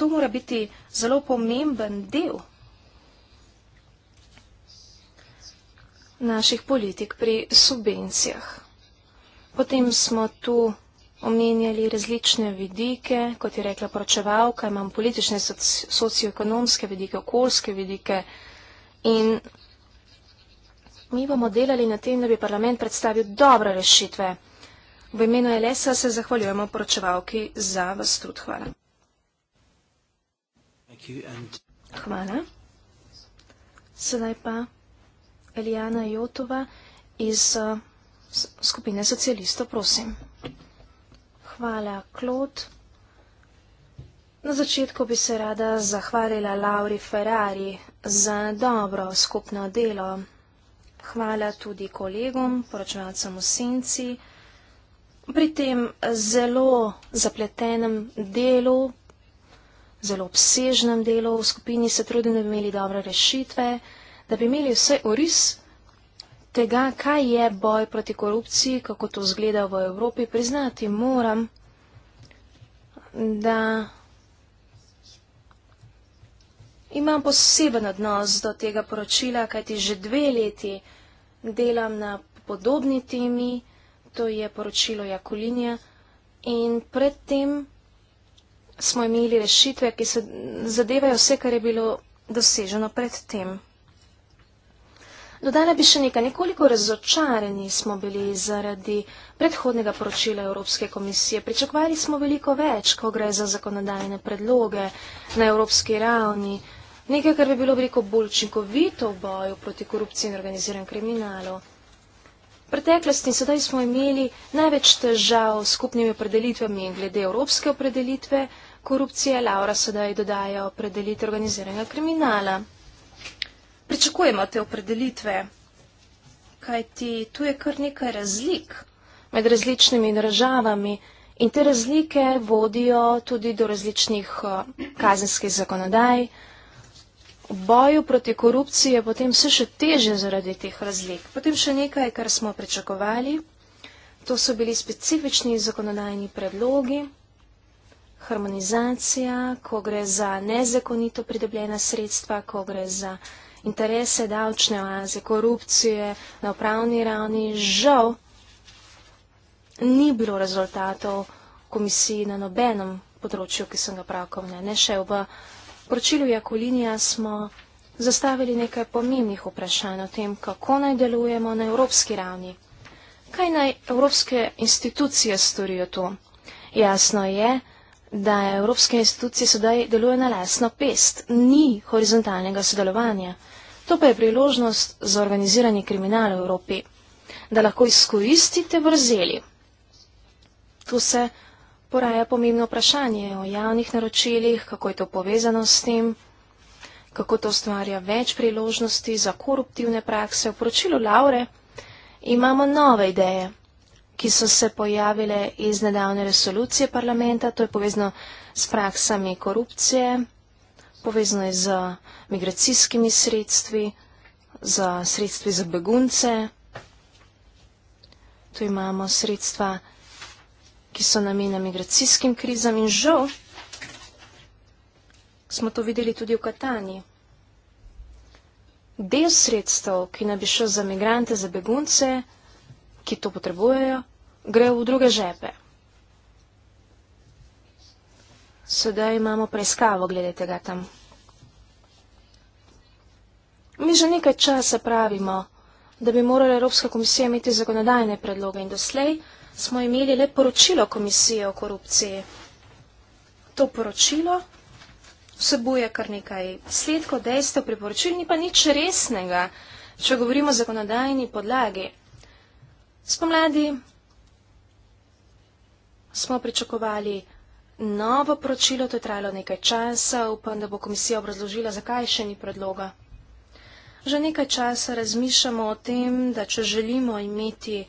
to mora biti zelo pomemben del naših politik pri subvencijah. Potem smo tu omenjali različne vidike, kot je rekla poročevalka, imam politične, socioekonomske vidike, okoljske vidike in mi bomo delali na tem, da bi parlament predstavil dobre rešitve. V imenu LSA se zahvaljujemo poročevalki za vas tudi. Hvala. Hvala. Sedaj pa Elijana Jotova iz uh, skupine socialistov, prosim. Hvala, Klod. Na začetku bi se rada zahvalila Lauri Ferrari za dobro skupno delo. Hvala tudi kolegom, poročevalcem v senci. Pri tem zelo zapletenem delu zelo obsežnem delu v skupini, se trudim, da bi imeli dobre rešitve, da bi imeli vse oris tega, kaj je boj proti korupciji, kako to zgleda v Evropi. Priznati moram, da imam poseben odnos do tega poročila, kajti že dve leti delam na podobni temi, to je poročilo Jakulinja in predtem smo imeli rešitve, ki se zadevajo vse, kar je bilo doseženo predtem. Dodala bi še nekaj, nekoliko razočarani smo bili zaradi predhodnega poročila Evropske komisije. Pričakovali smo veliko več, ko gre za zakonodajne predloge na evropski ravni, nekaj, kar bi bilo veliko bolj učinkovito v boju proti korupciji in organiziranem kriminalu. V preteklosti in sedaj smo imeli največ težav s skupnimi opredelitvami glede evropske opredelitve korupcije, Laura sedaj dodaja opredelitev organiziranega kriminala. Pričakujemo te opredelitve, kaj ti tu je kar nekaj razlik med različnimi državami in te razlike vodijo tudi do različnih eh, kazenskih zakonodaj. V boju proti korupciji je potem vse še teže zaradi teh razlik. Potem še nekaj, kar smo pričakovali. To so bili specifični zakonodajni predlogi harmonizacija, ko gre za nezakonito pridobljena sredstva, ko gre za interese davčne oaze, korupcije na upravni ravni, žal ni bilo rezultatov komisiji na nobenem področju, ki sem ga pravkom ne. ne še v poročilu Jakolinija smo zastavili nekaj pomembnih vprašanj o tem, kako naj delujemo na evropski ravni. Kaj naj evropske institucije storijo to? Jasno je, da evropske institucije sedaj delujejo na lesno pest, ni horizontalnega sodelovanja. To pa je priložnost za organiziranje kriminala v Evropi, da lahko izkoristite vrzeli. Tu se poraja pomembno vprašanje o javnih naročilih, kako je to povezano s tem, kako to stvarja več priložnosti za koruptivne prakse. V poročilu Laure imamo nove ideje ki so se pojavile iz nedavne resolucije parlamenta, to je povezano s praksami korupcije, povezano je z migracijskimi sredstvi, z sredstvi za begunce. Tu imamo sredstva, ki so namenjena migracijskim krizam in žal smo to videli tudi v Katani. Del sredstev, ki naj bi šel za migrante, za begunce, ki to potrebujejo, grejo v druge žepe. Sedaj imamo preiskavo glede tega tam. Mi že nekaj časa pravimo, da bi morala Evropska komisija imeti zakonodajne predloge in doslej smo imeli le poročilo komisije o korupciji. To poročilo vsebuje kar nekaj sledkov, dejstev, priporočil, ni pa nič resnega, če govorimo o zakonodajni podlagi. Spomladi smo pričakovali novo poročilo, to je trajalo nekaj časa, upam, da bo komisija obrazložila, zakaj še ni predloga. Že nekaj časa razmišljamo o tem, da če želimo imeti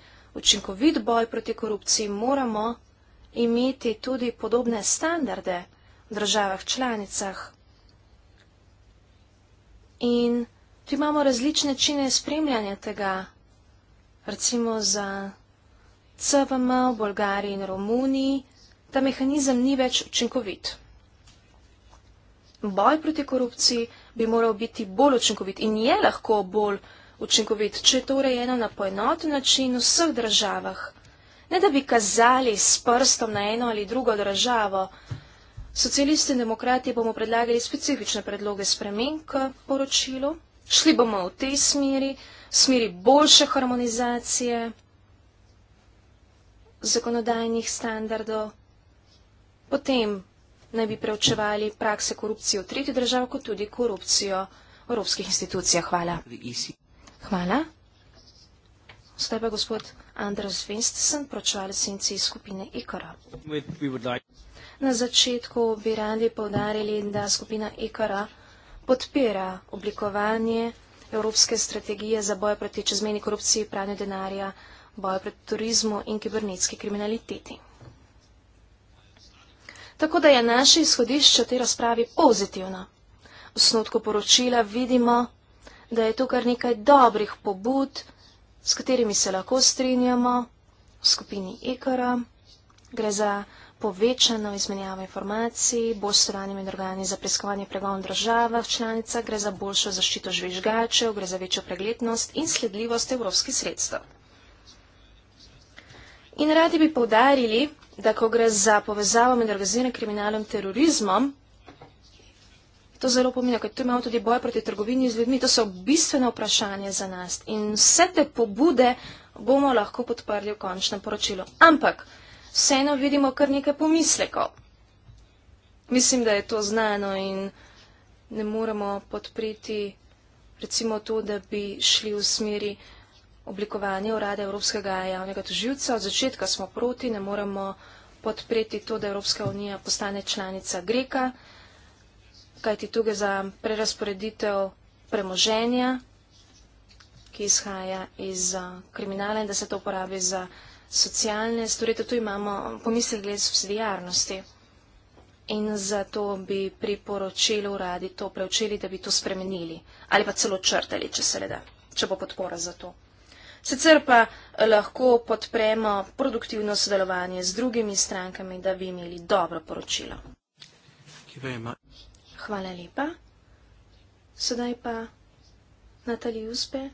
učinkovit boj proti korupciji, moramo imeti tudi podobne standarde v državah članicah. In tu imamo različne čine spremljanja tega recimo za CVM v Bolgariji in Romuniji, ta mehanizem ni več učinkovit. Boj proti korupciji bi moral biti bolj učinkovit in je lahko bolj učinkovit, če je to urejeno na poenoten način v vseh državah. Ne da bi kazali s prstom na eno ali drugo državo. Socialisti in demokrati bomo predlagali specifične predloge spremenk k poročilu. Šli bomo v tej smeri, v smeri boljše harmonizacije zakonodajnih standardov, potem naj bi preučevali prakse korupcije v tretji državi, kot tudi korupcijo v evropskih institucijah. Hvala. Hvala. Zdaj pa gospod Andras Vinstesen, pročevalec in cilj skupine IKRA. Na začetku bi radi povdarili, da skupina IKRA podpira oblikovanje evropske strategije za boje proti čezmeni korupciji, pranju denarja, boje proti turizmu in kibernetski kriminaliteti. Tako da je naše izhodišče v tej razpravi pozitivno. V snotku poročila vidimo, da je tukaj nekaj dobrih pobud, s katerimi se lahko strinjamo v skupini IKRA. Gre za povečano izmenjavo informacij, bolj sodelovanje med organi za preiskovanje pregon v državah članicah, gre za boljšo zaščito žvižgačev, gre za večjo preglednost in sledljivost evropskih sredstev. In radi bi povdarili, da ko gre za povezavo med organiziranim kriminalom in terorizmom, to zelo pomeni, ker tu imamo tudi boj proti trgovini z ljudmi, to so bistvene vprašanje za nas. In vse te pobude bomo lahko podprli v končnem poročilu. Ampak, vseeno vidimo kar nekaj pomislekov. Mislim, da je to znano in ne moremo podpreti recimo to, da bi šli v smeri oblikovanja urada Evropskega javnega toživca. Od začetka smo proti, ne moremo podpreti to, da Evropska unija postane članica Greka, kajti tukaj za prerasporeditev premoženja, ki izhaja iz eh, kriminala in da se to uporabi za socialne storitev, tu imamo pomisel glede subsidijarnosti. In zato bi priporočili uradi to preučili, da bi to spremenili ali pa celo črtali, če se le da, če bo podpora za to. Sicer pa eh, lahko podpremo produktivno sodelovanje z drugimi strankami, da bi imeli dobro poročilo. Hvala lepa. Sedaj pa Natalija Uspe.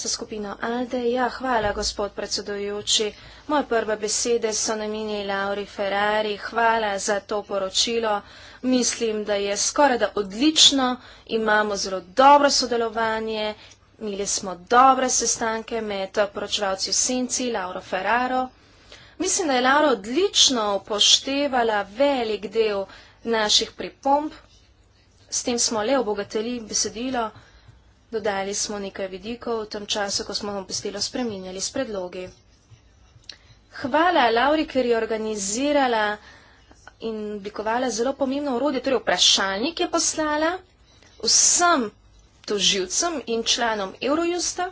Za skupino Alde, ja, hvala, gospod predsedujoči. Moje prve besede so namenjene Lauri Ferrari. Hvala za to poročilo. Mislim, da je skoraj da odlično. Imamo zelo dobro sodelovanje. Imeli smo dobre sestanke med poročevalci v Senci, Lauro Ferraro. Mislim, da je Laura odlično upoštevala velik del naših pripomb. S tem smo le obogatili besedilo. Dodali smo nekaj vidikov v tem času, ko smo obvestilo spreminjali s predlogi. Hvala Lauri, ker je organizirala in oblikovala zelo pomembno urodje, torej vprašalnik je poslala vsem toživcem in članom Eurojusta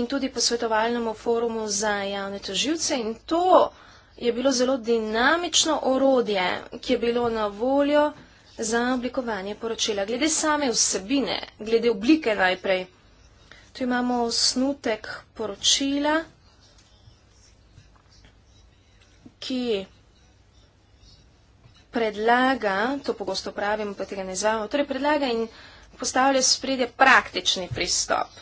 in tudi posvetovalnemu forumu za javne toživce in to je bilo zelo dinamično orodje, ki je bilo na voljo za oblikovanje poročila. Glede same vsebine, glede oblike najprej. Tu imamo osnutek poročila, ki predlaga, to pogosto pravimo, pa tega ne izvajamo, torej predlaga in postavlja spredje praktični pristop.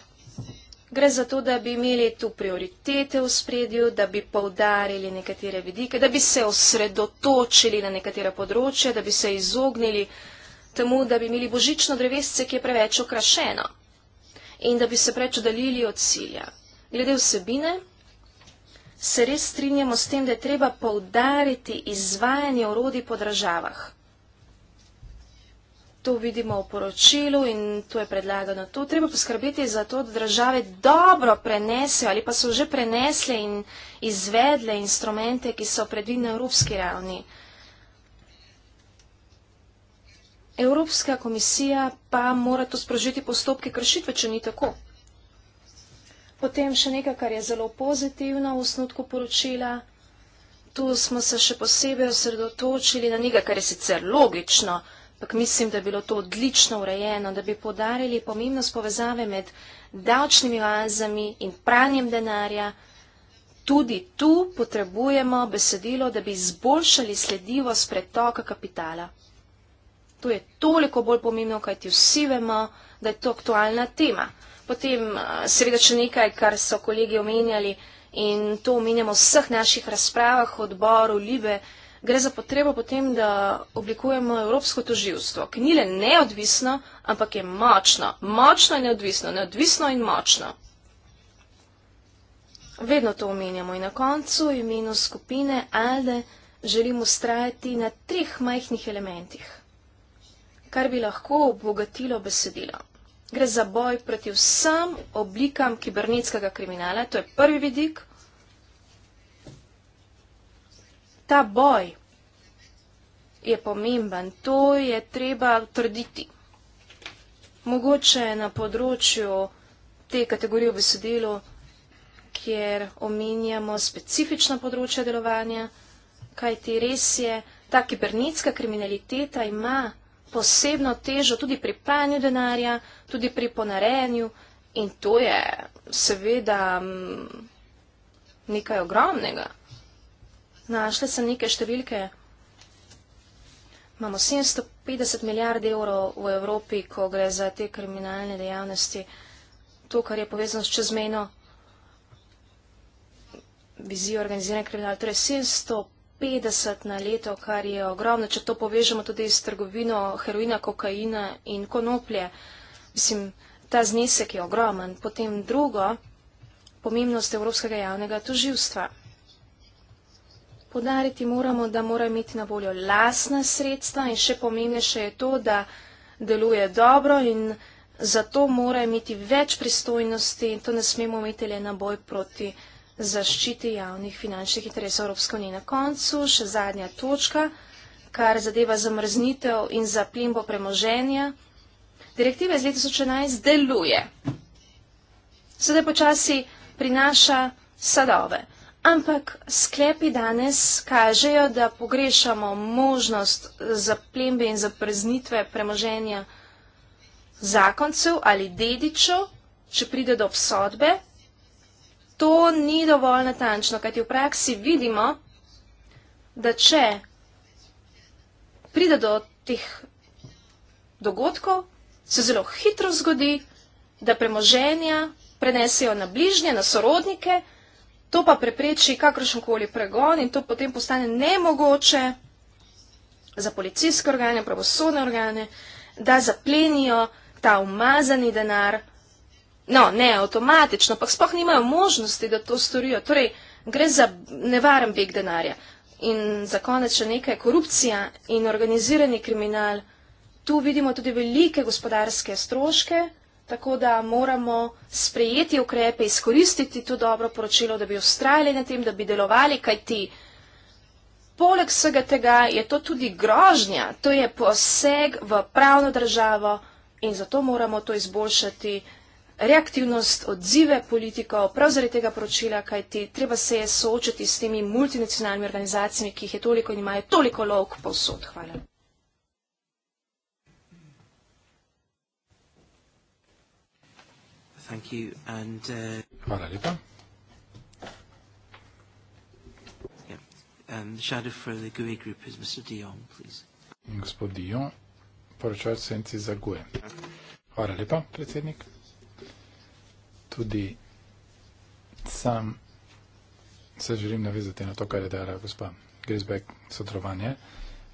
Gre za to, da bi imeli tu prioritete v spredju, da bi poudarili nekatere vidike, da bi se osredotočili na nekatera področja, da bi se izognili temu, da bi imeli božično drevesce, ki je preveč okrašeno in da bi se preveč oddaljili od cilja. Glede vsebine se res strinjamo s tem, da je treba poudariti izvajanje orodij po državah to vidimo v poročilu in to je predlagano. To treba poskrbeti za to, da države dobro prenesejo ali pa so že prenesle in izvedle instrumente, ki so predvidne v evropski ravni. Evropska komisija pa mora to sprožiti postopke kršitve, če ni tako. Potem še nekaj, kar je zelo pozitivno v osnutku poročila. Tu smo se še posebej osredotočili na nekaj, kar je sicer logično, ampak mislim, da je bilo to odlično urejeno, da bi podarili pomembnost povezave med davčnimi oazami in pranjem denarja. Tudi tu potrebujemo besedilo, da bi izboljšali sledljivost pretoka kapitala. To je toliko bolj pomembno, kajti vsi vemo, da je to aktualna tema. Potem eh, seveda še nekaj, kar so kolegi omenjali in to omenjamo v vseh naših razpravah odboru Libe, gre za potrebo potem, da oblikujemo evropsko toživstvo, ki ni le neodvisno, ampak je močno. Močno in neodvisno, neodvisno in močno. Vedno to omenjamo in na koncu imeno skupine Alde želimo strajati na treh majhnih elementih, kar bi lahko obogatilo besedilo. Gre za boj proti vsem oblikam kibernetskega kriminala, to je prvi vidik. Ta boj je pomemben, to je treba trditi. Mogoče na področju te kategorije v besedilu, kjer omenjamo specifična področja delovanja, kaj ti res je, ta kibernetska kriminaliteta ima posebno težo tudi pri panju denarja, tudi pri ponarejanju in to je seveda mm, nekaj ogromnega. Našli so neke številke. Imamo 750 milijard evrov v Evropi, ko gre za te kriminalne dejavnosti. To, kar je povezano s čezmejno vizijo organizirane kriminal, torej 750 na leto, kar je ogromno, če to povežemo tudi s trgovino heroina, kokaina in konoplje. Mislim, ta znesek je ogromen. Potem drugo, pomembnost Evropskega javnega toživstva. Podariti moramo, da mora imeti na voljo lasna sredstva in še pomembnejše je to, da deluje dobro in zato mora imeti več pristojnosti in to ne smemo imeti le na boj proti zaščiti javnih finančnih interesov Evropske unije. Na koncu še zadnja točka, kar zadeva zamrznitev in zaplimbo premoženja. Direktiva iz leta 2011 deluje. Sedaj počasi prinaša sadove. Ampak sklepi danes kažejo, da pogrešamo možnost zaplembe in zapreznitve premoženja zakoncev ali dedičev, če pride do obsodbe. To ni dovolj natančno, kajti v praksi vidimo, da če pride do teh dogodkov, se zelo hitro zgodi, da premoženja prenesejo na bližnje, na sorodnike, To pa prepreči kakršen koli pregon in to potem postane nemogoče za policijske organe, pravosodne organe, da zaplenijo ta umazani denar. No, ne avtomatično, pa sploh nimajo možnosti, da to storijo. Torej, gre za nevaren beg denarja. In za konec še nekaj, korupcija in organizirani kriminal. Tu vidimo tudi velike gospodarske stroške. Tako da moramo sprejeti ukrepe, izkoristiti to dobro poročilo, da bi ustrajali na tem, da bi delovali, kajti poleg vsega tega je to tudi grožnja, to je poseg v pravno državo in zato moramo to izboljšati, reaktivnost, odzive politikov, prav zaradi tega poročila, kajti treba se je soočiti s temi multinacionalnimi organizacijami, ki jih je toliko in imajo toliko lovk povsod. Hvala. Thank you. And, uh, Hvala lepa. Um, e Gospod Dion, poročevalec senci za GUE. Hvala lepa, predsednik. Tudi sam se želim navezati na to, kar je dejala gospa Grisbeck, sodrovanje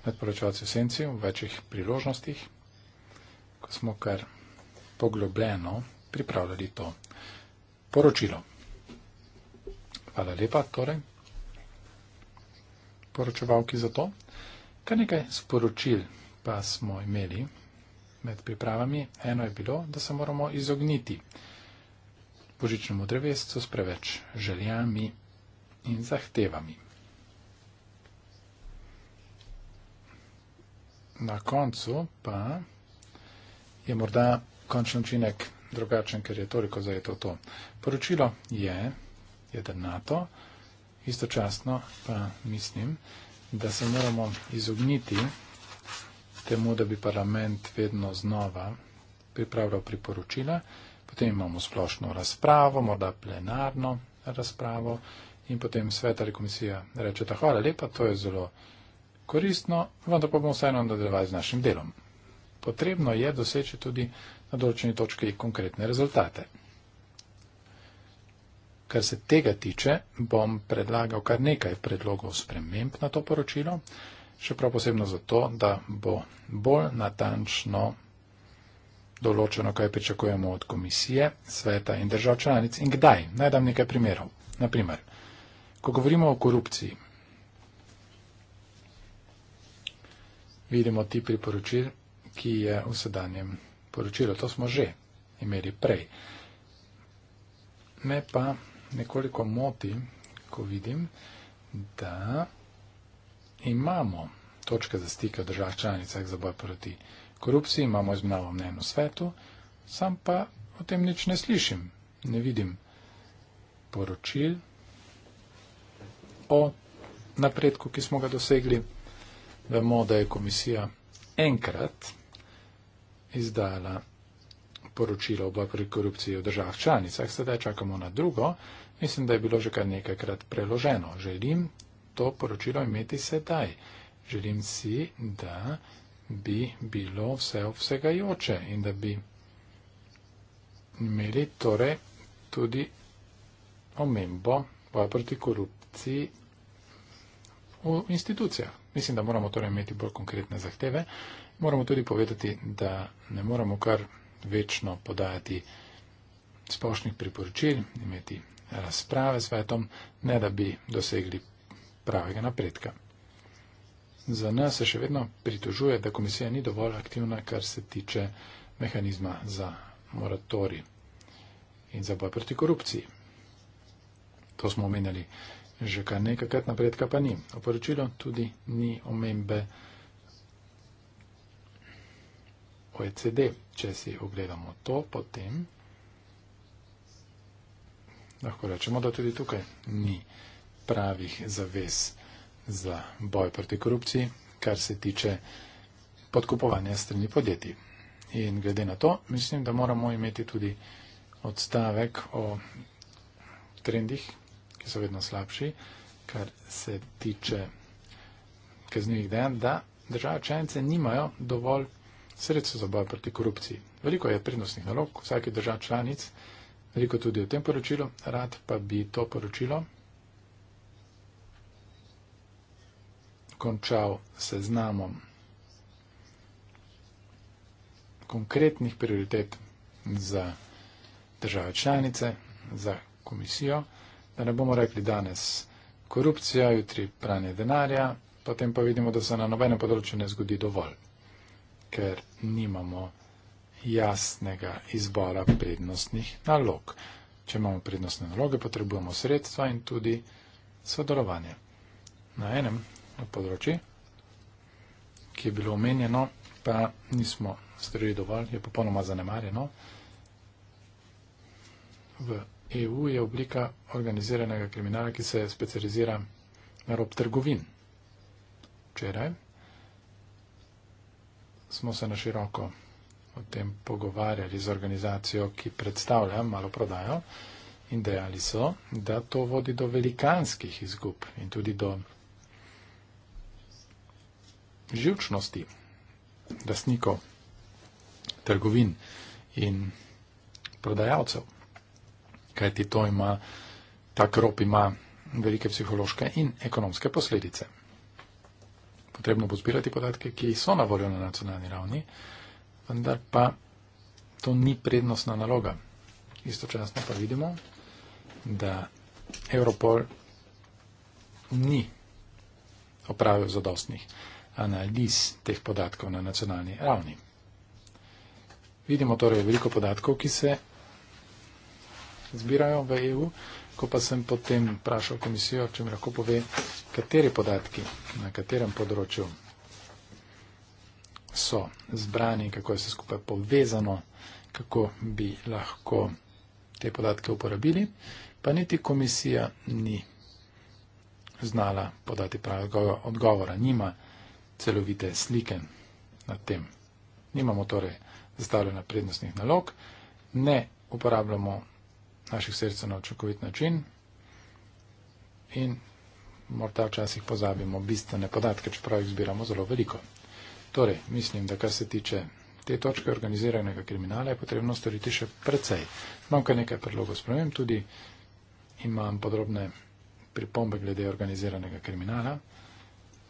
med poročevalci v senci v večjih priložnostih, ko smo kar poglobljeno pripravljali to poročilo. Hvala lepa, torej, poročevalki za to. Kar nekaj sporočil pa smo imeli med pripravami. Eno je bilo, da se moramo izogniti božičnemu drevescu s preveč željami in zahtevami. Na koncu pa je morda končni učinek drugačen, ker je toliko za to to. Poročilo je jedrnato, istočasno pa mislim, da se moramo izogniti temu, da bi parlament vedno znova pripravljal priporočila, potem imamo splošno razpravo, morda plenarno razpravo in potem svet ali komisija reče, da hvala lepa, to je zelo koristno, vendar pa bomo vseeno nadaljevali z našim delom potrebno je doseči tudi na določeni točki konkretne rezultate. Kar se tega tiče, bom predlagal kar nekaj predlogov sprememb na to poročilo, še prav posebno zato, da bo bolj natančno določeno, kaj pričakujemo od komisije, sveta in držav članic in kdaj. Naj dam nekaj primerov. Naprimer, ko govorimo o korupciji, vidimo ti priporočili ki je v sedanjem poročilu. To smo že imeli prej. Me pa nekoliko moti, ko vidim, da imamo točke za stik v državah članicah za boj proti korupciji, imamo izmenjavo mnen v svetu, sam pa o tem nič ne slišim, ne vidim poročil o napredku, ki smo ga dosegli. Vemo, da je komisija enkrat izdala poročilo o boju proti korupciji v državah članicah, sedaj čakamo na drugo. Mislim, da je bilo že kar nekajkrat preloženo. Želim to poročilo imeti sedaj. Želim si, da bi bilo vse obsegajoče in da bi imeli torej tudi omembo boja proti korupciji v institucijah. Mislim, da moramo torej imeti bolj konkretne zahteve. Uh, moramo tudi povedati, da ne moramo kar večno podajati splošnih priporočil, imeti razprave s svetom, ne da bi dosegli pravega napredka. Za nas se še vedno pritožuje, da komisija ni dovolj aktivna, kar se tiče mehanizma za moratori in za boj proti korupciji. To smo omenjali že kar nekajkrat, napredka pa ni. V poročilu tudi ni omembe. OECD. Če si ogledamo to, potem lahko rečemo, da tudi tukaj ni pravih zaves za boj proti korupciji, kar se tiče podkupovanja strani podjetij. In glede na to, mislim, da moramo imeti tudi odstavek o trendih, ki so vedno slabši, kar se tiče kaznjivih dejanj, da države članice nimajo dovolj sredstvo za boj proti korupciji. Veliko je prednostnih nalog vsake držav članic, veliko tudi o tem poročilu. Rad pa bi to poročilo končal seznamom konkretnih prioritet za države članice, za komisijo, da ne bomo rekli danes korupcija, jutri pranje denarja, potem pa vidimo, da se na nobenem področju ne zgodi dovolj ker nimamo jasnega izbora prednostnih nalog. Če imamo prednostne naloge, potrebujemo sredstva in tudi sodelovanje. Na enem področju, ki je bilo omenjeno, pa nismo storili dovolj, je popolnoma zanemarjeno. V EU je oblika organiziranega kriminala, ki se specializira na rob trgovin. Včeraj smo se na široko o tem pogovarjali z organizacijo, ki predstavlja malo prodajo in dejali so, da to vodi do velikanskih izgub in tudi do živčnosti lastnikov trgovin in prodajalcev. Kajti to ima, ta krop ima velike psihološke in ekonomske posledice potrebno bo zbirati podatke, ki so na voljo na nacionalni ravni, vendar pa to ni prednostna naloga. Istočasno pa vidimo, da Europol ni opravil zadostnih analiz teh podatkov na nacionalni ravni. Vidimo torej veliko podatkov, ki se zbirajo v EU, Ko pa sem potem vprašal komisijo, če mi lahko pove, kateri podatki na katerem področju so zbrani, kako je vse skupaj povezano, kako bi lahko te podatke uporabili, pa niti komisija ni znala podati pravega odgovora, nima celovite slike na tem. Nimamo torej zastavljena prednostnih nalog, ne uporabljamo naših src na očakovit način in morda včasih pozabimo bistvene podatke, čeprav jih zbiramo zelo veliko. Torej, mislim, da kar se tiče te točke organiziranega kriminala, je potrebno storiti še precej. Imam kar nekaj predlogov spremem, tudi imam podrobne pripombe glede organiziranega kriminala.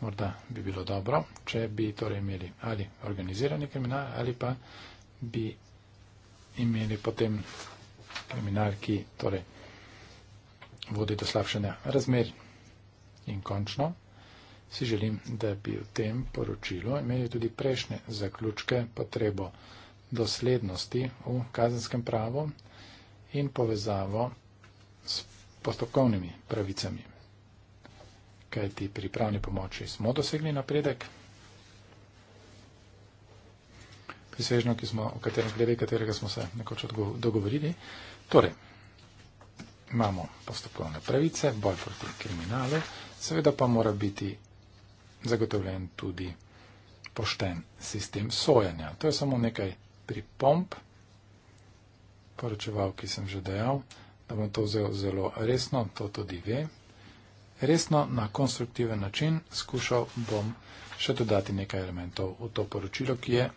Morda bi bilo dobro, če bi torej imeli ali organizirani kriminal, ali pa bi imeli potem kriminal, ki torej vodi do slabšanja razmer. In končno si želim, da bi v tem poročilu imeli tudi prejšnje zaključke potrebo doslednosti v kazenskem pravu in povezavo s postopkovnimi pravicami. Kaj ti pri pravni pomoči smo dosegli napredek? Prisežno, ki smo, v katerem, glede katerega smo se nekoč dogovorili, Torej, imamo postopkovne pravice, boj proti kriminalu, seveda pa mora biti zagotovljen tudi pošten sistem sojanja. To je samo nekaj pripomp, poročeval, ki sem že dejal, da bom to vzel zelo resno, to tudi ve. Resno, na konstruktiven način skušal bom še dodati nekaj elementov v to poročilo, ki je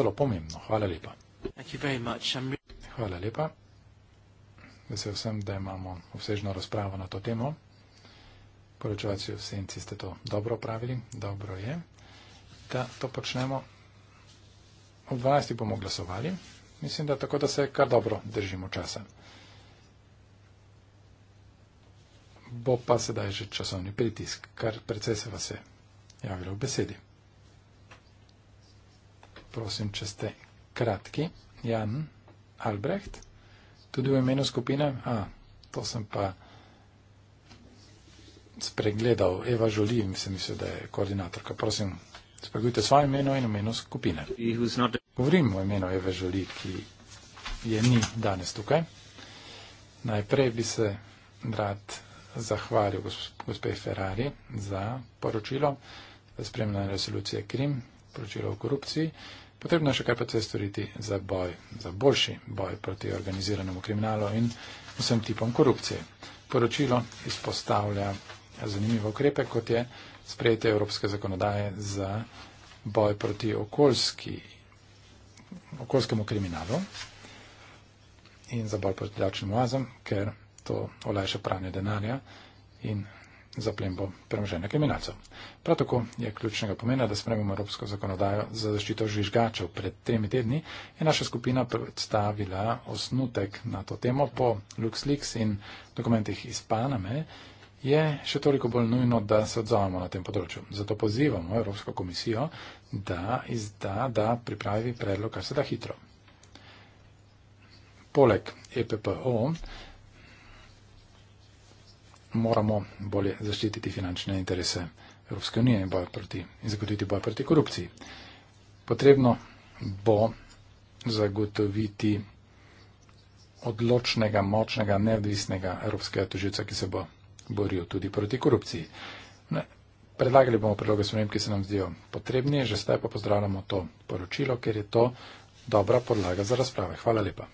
zelo pomembno. Hvala lepa. Hvala lepa. Vesel sem, da imamo obsežno razpravo na to temo. Poročevalci v senci ste to dobro pravili, dobro je. Da to počnemo. Ob 12. bomo glasovali. Mislim, da tako, da se kar dobro držimo časa. Bo pa sedaj že časovni pritisk, kar precej se vas je javilo v besedi. Prosim, če ste kratki. Jan Albrecht. Tudi v imenu skupine? A, to sem pa spregledal. Eva Žoli, mislim, mislim, da je koordinatorka. Prosim, spregledujte svoje imeno in imeno skupine. Govorim o imenu Eva Žoli, ki je ni danes tukaj. Najprej bi se rad zahvalil gospe Ferrari za poročilo, za spremljanje resolucije Krim, poročilo o korupciji potrebno še kaj pa tudi storiti za boj, za boljši boj proti organiziranemu kriminalu in vsem tipom korupcije. Poročilo izpostavlja zanimive ukrepe, kot je sprejete evropske zakonodaje za boj proti okoljski, okoljskemu kriminalu in za boj proti davčnim oazam, ker to olajša pranje denarja in za plembo premoženja kriminalcev. Prav tako je ključnega pomena, da spremimo evropsko zakonodajo za zaščito žvižgačev. Pred temi tedni je naša skupina predstavila osnutek na to temo po LuxLeaks in dokumentih iz Paname. Je še toliko bolj nujno, da se odzovemo na tem področju. Zato pozivamo Evropsko komisijo, da izda, da pripravi predlog, kar se da hitro. Poleg EPPO moramo bolje zaščititi finančne interese Evropske unije in, boj proti, in zagotoviti boj proti korupciji. Potrebno bo zagotoviti odločnega, močnega, neodvisnega evropskega tožilca, ki se bo boril tudi proti korupciji. Ne. Predlagali bomo predloge svojim, ki se nam zdijo potrebni, že zdaj pa pozdravljamo to poročilo, ker je to dobra podlaga za razprave. Hvala lepa.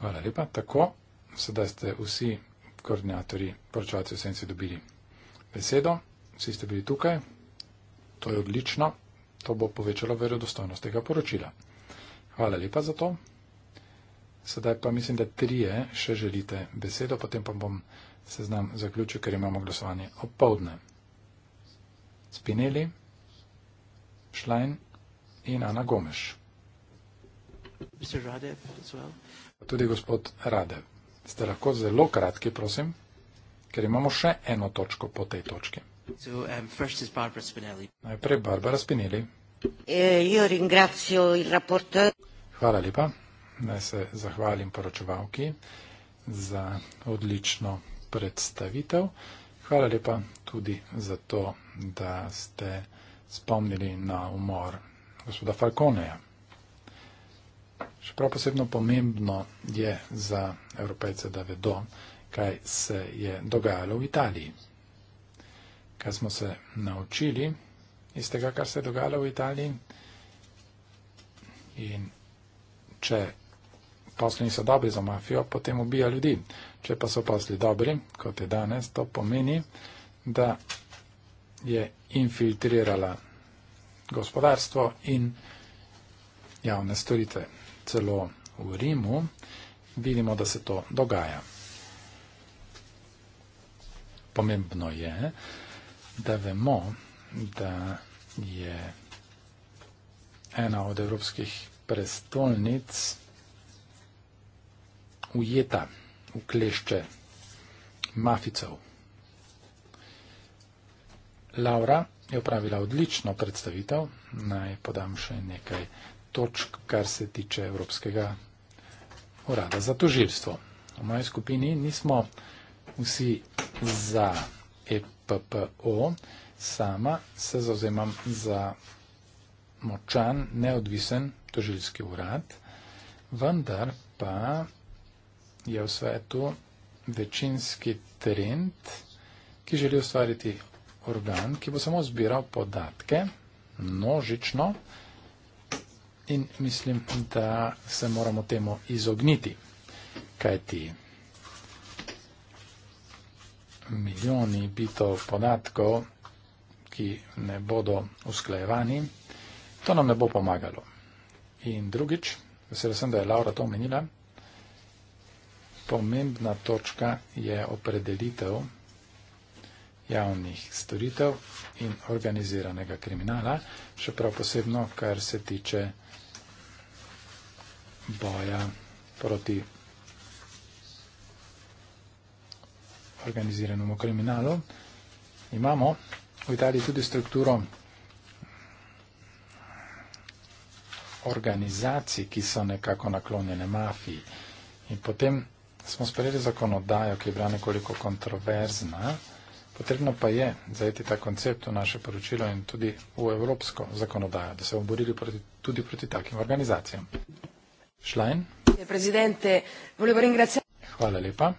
Hvala lepa. Tako sedaj ste vsi koordinatori poročevalcev sence dobili besedo, vsi ste bili tukaj, to je odlično, to bo povečalo verodostojnost tega poročila. Hvala lepa za to. Sedaj pa mislim, da trije še želite besedo, potem pa bom seznam zaključil, ker imamo glasovanje opovdne. Spinelli, Šlajn in Ana Gomeš. Tudi gospod Radev. Ste lahko zelo kratki, prosim, ker imamo še eno točko po tej točki. So, um, Najprej Barbara Spinelli. Eh, Hvala lepa. Naj se zahvalim poročevalki za odlično predstavitev. Hvala lepa tudi za to, da ste spomnili na umor gospoda Falconeja. Še prav posebno pomembno je za evropejce, da vedo, kaj se je dogajalo v Italiji. Kaj smo se naučili iz tega, kar se je dogajalo v Italiji. In če posli niso dobri za mafijo, potem ubija ljudi. Če pa so posli dobri, kot je danes, to pomeni, da je infiltrirala gospodarstvo in javne storitve celo v Rimu, vidimo, da se to dogaja. Pomembno je, da vemo, da je ena od evropskih prestolnic ujeta v klešče maficov. Laura je opravila odlično predstavitev. Naj podam še nekaj točk, kar se tiče Evropskega urada za toživstvo. V moji skupini nismo vsi za EPPO, sama se zauzemam za močan, neodvisen toživski urad, vendar pa je v svetu večinski trend, ki želi ustvariti organ, ki bo samo zbiral podatke množično, in mislim, da se moramo temu izogniti, kajti milijoni bitov podatkov, ki ne bodo usklajevani, to nam ne bo pomagalo. In drugič, vesel sem, da je Laura to omenila, pomembna točka je opredelitev javnih storitev in organiziranega kriminala, še prav posebno, kar se tiče boja proti organiziranemu kriminalu. Imamo v Italiji tudi strukturo organizacij, ki so nekako naklonjene mafiji. In potem smo sprejeli zakonodajo, ki je bila nekoliko kontroverzna. Potrebno pa je zajeti ta koncept v naše poročilo in tudi v evropsko zakonodajo, da se bomo borili proti, tudi proti takim organizacijam. Schlein. Hvala lepa.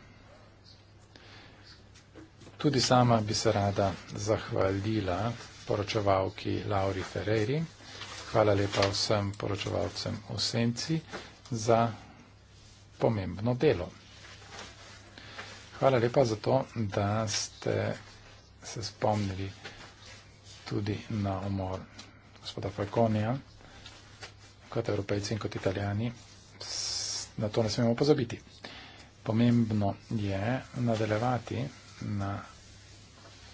Tudi sama bi se rada zahvalila poročevalki Lauri Ferreri. Hvala lepa vsem poročevalcem v Senci za pomembno delo. Hvala lepa za to, da ste se spomnili tudi na umor gospoda Falconija, kot evropejci in kot italijani, na to ne smemo pozabiti. Pomembno je nadaljevati na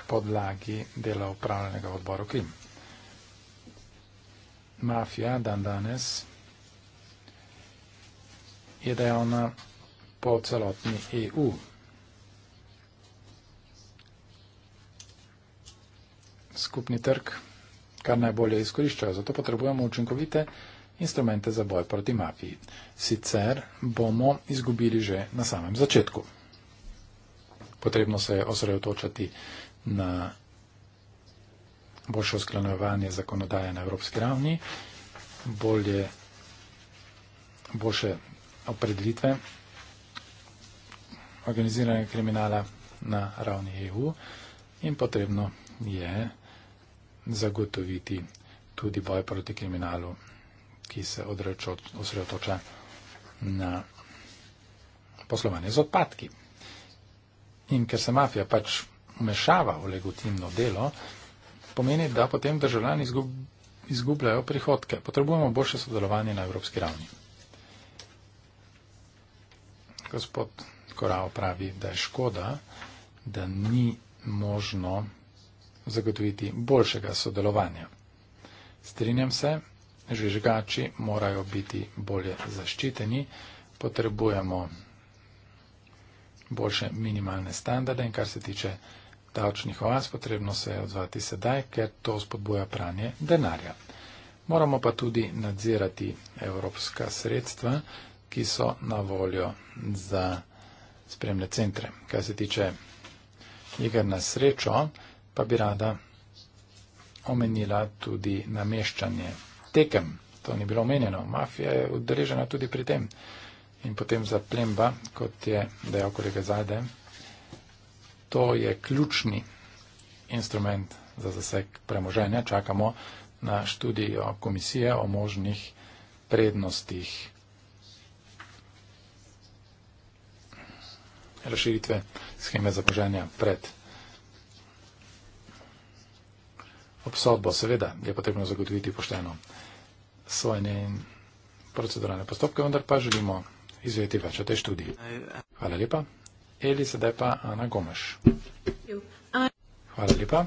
podlagi dela upravljenega odboru Krim. Mafija dan danes je dejavna po celotni EU. Skupni trg kar najbolje izkoriščajo. Zato potrebujemo učinkovite instrumente za boj proti mafiji. Sicer bomo izgubili že na samem začetku. Potrebno se je osredotočati na boljše usklanovanje zakonodaje na evropski ravni, bolje, boljše opredelitve organiziranega kriminala na ravni EU in potrebno je zagotoviti tudi boj proti kriminalu ki se osredotoča na poslovanje z odpadki. In ker se mafija pač vmešava v legitimno delo, pomeni, da potem državljani izgub, izgubljajo prihodke. Potrebujemo boljše sodelovanje na evropski ravni. Gospod Korao pravi, da je škoda, da ni možno zagotoviti boljšega sodelovanja. Strinjam se, žvižgači morajo biti bolje zaščiteni, potrebujemo boljše minimalne standarde in kar se tiče davčnih oaz, potrebno se je odzvati sedaj, ker to spodbuja pranje denarja. Moramo pa tudi nadzirati evropska sredstva, ki so na voljo za spremne centre. Kar se tiče igr na srečo, pa bi rada omenila tudi nameščanje tekem. To ni bilo omenjeno. Mafija je udeležena tudi pri tem. In potem za plemba, kot je dejal kolega Zajde, to je ključni instrument za zaseg premoženja. Čakamo na študijo komisije o možnih prednostih razširitve scheme zapoženja pred obsodbo. Seveda je potrebno zagotoviti pošteno sojne in proceduralne postopke, vendar pa želimo izvedeti več o tej študiji. Hvala lepa. Eli, sedaj pa Ana Gomeš. Hvala lepa.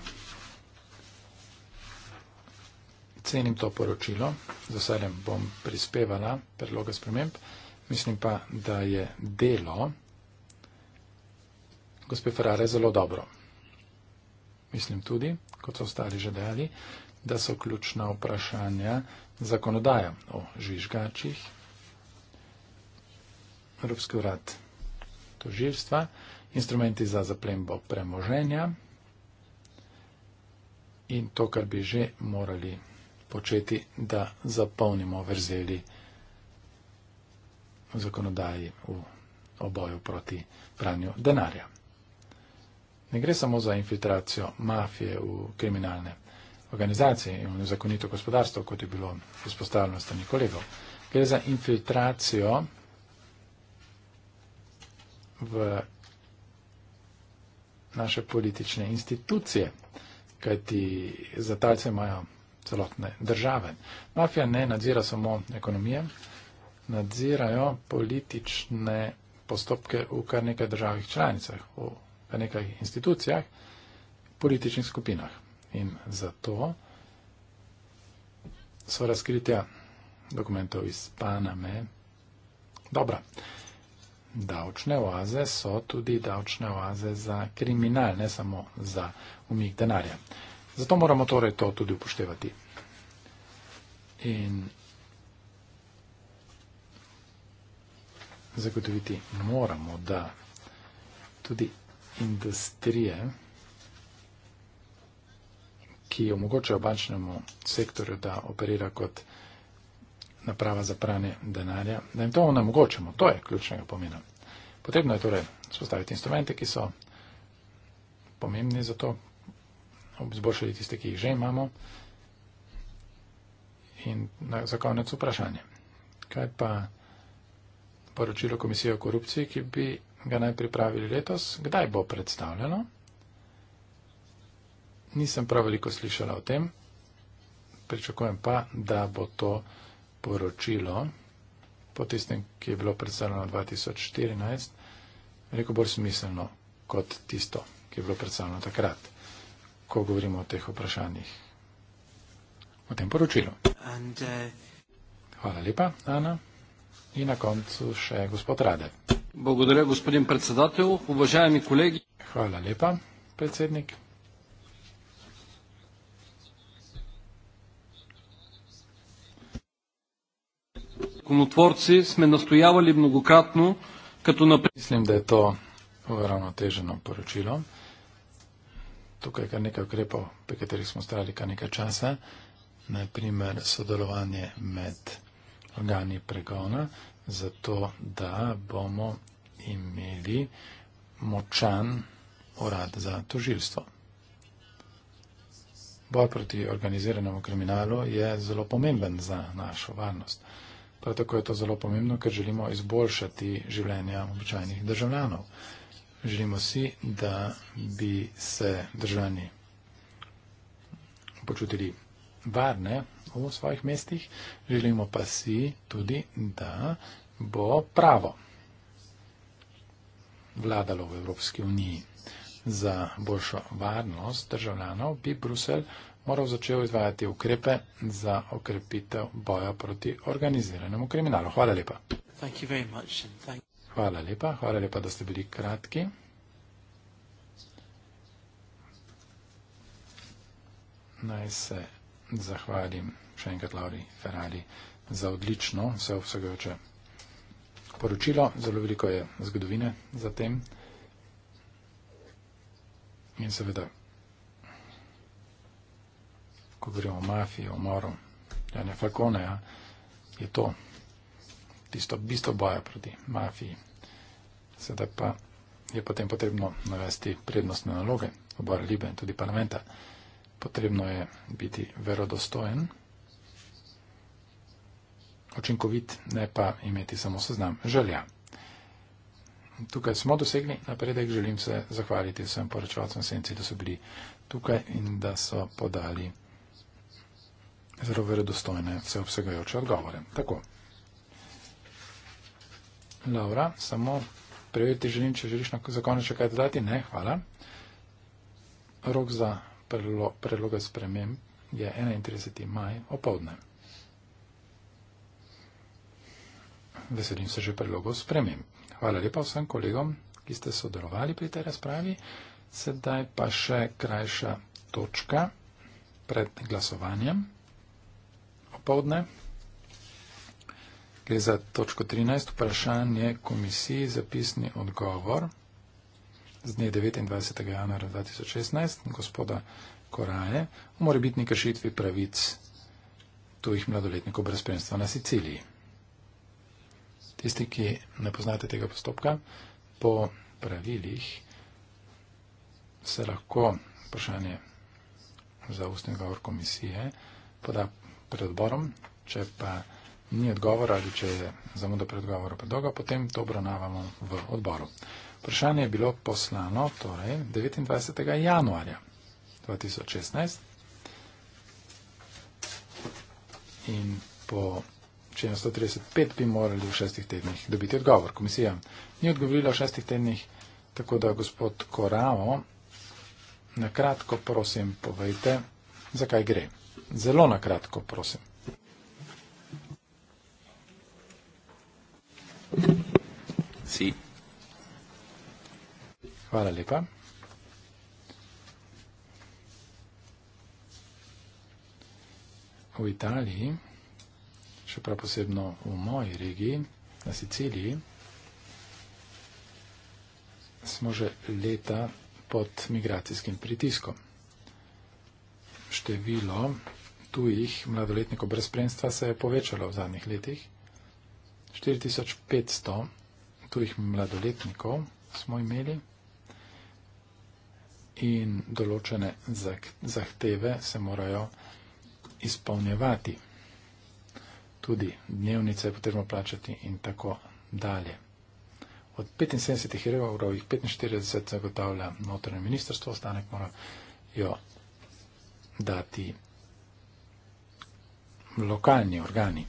Cenim to poročilo, z veseljem bom prispevala predloga sprememb. Mislim pa, da je delo gospe Ferrare zelo dobro. Mislim tudi, kot so ostali že dejali, da so ključna vprašanja zakonodaja o žvižgačih. Evropski urad toživstva, instrumenti za zaplembo premoženja in to, kar bi že morali početi, da zapolnimo vrzeli v zakonodaji v oboju proti pranju denarja. Ne gre samo za infiltracijo mafije v kriminalne organizacije in nezakonito gospodarstvo, kot je bilo izpostavljeno strani kolegov. Gre za infiltracijo v naše politične institucije, kajti za talce imajo celotne države. Mafija ne nadzira samo ekonomije, nadzirajo politične postopke v kar nekaj državih članicah, v nekaj institucijah, političnih skupinah. In zato so razkritja dokumentov iz Paname. Dobro, davčne oaze so tudi davčne oaze za kriminal, ne samo za umik denarja. Zato moramo torej to tudi upoštevati. In zagotoviti moramo, da tudi industrije, ki omogočajo bančnemu sektorju, da operira kot naprava za pranje denarja, da jim to onemogočimo. To je ključnega pomena. Potrebno je torej spostaviti instrumente, ki so pomembni za to, obzboljšati tiste, ki jih že imamo. In na, za konec vprašanje. Kaj pa poročilo Komisije o korupciji, ki bi ga naj pripravili letos, kdaj bo predstavljeno? nisem prav veliko slišala o tem. Pričakujem pa, da bo to poročilo po tistem, ki je bilo predstavljeno 2014, veliko bolj smiselno kot tisto, ki je bilo predstavljeno takrat, ko govorimo o teh vprašanjih, o tem poročilu. And, uh... Hvala lepa, Ana. In na koncu še gospod Rade. Bogodaj, gospodin predsedatelj, uvažajami kolegi. Hvala lepa, predsednik. законотворци сме настоявали многократно, като на... Мислим, да е то уравнотежено поручило. Tu je kar nekaj ukrepov, pri katerih smo ustvarjali kar nekaj časa, naprimer sodelovanje med organi pregona, zato da bomo imeli močan urad za tožilstvo. Boj proti organiziranemu kriminalu je zelo pomemben za našo varnost. Prav tako je to zelo pomembno, ker želimo izboljšati življenja običajnih državljanov. Želimo si, da bi se državljani počutili varne v svojih mestih, želimo pa si tudi, da bo pravo vladalo v Evropski uniji. Za boljšo varnost državljanov bi Bruselj moral začel izvajati ukrepe za okrepitev boja proti organiziranemu kriminalu. Hvala lepa. Hvala lepa, hvala lepa, da ste bili kratki. Naj se zahvalim še enkrat Lauri Ferrari za odlično vse obsegajoče poročilo. Zelo veliko je zgodovine za tem. In seveda ko govorimo o mafiji, o moru, Janja Falconeja, je to tisto bistvo boja proti mafiji. Sedaj pa je potem potrebno navesti prednostne naloge obor Libe in tudi parlamenta. Potrebno je biti verodostojen, očinkovit, ne pa imeti samo seznam želja. Tukaj smo dosegli napredek, želim se zahvaliti vsem poročevalcem senci, da so bili tukaj in da so podali zelo verodostojne, vseobsegajoče odgovore. Tako. Laura, samo preveriti želim, če želiš na zakonu še kaj dodati. Ne, hvala. Rok za predloge sprememb je 31. maj opovdne. Veselim se že predlogov sprememb. Hvala lepa vsem kolegom, ki ste sodelovali pri tej razpravi. Sedaj pa še krajša točka pred glasovanjem popovdne. Gre za točko 13, vprašanje komisiji za pisni odgovor z dne 29. januara 2016 gospoda Koraje o morebitni kršitvi pravic tujih mladoletnikov brez spremstva na Siciliji. Tisti, ki ne poznate tega postopka, po pravilih se lahko vprašanje za ustni govor komisije poda pred odborom. Če pa ni odgovora ali če je zamuda pred odgovorom predolga, potem to obravnavamo v odboru. Vprašanje je bilo poslano torej, 29. januarja 2016 in po če je 135, bi morali v šestih tednih dobiti odgovor. Komisija ni odgovorila v šestih tednih, tako da gospod Koravo, na kratko prosim povejte, zakaj gre. Zelo na kratko, prosim. Si. Hvala lepa. V Italiji, še prav posebno v moji regiji, na Siciliji, smo že leta pod migracijskim pritiskom število tujih mladoletnikov brez spremstva se je povečalo v zadnjih letih. 4500 tujih mladoletnikov smo imeli in določene zahteve se morajo izpolnjevati. Tudi dnevnice je potrebno plačati in tako dalje. Od 75 evrov jih 45 zagotavlja notranje ministrstvo, ostanek mora jo dati lokalni organi,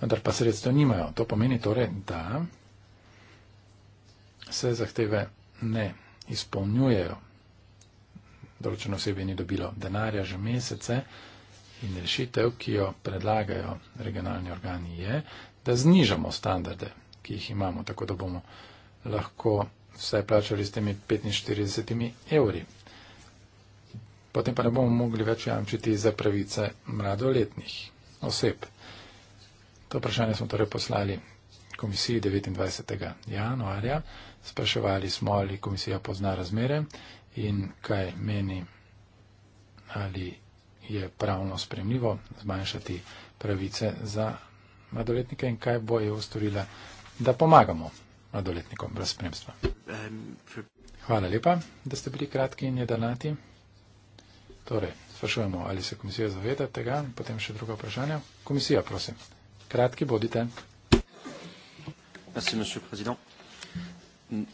vendar pa sredstva nimajo. To pomeni torej, da se zahteve ne izpolnjujejo. Določeno osebje ni dobilo denarja že mesece in rešitev, ki jo predlagajo regionalni organi, je, da znižamo standarde, ki jih imamo, tako da bomo lahko vse plačali s temi 45 evri potem pa ne bomo mogli več jamčiti za pravice mladoletnih oseb. To vprašanje smo torej poslali komisiji 29. januarja. Spraševali smo, ali komisija pozna razmere in kaj meni, ali je pravno spremljivo zmanjšati pravice za mladoletnike in kaj bo je ustorila, da pomagamo mladoletnikom brez spremstva. Um, Hvala lepa, da ste bili kratki in jedanati. Torej, sprašujemo, ali se komisija zaveda tega, potem še druga vprašanja. Komisija, prosim. Kratki bodite. Merci, monsieur le président.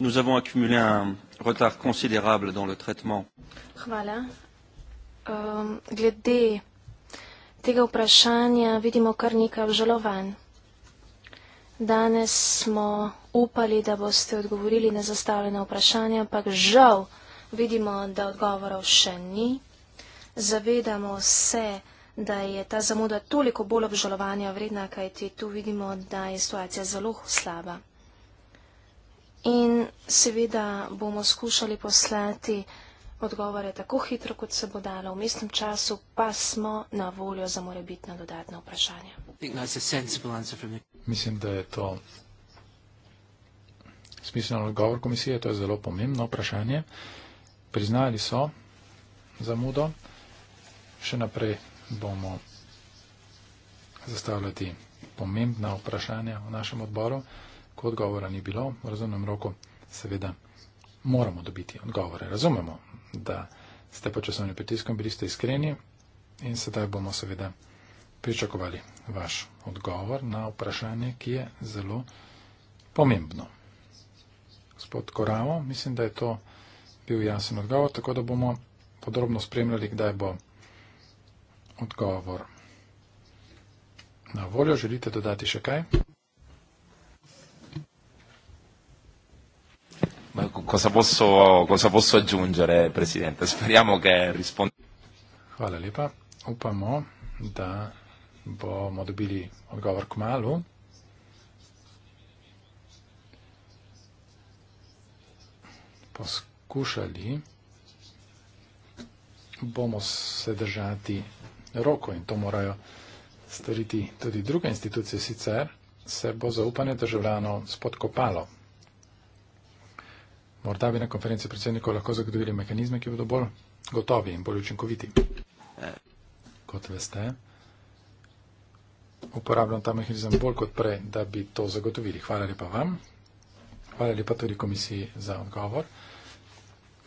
Nous avons accumulé un retard considérable dans le traitement. Hvala. Um, glede tega vprašanja vidimo kar nekaj obžalovan. Danes smo upali, da boste odgovorili na zastavljena vprašanja, ampak žal vidimo, da odgovorov še ni. Zavedamo se, da je ta zamuda toliko bolj obžalovanja vredna, kajti tu vidimo, da je situacija zelo slaba. In seveda bomo skušali poslati odgovore tako hitro, kot se bo dalo. V mestnem času pa smo na voljo za morebitna dodatna vprašanja. Mislim, da je to smiselno odgovor komisije. To je zelo pomembno vprašanje. Priznali so zamudo še naprej bomo zastavljati pomembna vprašanja v našem odboru, ko odgovora ni bilo, v razumnem roku seveda moramo dobiti odgovore. Razumemo, da ste pod časovnim pritiskom, bili ste iskreni in sedaj bomo seveda pričakovali vaš odgovor na vprašanje, ki je zelo pomembno. Gospod Koravo, mislim, da je to bil jasen odgovor, tako da bomo podrobno spremljali, kdaj bo odgovor. Na voljo želite dodati še kaj? Cosa posso, cosa posso aggiungere, Presidente? Speriamo che risponda. Hvala lepa. Upamo, da bomo dobili odgovor k malu. Poskušali bomo se držati roku in to morajo storiti tudi druge institucije, sicer se bo zaupanje državljanov spodkopalo. Morda bi na konferenci predsednikov lahko zagotovili mehanizme, ki bodo bolj gotovi in bolj učinkoviti. Kot veste, uporabljam ta mehanizem bolj kot prej, da bi to zagotovili. Hvala lepa vam. Hvala lepa tudi komisiji za odgovor.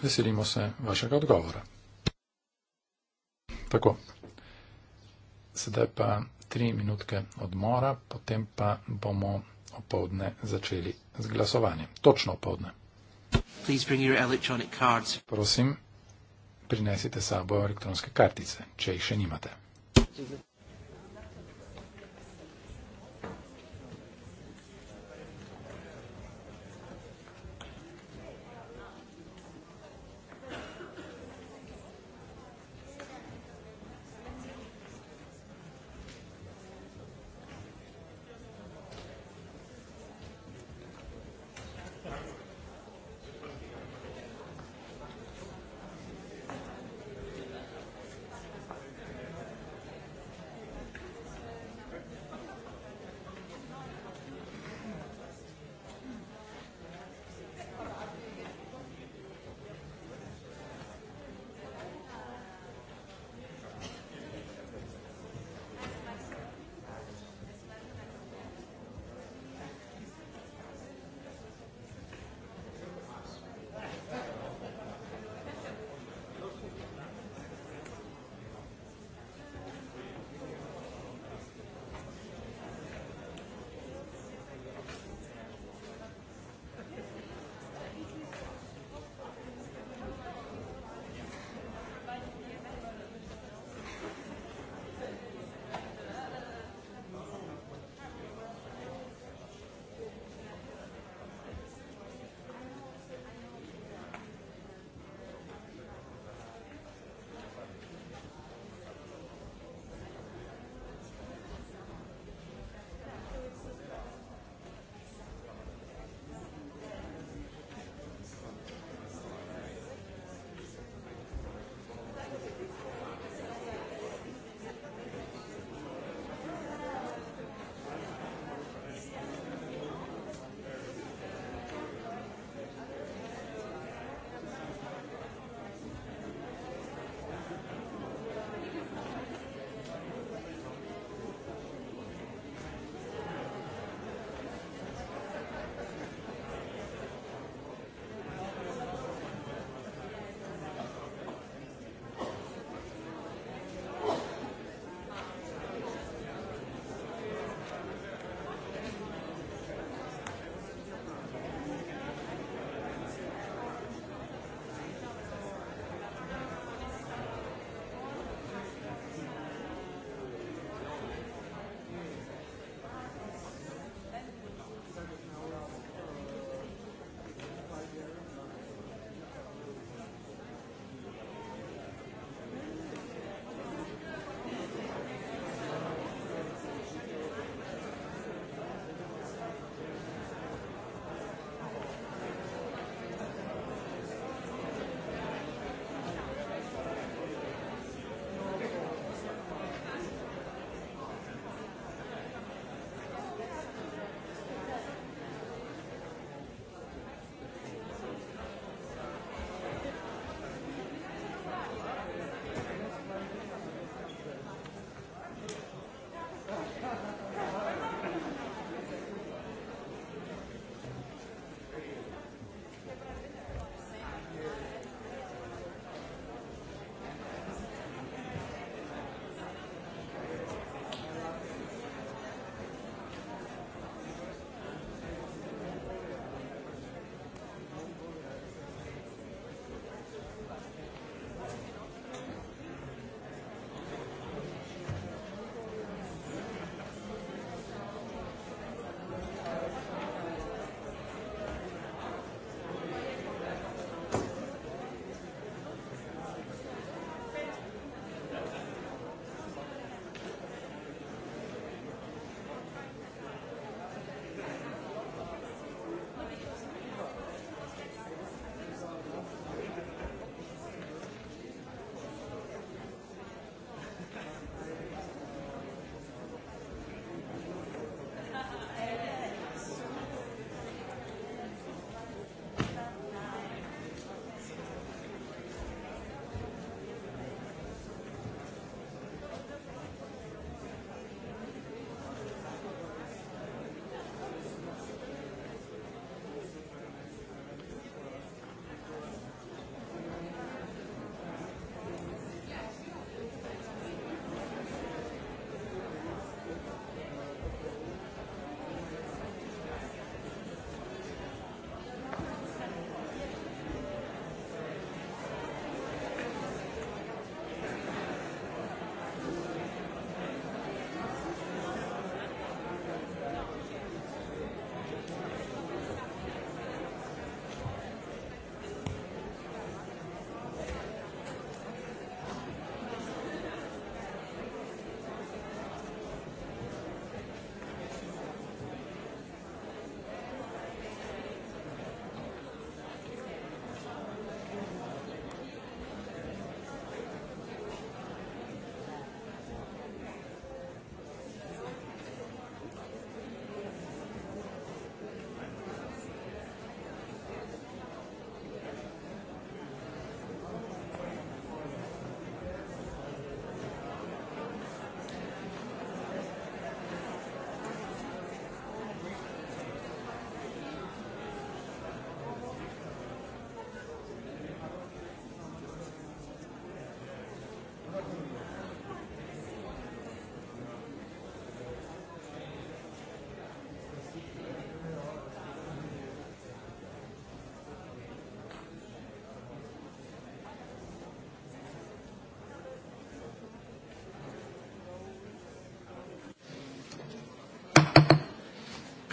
Veselimo se vašega odgovora. Tako sedaj pa tri minutke odmora, potem pa bomo opovdne začeli z glasovanjem. Točno opovdne. Prosim, prinesite sabo elektronske kartice, če jih še nimate. Thank you.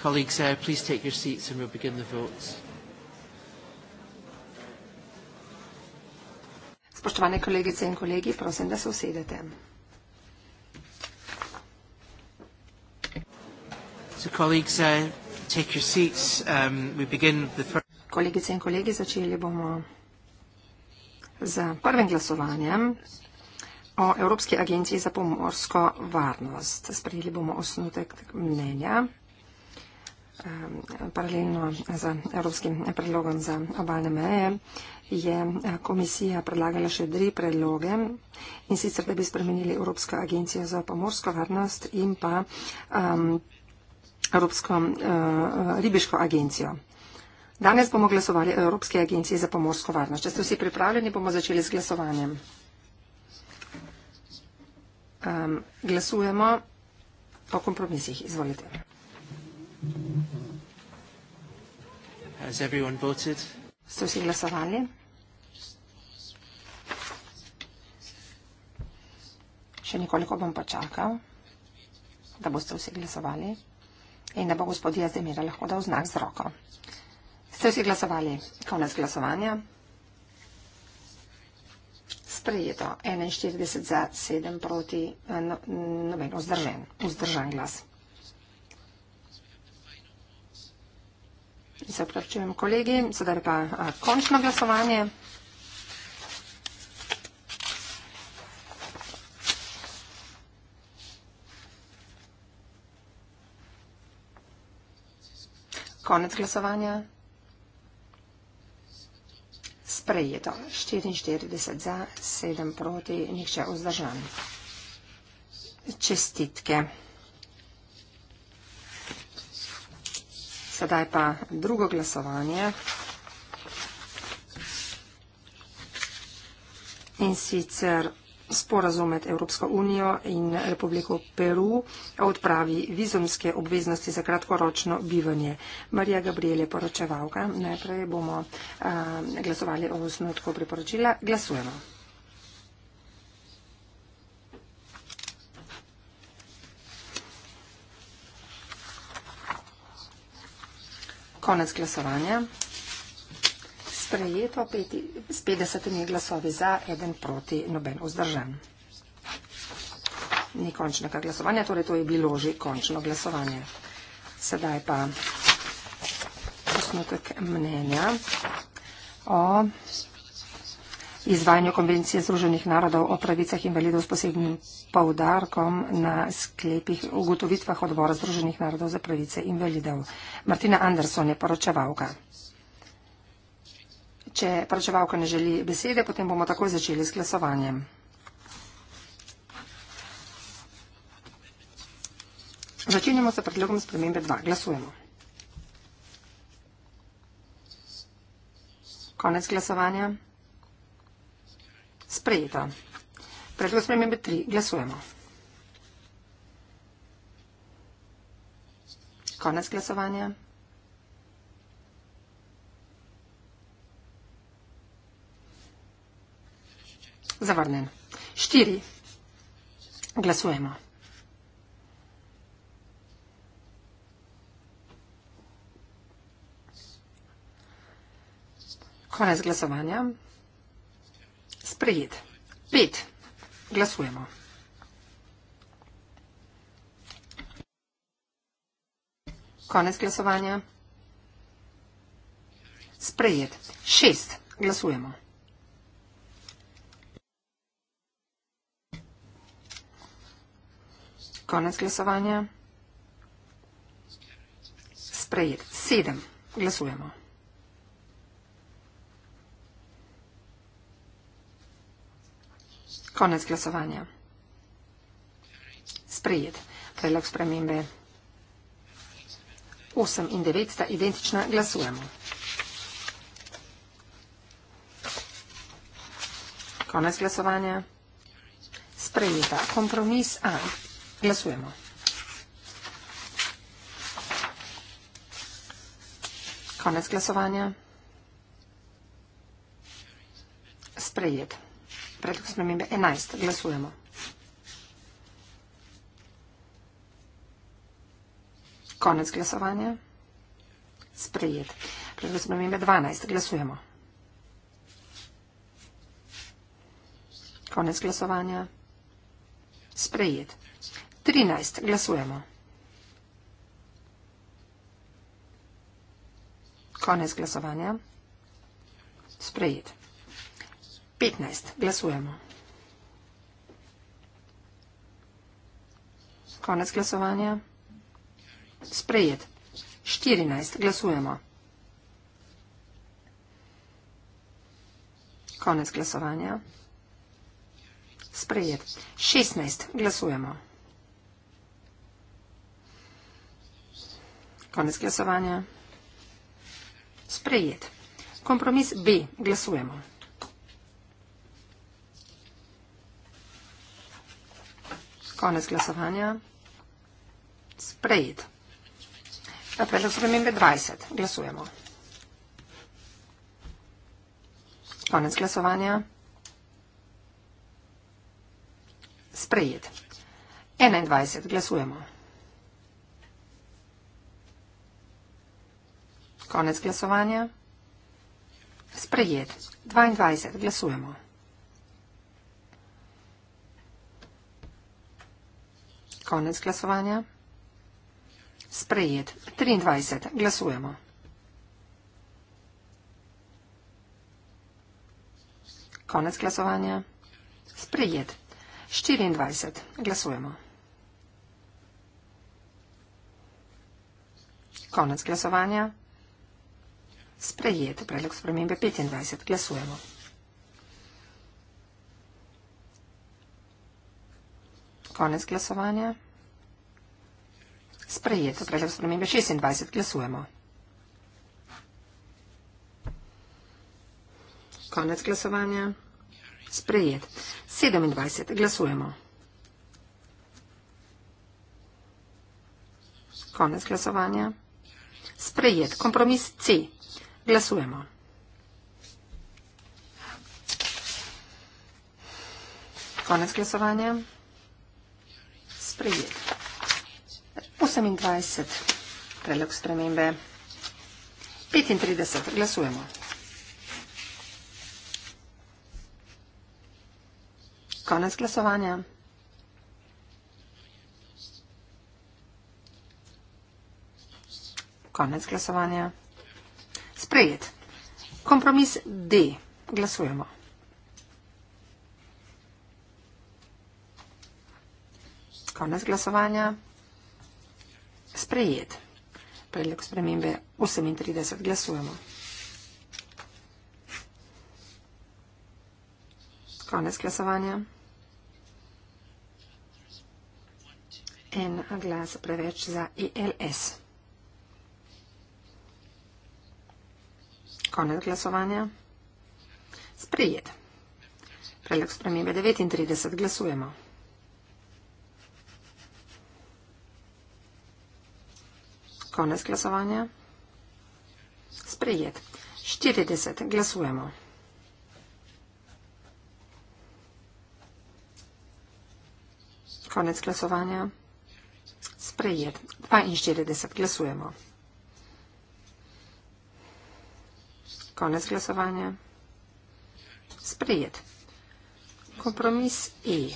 Colleagues, uh, please take your seats and we'll begin the votes. Spoštovane kolegice in kolegi, prosim, da se usedete. So colleagues, uh, take your seats. Um, we begin the first... Kolegice in kolegi, začeli bomo z prvim glasovanjem o Evropski agenciji za pomorsko varnost. Sprejeli bomo osnutek mnenja paralelno z evropskim predlogom za obalne meje, je eh, komisija predlagala še tri predloge in sicer, da bi spremenili Evropsko agencijo za pomorsko varnost in pa um, Evropsko uh, ribiško agencijo. Danes bomo glasovali o Evropski agenciji za pomorsko varnost. Če ste vsi pripravljeni, bomo začeli z glasovanjem. Um, glasujemo o kompromisih. Izvolite. Has everyone voted? So si glasovanje. Še nekoliko bom počakal, da boste vsi glasovali in da bo gospod Jazdemira lahko dal znak z roko. Ste vsi glasovali? Konec glasovanja. Sprejeto. 41 za 7 proti no, nobeno vzdržen glas. Se opravičujem kolegi, sedaj pa a, končno glasovanje. Konec glasovanja. Sprejeto. 44 za, 7 proti, nihče vzdržan. Čestitke. Sedaj pa drugo glasovanje. In sicer sporazum med Evropsko unijo in Republiko Peru odpravi vizumske obveznosti za kratkoročno bivanje. Marija Gabriele poročevalka, najprej bomo uh, glasovali o osnotku priporočila. Glasujemo. konec glasovanja. Sprejeto peti, s 50 glasovi za, eden proti, noben vzdržan. Ni končnega glasovanja, torej to je bilo že končno glasovanje. Sedaj pa osnutek mnenja o izvajanju konvencije Združenih narodov o pravicah invalidov s posebnim poudarkom na sklepih ugotovitvah odbora Združenih narodov za pravice invalidov. Martina Anderson je poročevalka. Če poročevalka ne želi besede, potem bomo takoj začeli s glasovanjem. Začenjamo se predlogom spremembe 2. Glasujemo. Konec glasovanja sprejeta. Predlog spremembe 3. Glasujemo. Konec glasovanja. Zavrnen. 4. Glasujemo. Konec glasovanja sprejet. Pet. Glasujemo. Konec glasovanja. Sprejet. Šest. Glasujemo. Konec glasovanja. Sprejet. Sedem. Glasujemo. Konec glasovanja. Sprejet. Predlog spremembe 8 in 9 sta identična. Glasujemo. Konec glasovanja. Sprejeta. Kompromis A. Glasujemo. Konec glasovanja. Sprejet. Predlog spremembe 11. Glasujemo. Konec glasovanja. Sprejet. Predlog spremembe 12. Glasujemo. Konec glasovanja. Sprejet. 13. Glasujemo. Konec glasovanja. Sprejet. 15. Glasujemo. Konec glasovanja. Sprejet. 14. Glasujemo. Konec glasovanja. Sprejet. 16. Glasujemo. Konec glasovanja. Sprejet. Kompromis B. Glasujemo. Konec glasovanja. Sprejet. Predlog spremembe 20. Glasujemo. Konec glasovanja. Sprejet. 21. Glasujemo. Konec glasovanja. Sprejet. 22. Glasujemo. Konec glasovanja. Sprejet. 23. Glasujemo. Konec glasovanja. Sprejet. 24. Glasujemo. Konec glasovanja. Sprejet. Predlog spremembe 25. Glasujemo. Konec glasovanja. Sprejeto, predlog spremembe 26, glasujemo. Konec glasovanja. Sprejet. 27. Glasujemo. Konec glasovanja. Sprejet. Kompromis C. Glasujemo. Konec glasovanja sprejet. 28. Predlog spremembe. 35. Glasujemo. Konec glasovanja. Konec glasovanja. Sprejet. Kompromis D. Glasujemo. Konec glasovanja. Sprejet. Predlog spremembe 38. Glasujemo. Konec glasovanja. En glas preveč za ILS. E Konec glasovanja. Sprejet. Predlog spremembe 39. Glasujemo. Konec glasovanja. Sprejet. 40. Glasujemo. Konec glasovanja. Sprejet. 42. Glasujemo. Konec glasovanja. Sprejet. Kompromis E.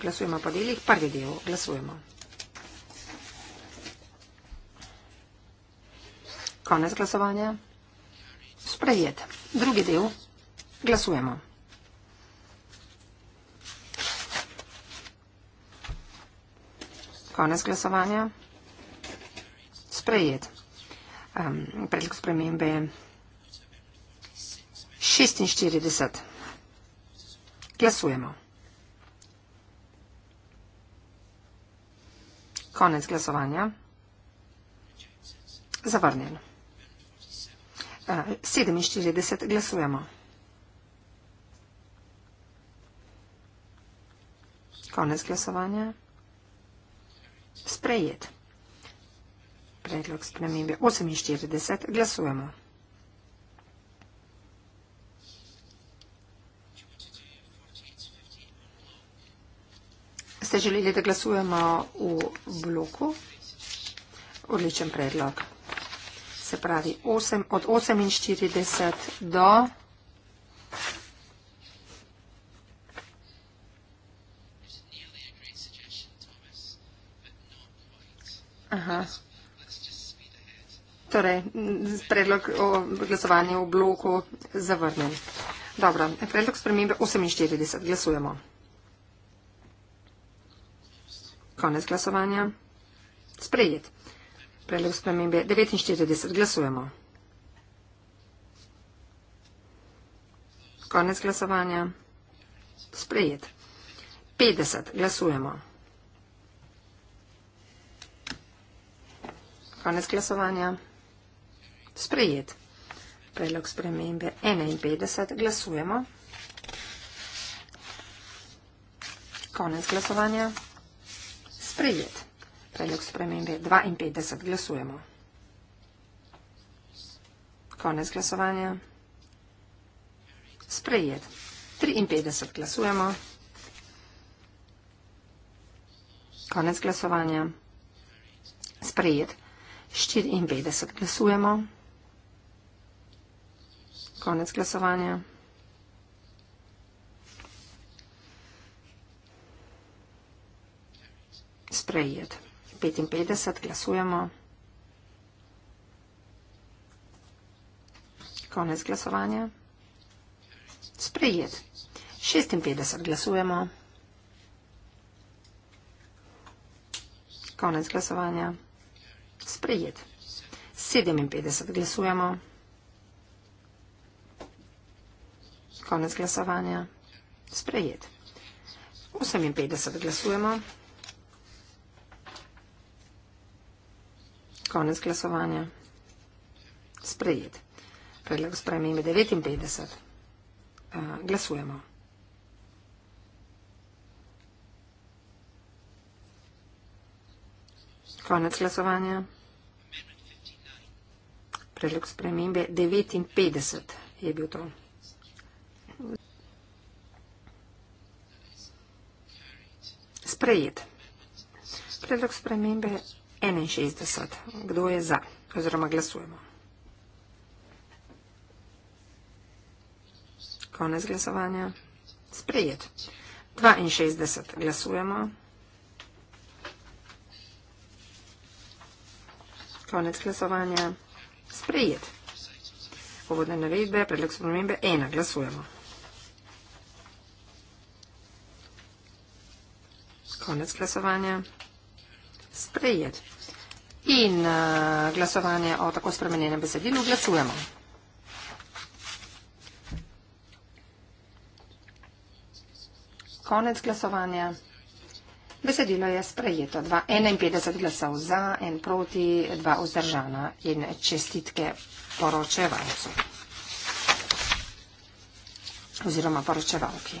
Glasujemo po delih. Prvi del glasujemo. Konec glasovanja. Sprejet. Drugi del. Glasujemo. Konec glasovanja. Sprejet. Um, predlog spremembe 46. Glasujemo. Konec glasovanja. Zavrnjen. 47 glasujemo. Konec glasovanja. Sprejet. Predlog spremembe 48 glasujemo. Ste želeli, da glasujemo v bloku? Odličen predlog se pravi 8, od 48 do 48. Torej, predlog o glasovanju v bloku zavrnem. Dobro, predlog spremembe 48. Glasujemo. Konec glasovanja. Sprejet. Predlog spremembe 49. Glasujemo. Konec glasovanja. Sprejet. 50. Glasujemo. Konec glasovanja. Sprejet. Predlog spremembe 51. Glasujemo. Konec glasovanja. Sprejet predlog spremembe 52. Glasujemo. Konec glasovanja. Sprejet. 53. Glasujemo. Konec glasovanja. Sprejet. 54. Glasujemo. Konec glasovanja. Sprejet. 55 glasujemo. Konec glasovanja. Sprejet. 56 glasujemo. Konec glasovanja. Sprejet. 57 glasujemo. Konec glasovanja. Sprejet. 58 glasujemo. Konec glasovanja. Sprejet. Predlog sprejme ime 59. Uh, glasujemo. Konec glasovanja. Predlog spremembe 59 je bil to. Sprejet. Predlog spremembe 61. Kdo je za? Oziroma glasujemo. Konec glasovanja. Sprejet. 62. Glasujemo. Konec glasovanja. Sprejet. Povodne navedbe, predlog spremembe, ena, glasujemo. Konec glasovanja sprejet. In uh, glasovanje o tako spremenjenem besedilu glasujemo. Konec glasovanja. Besedilo je sprejeto. 51 glasov za, en proti, dva vzdržana in čestitke poročevalcu. Oziroma poročevalki.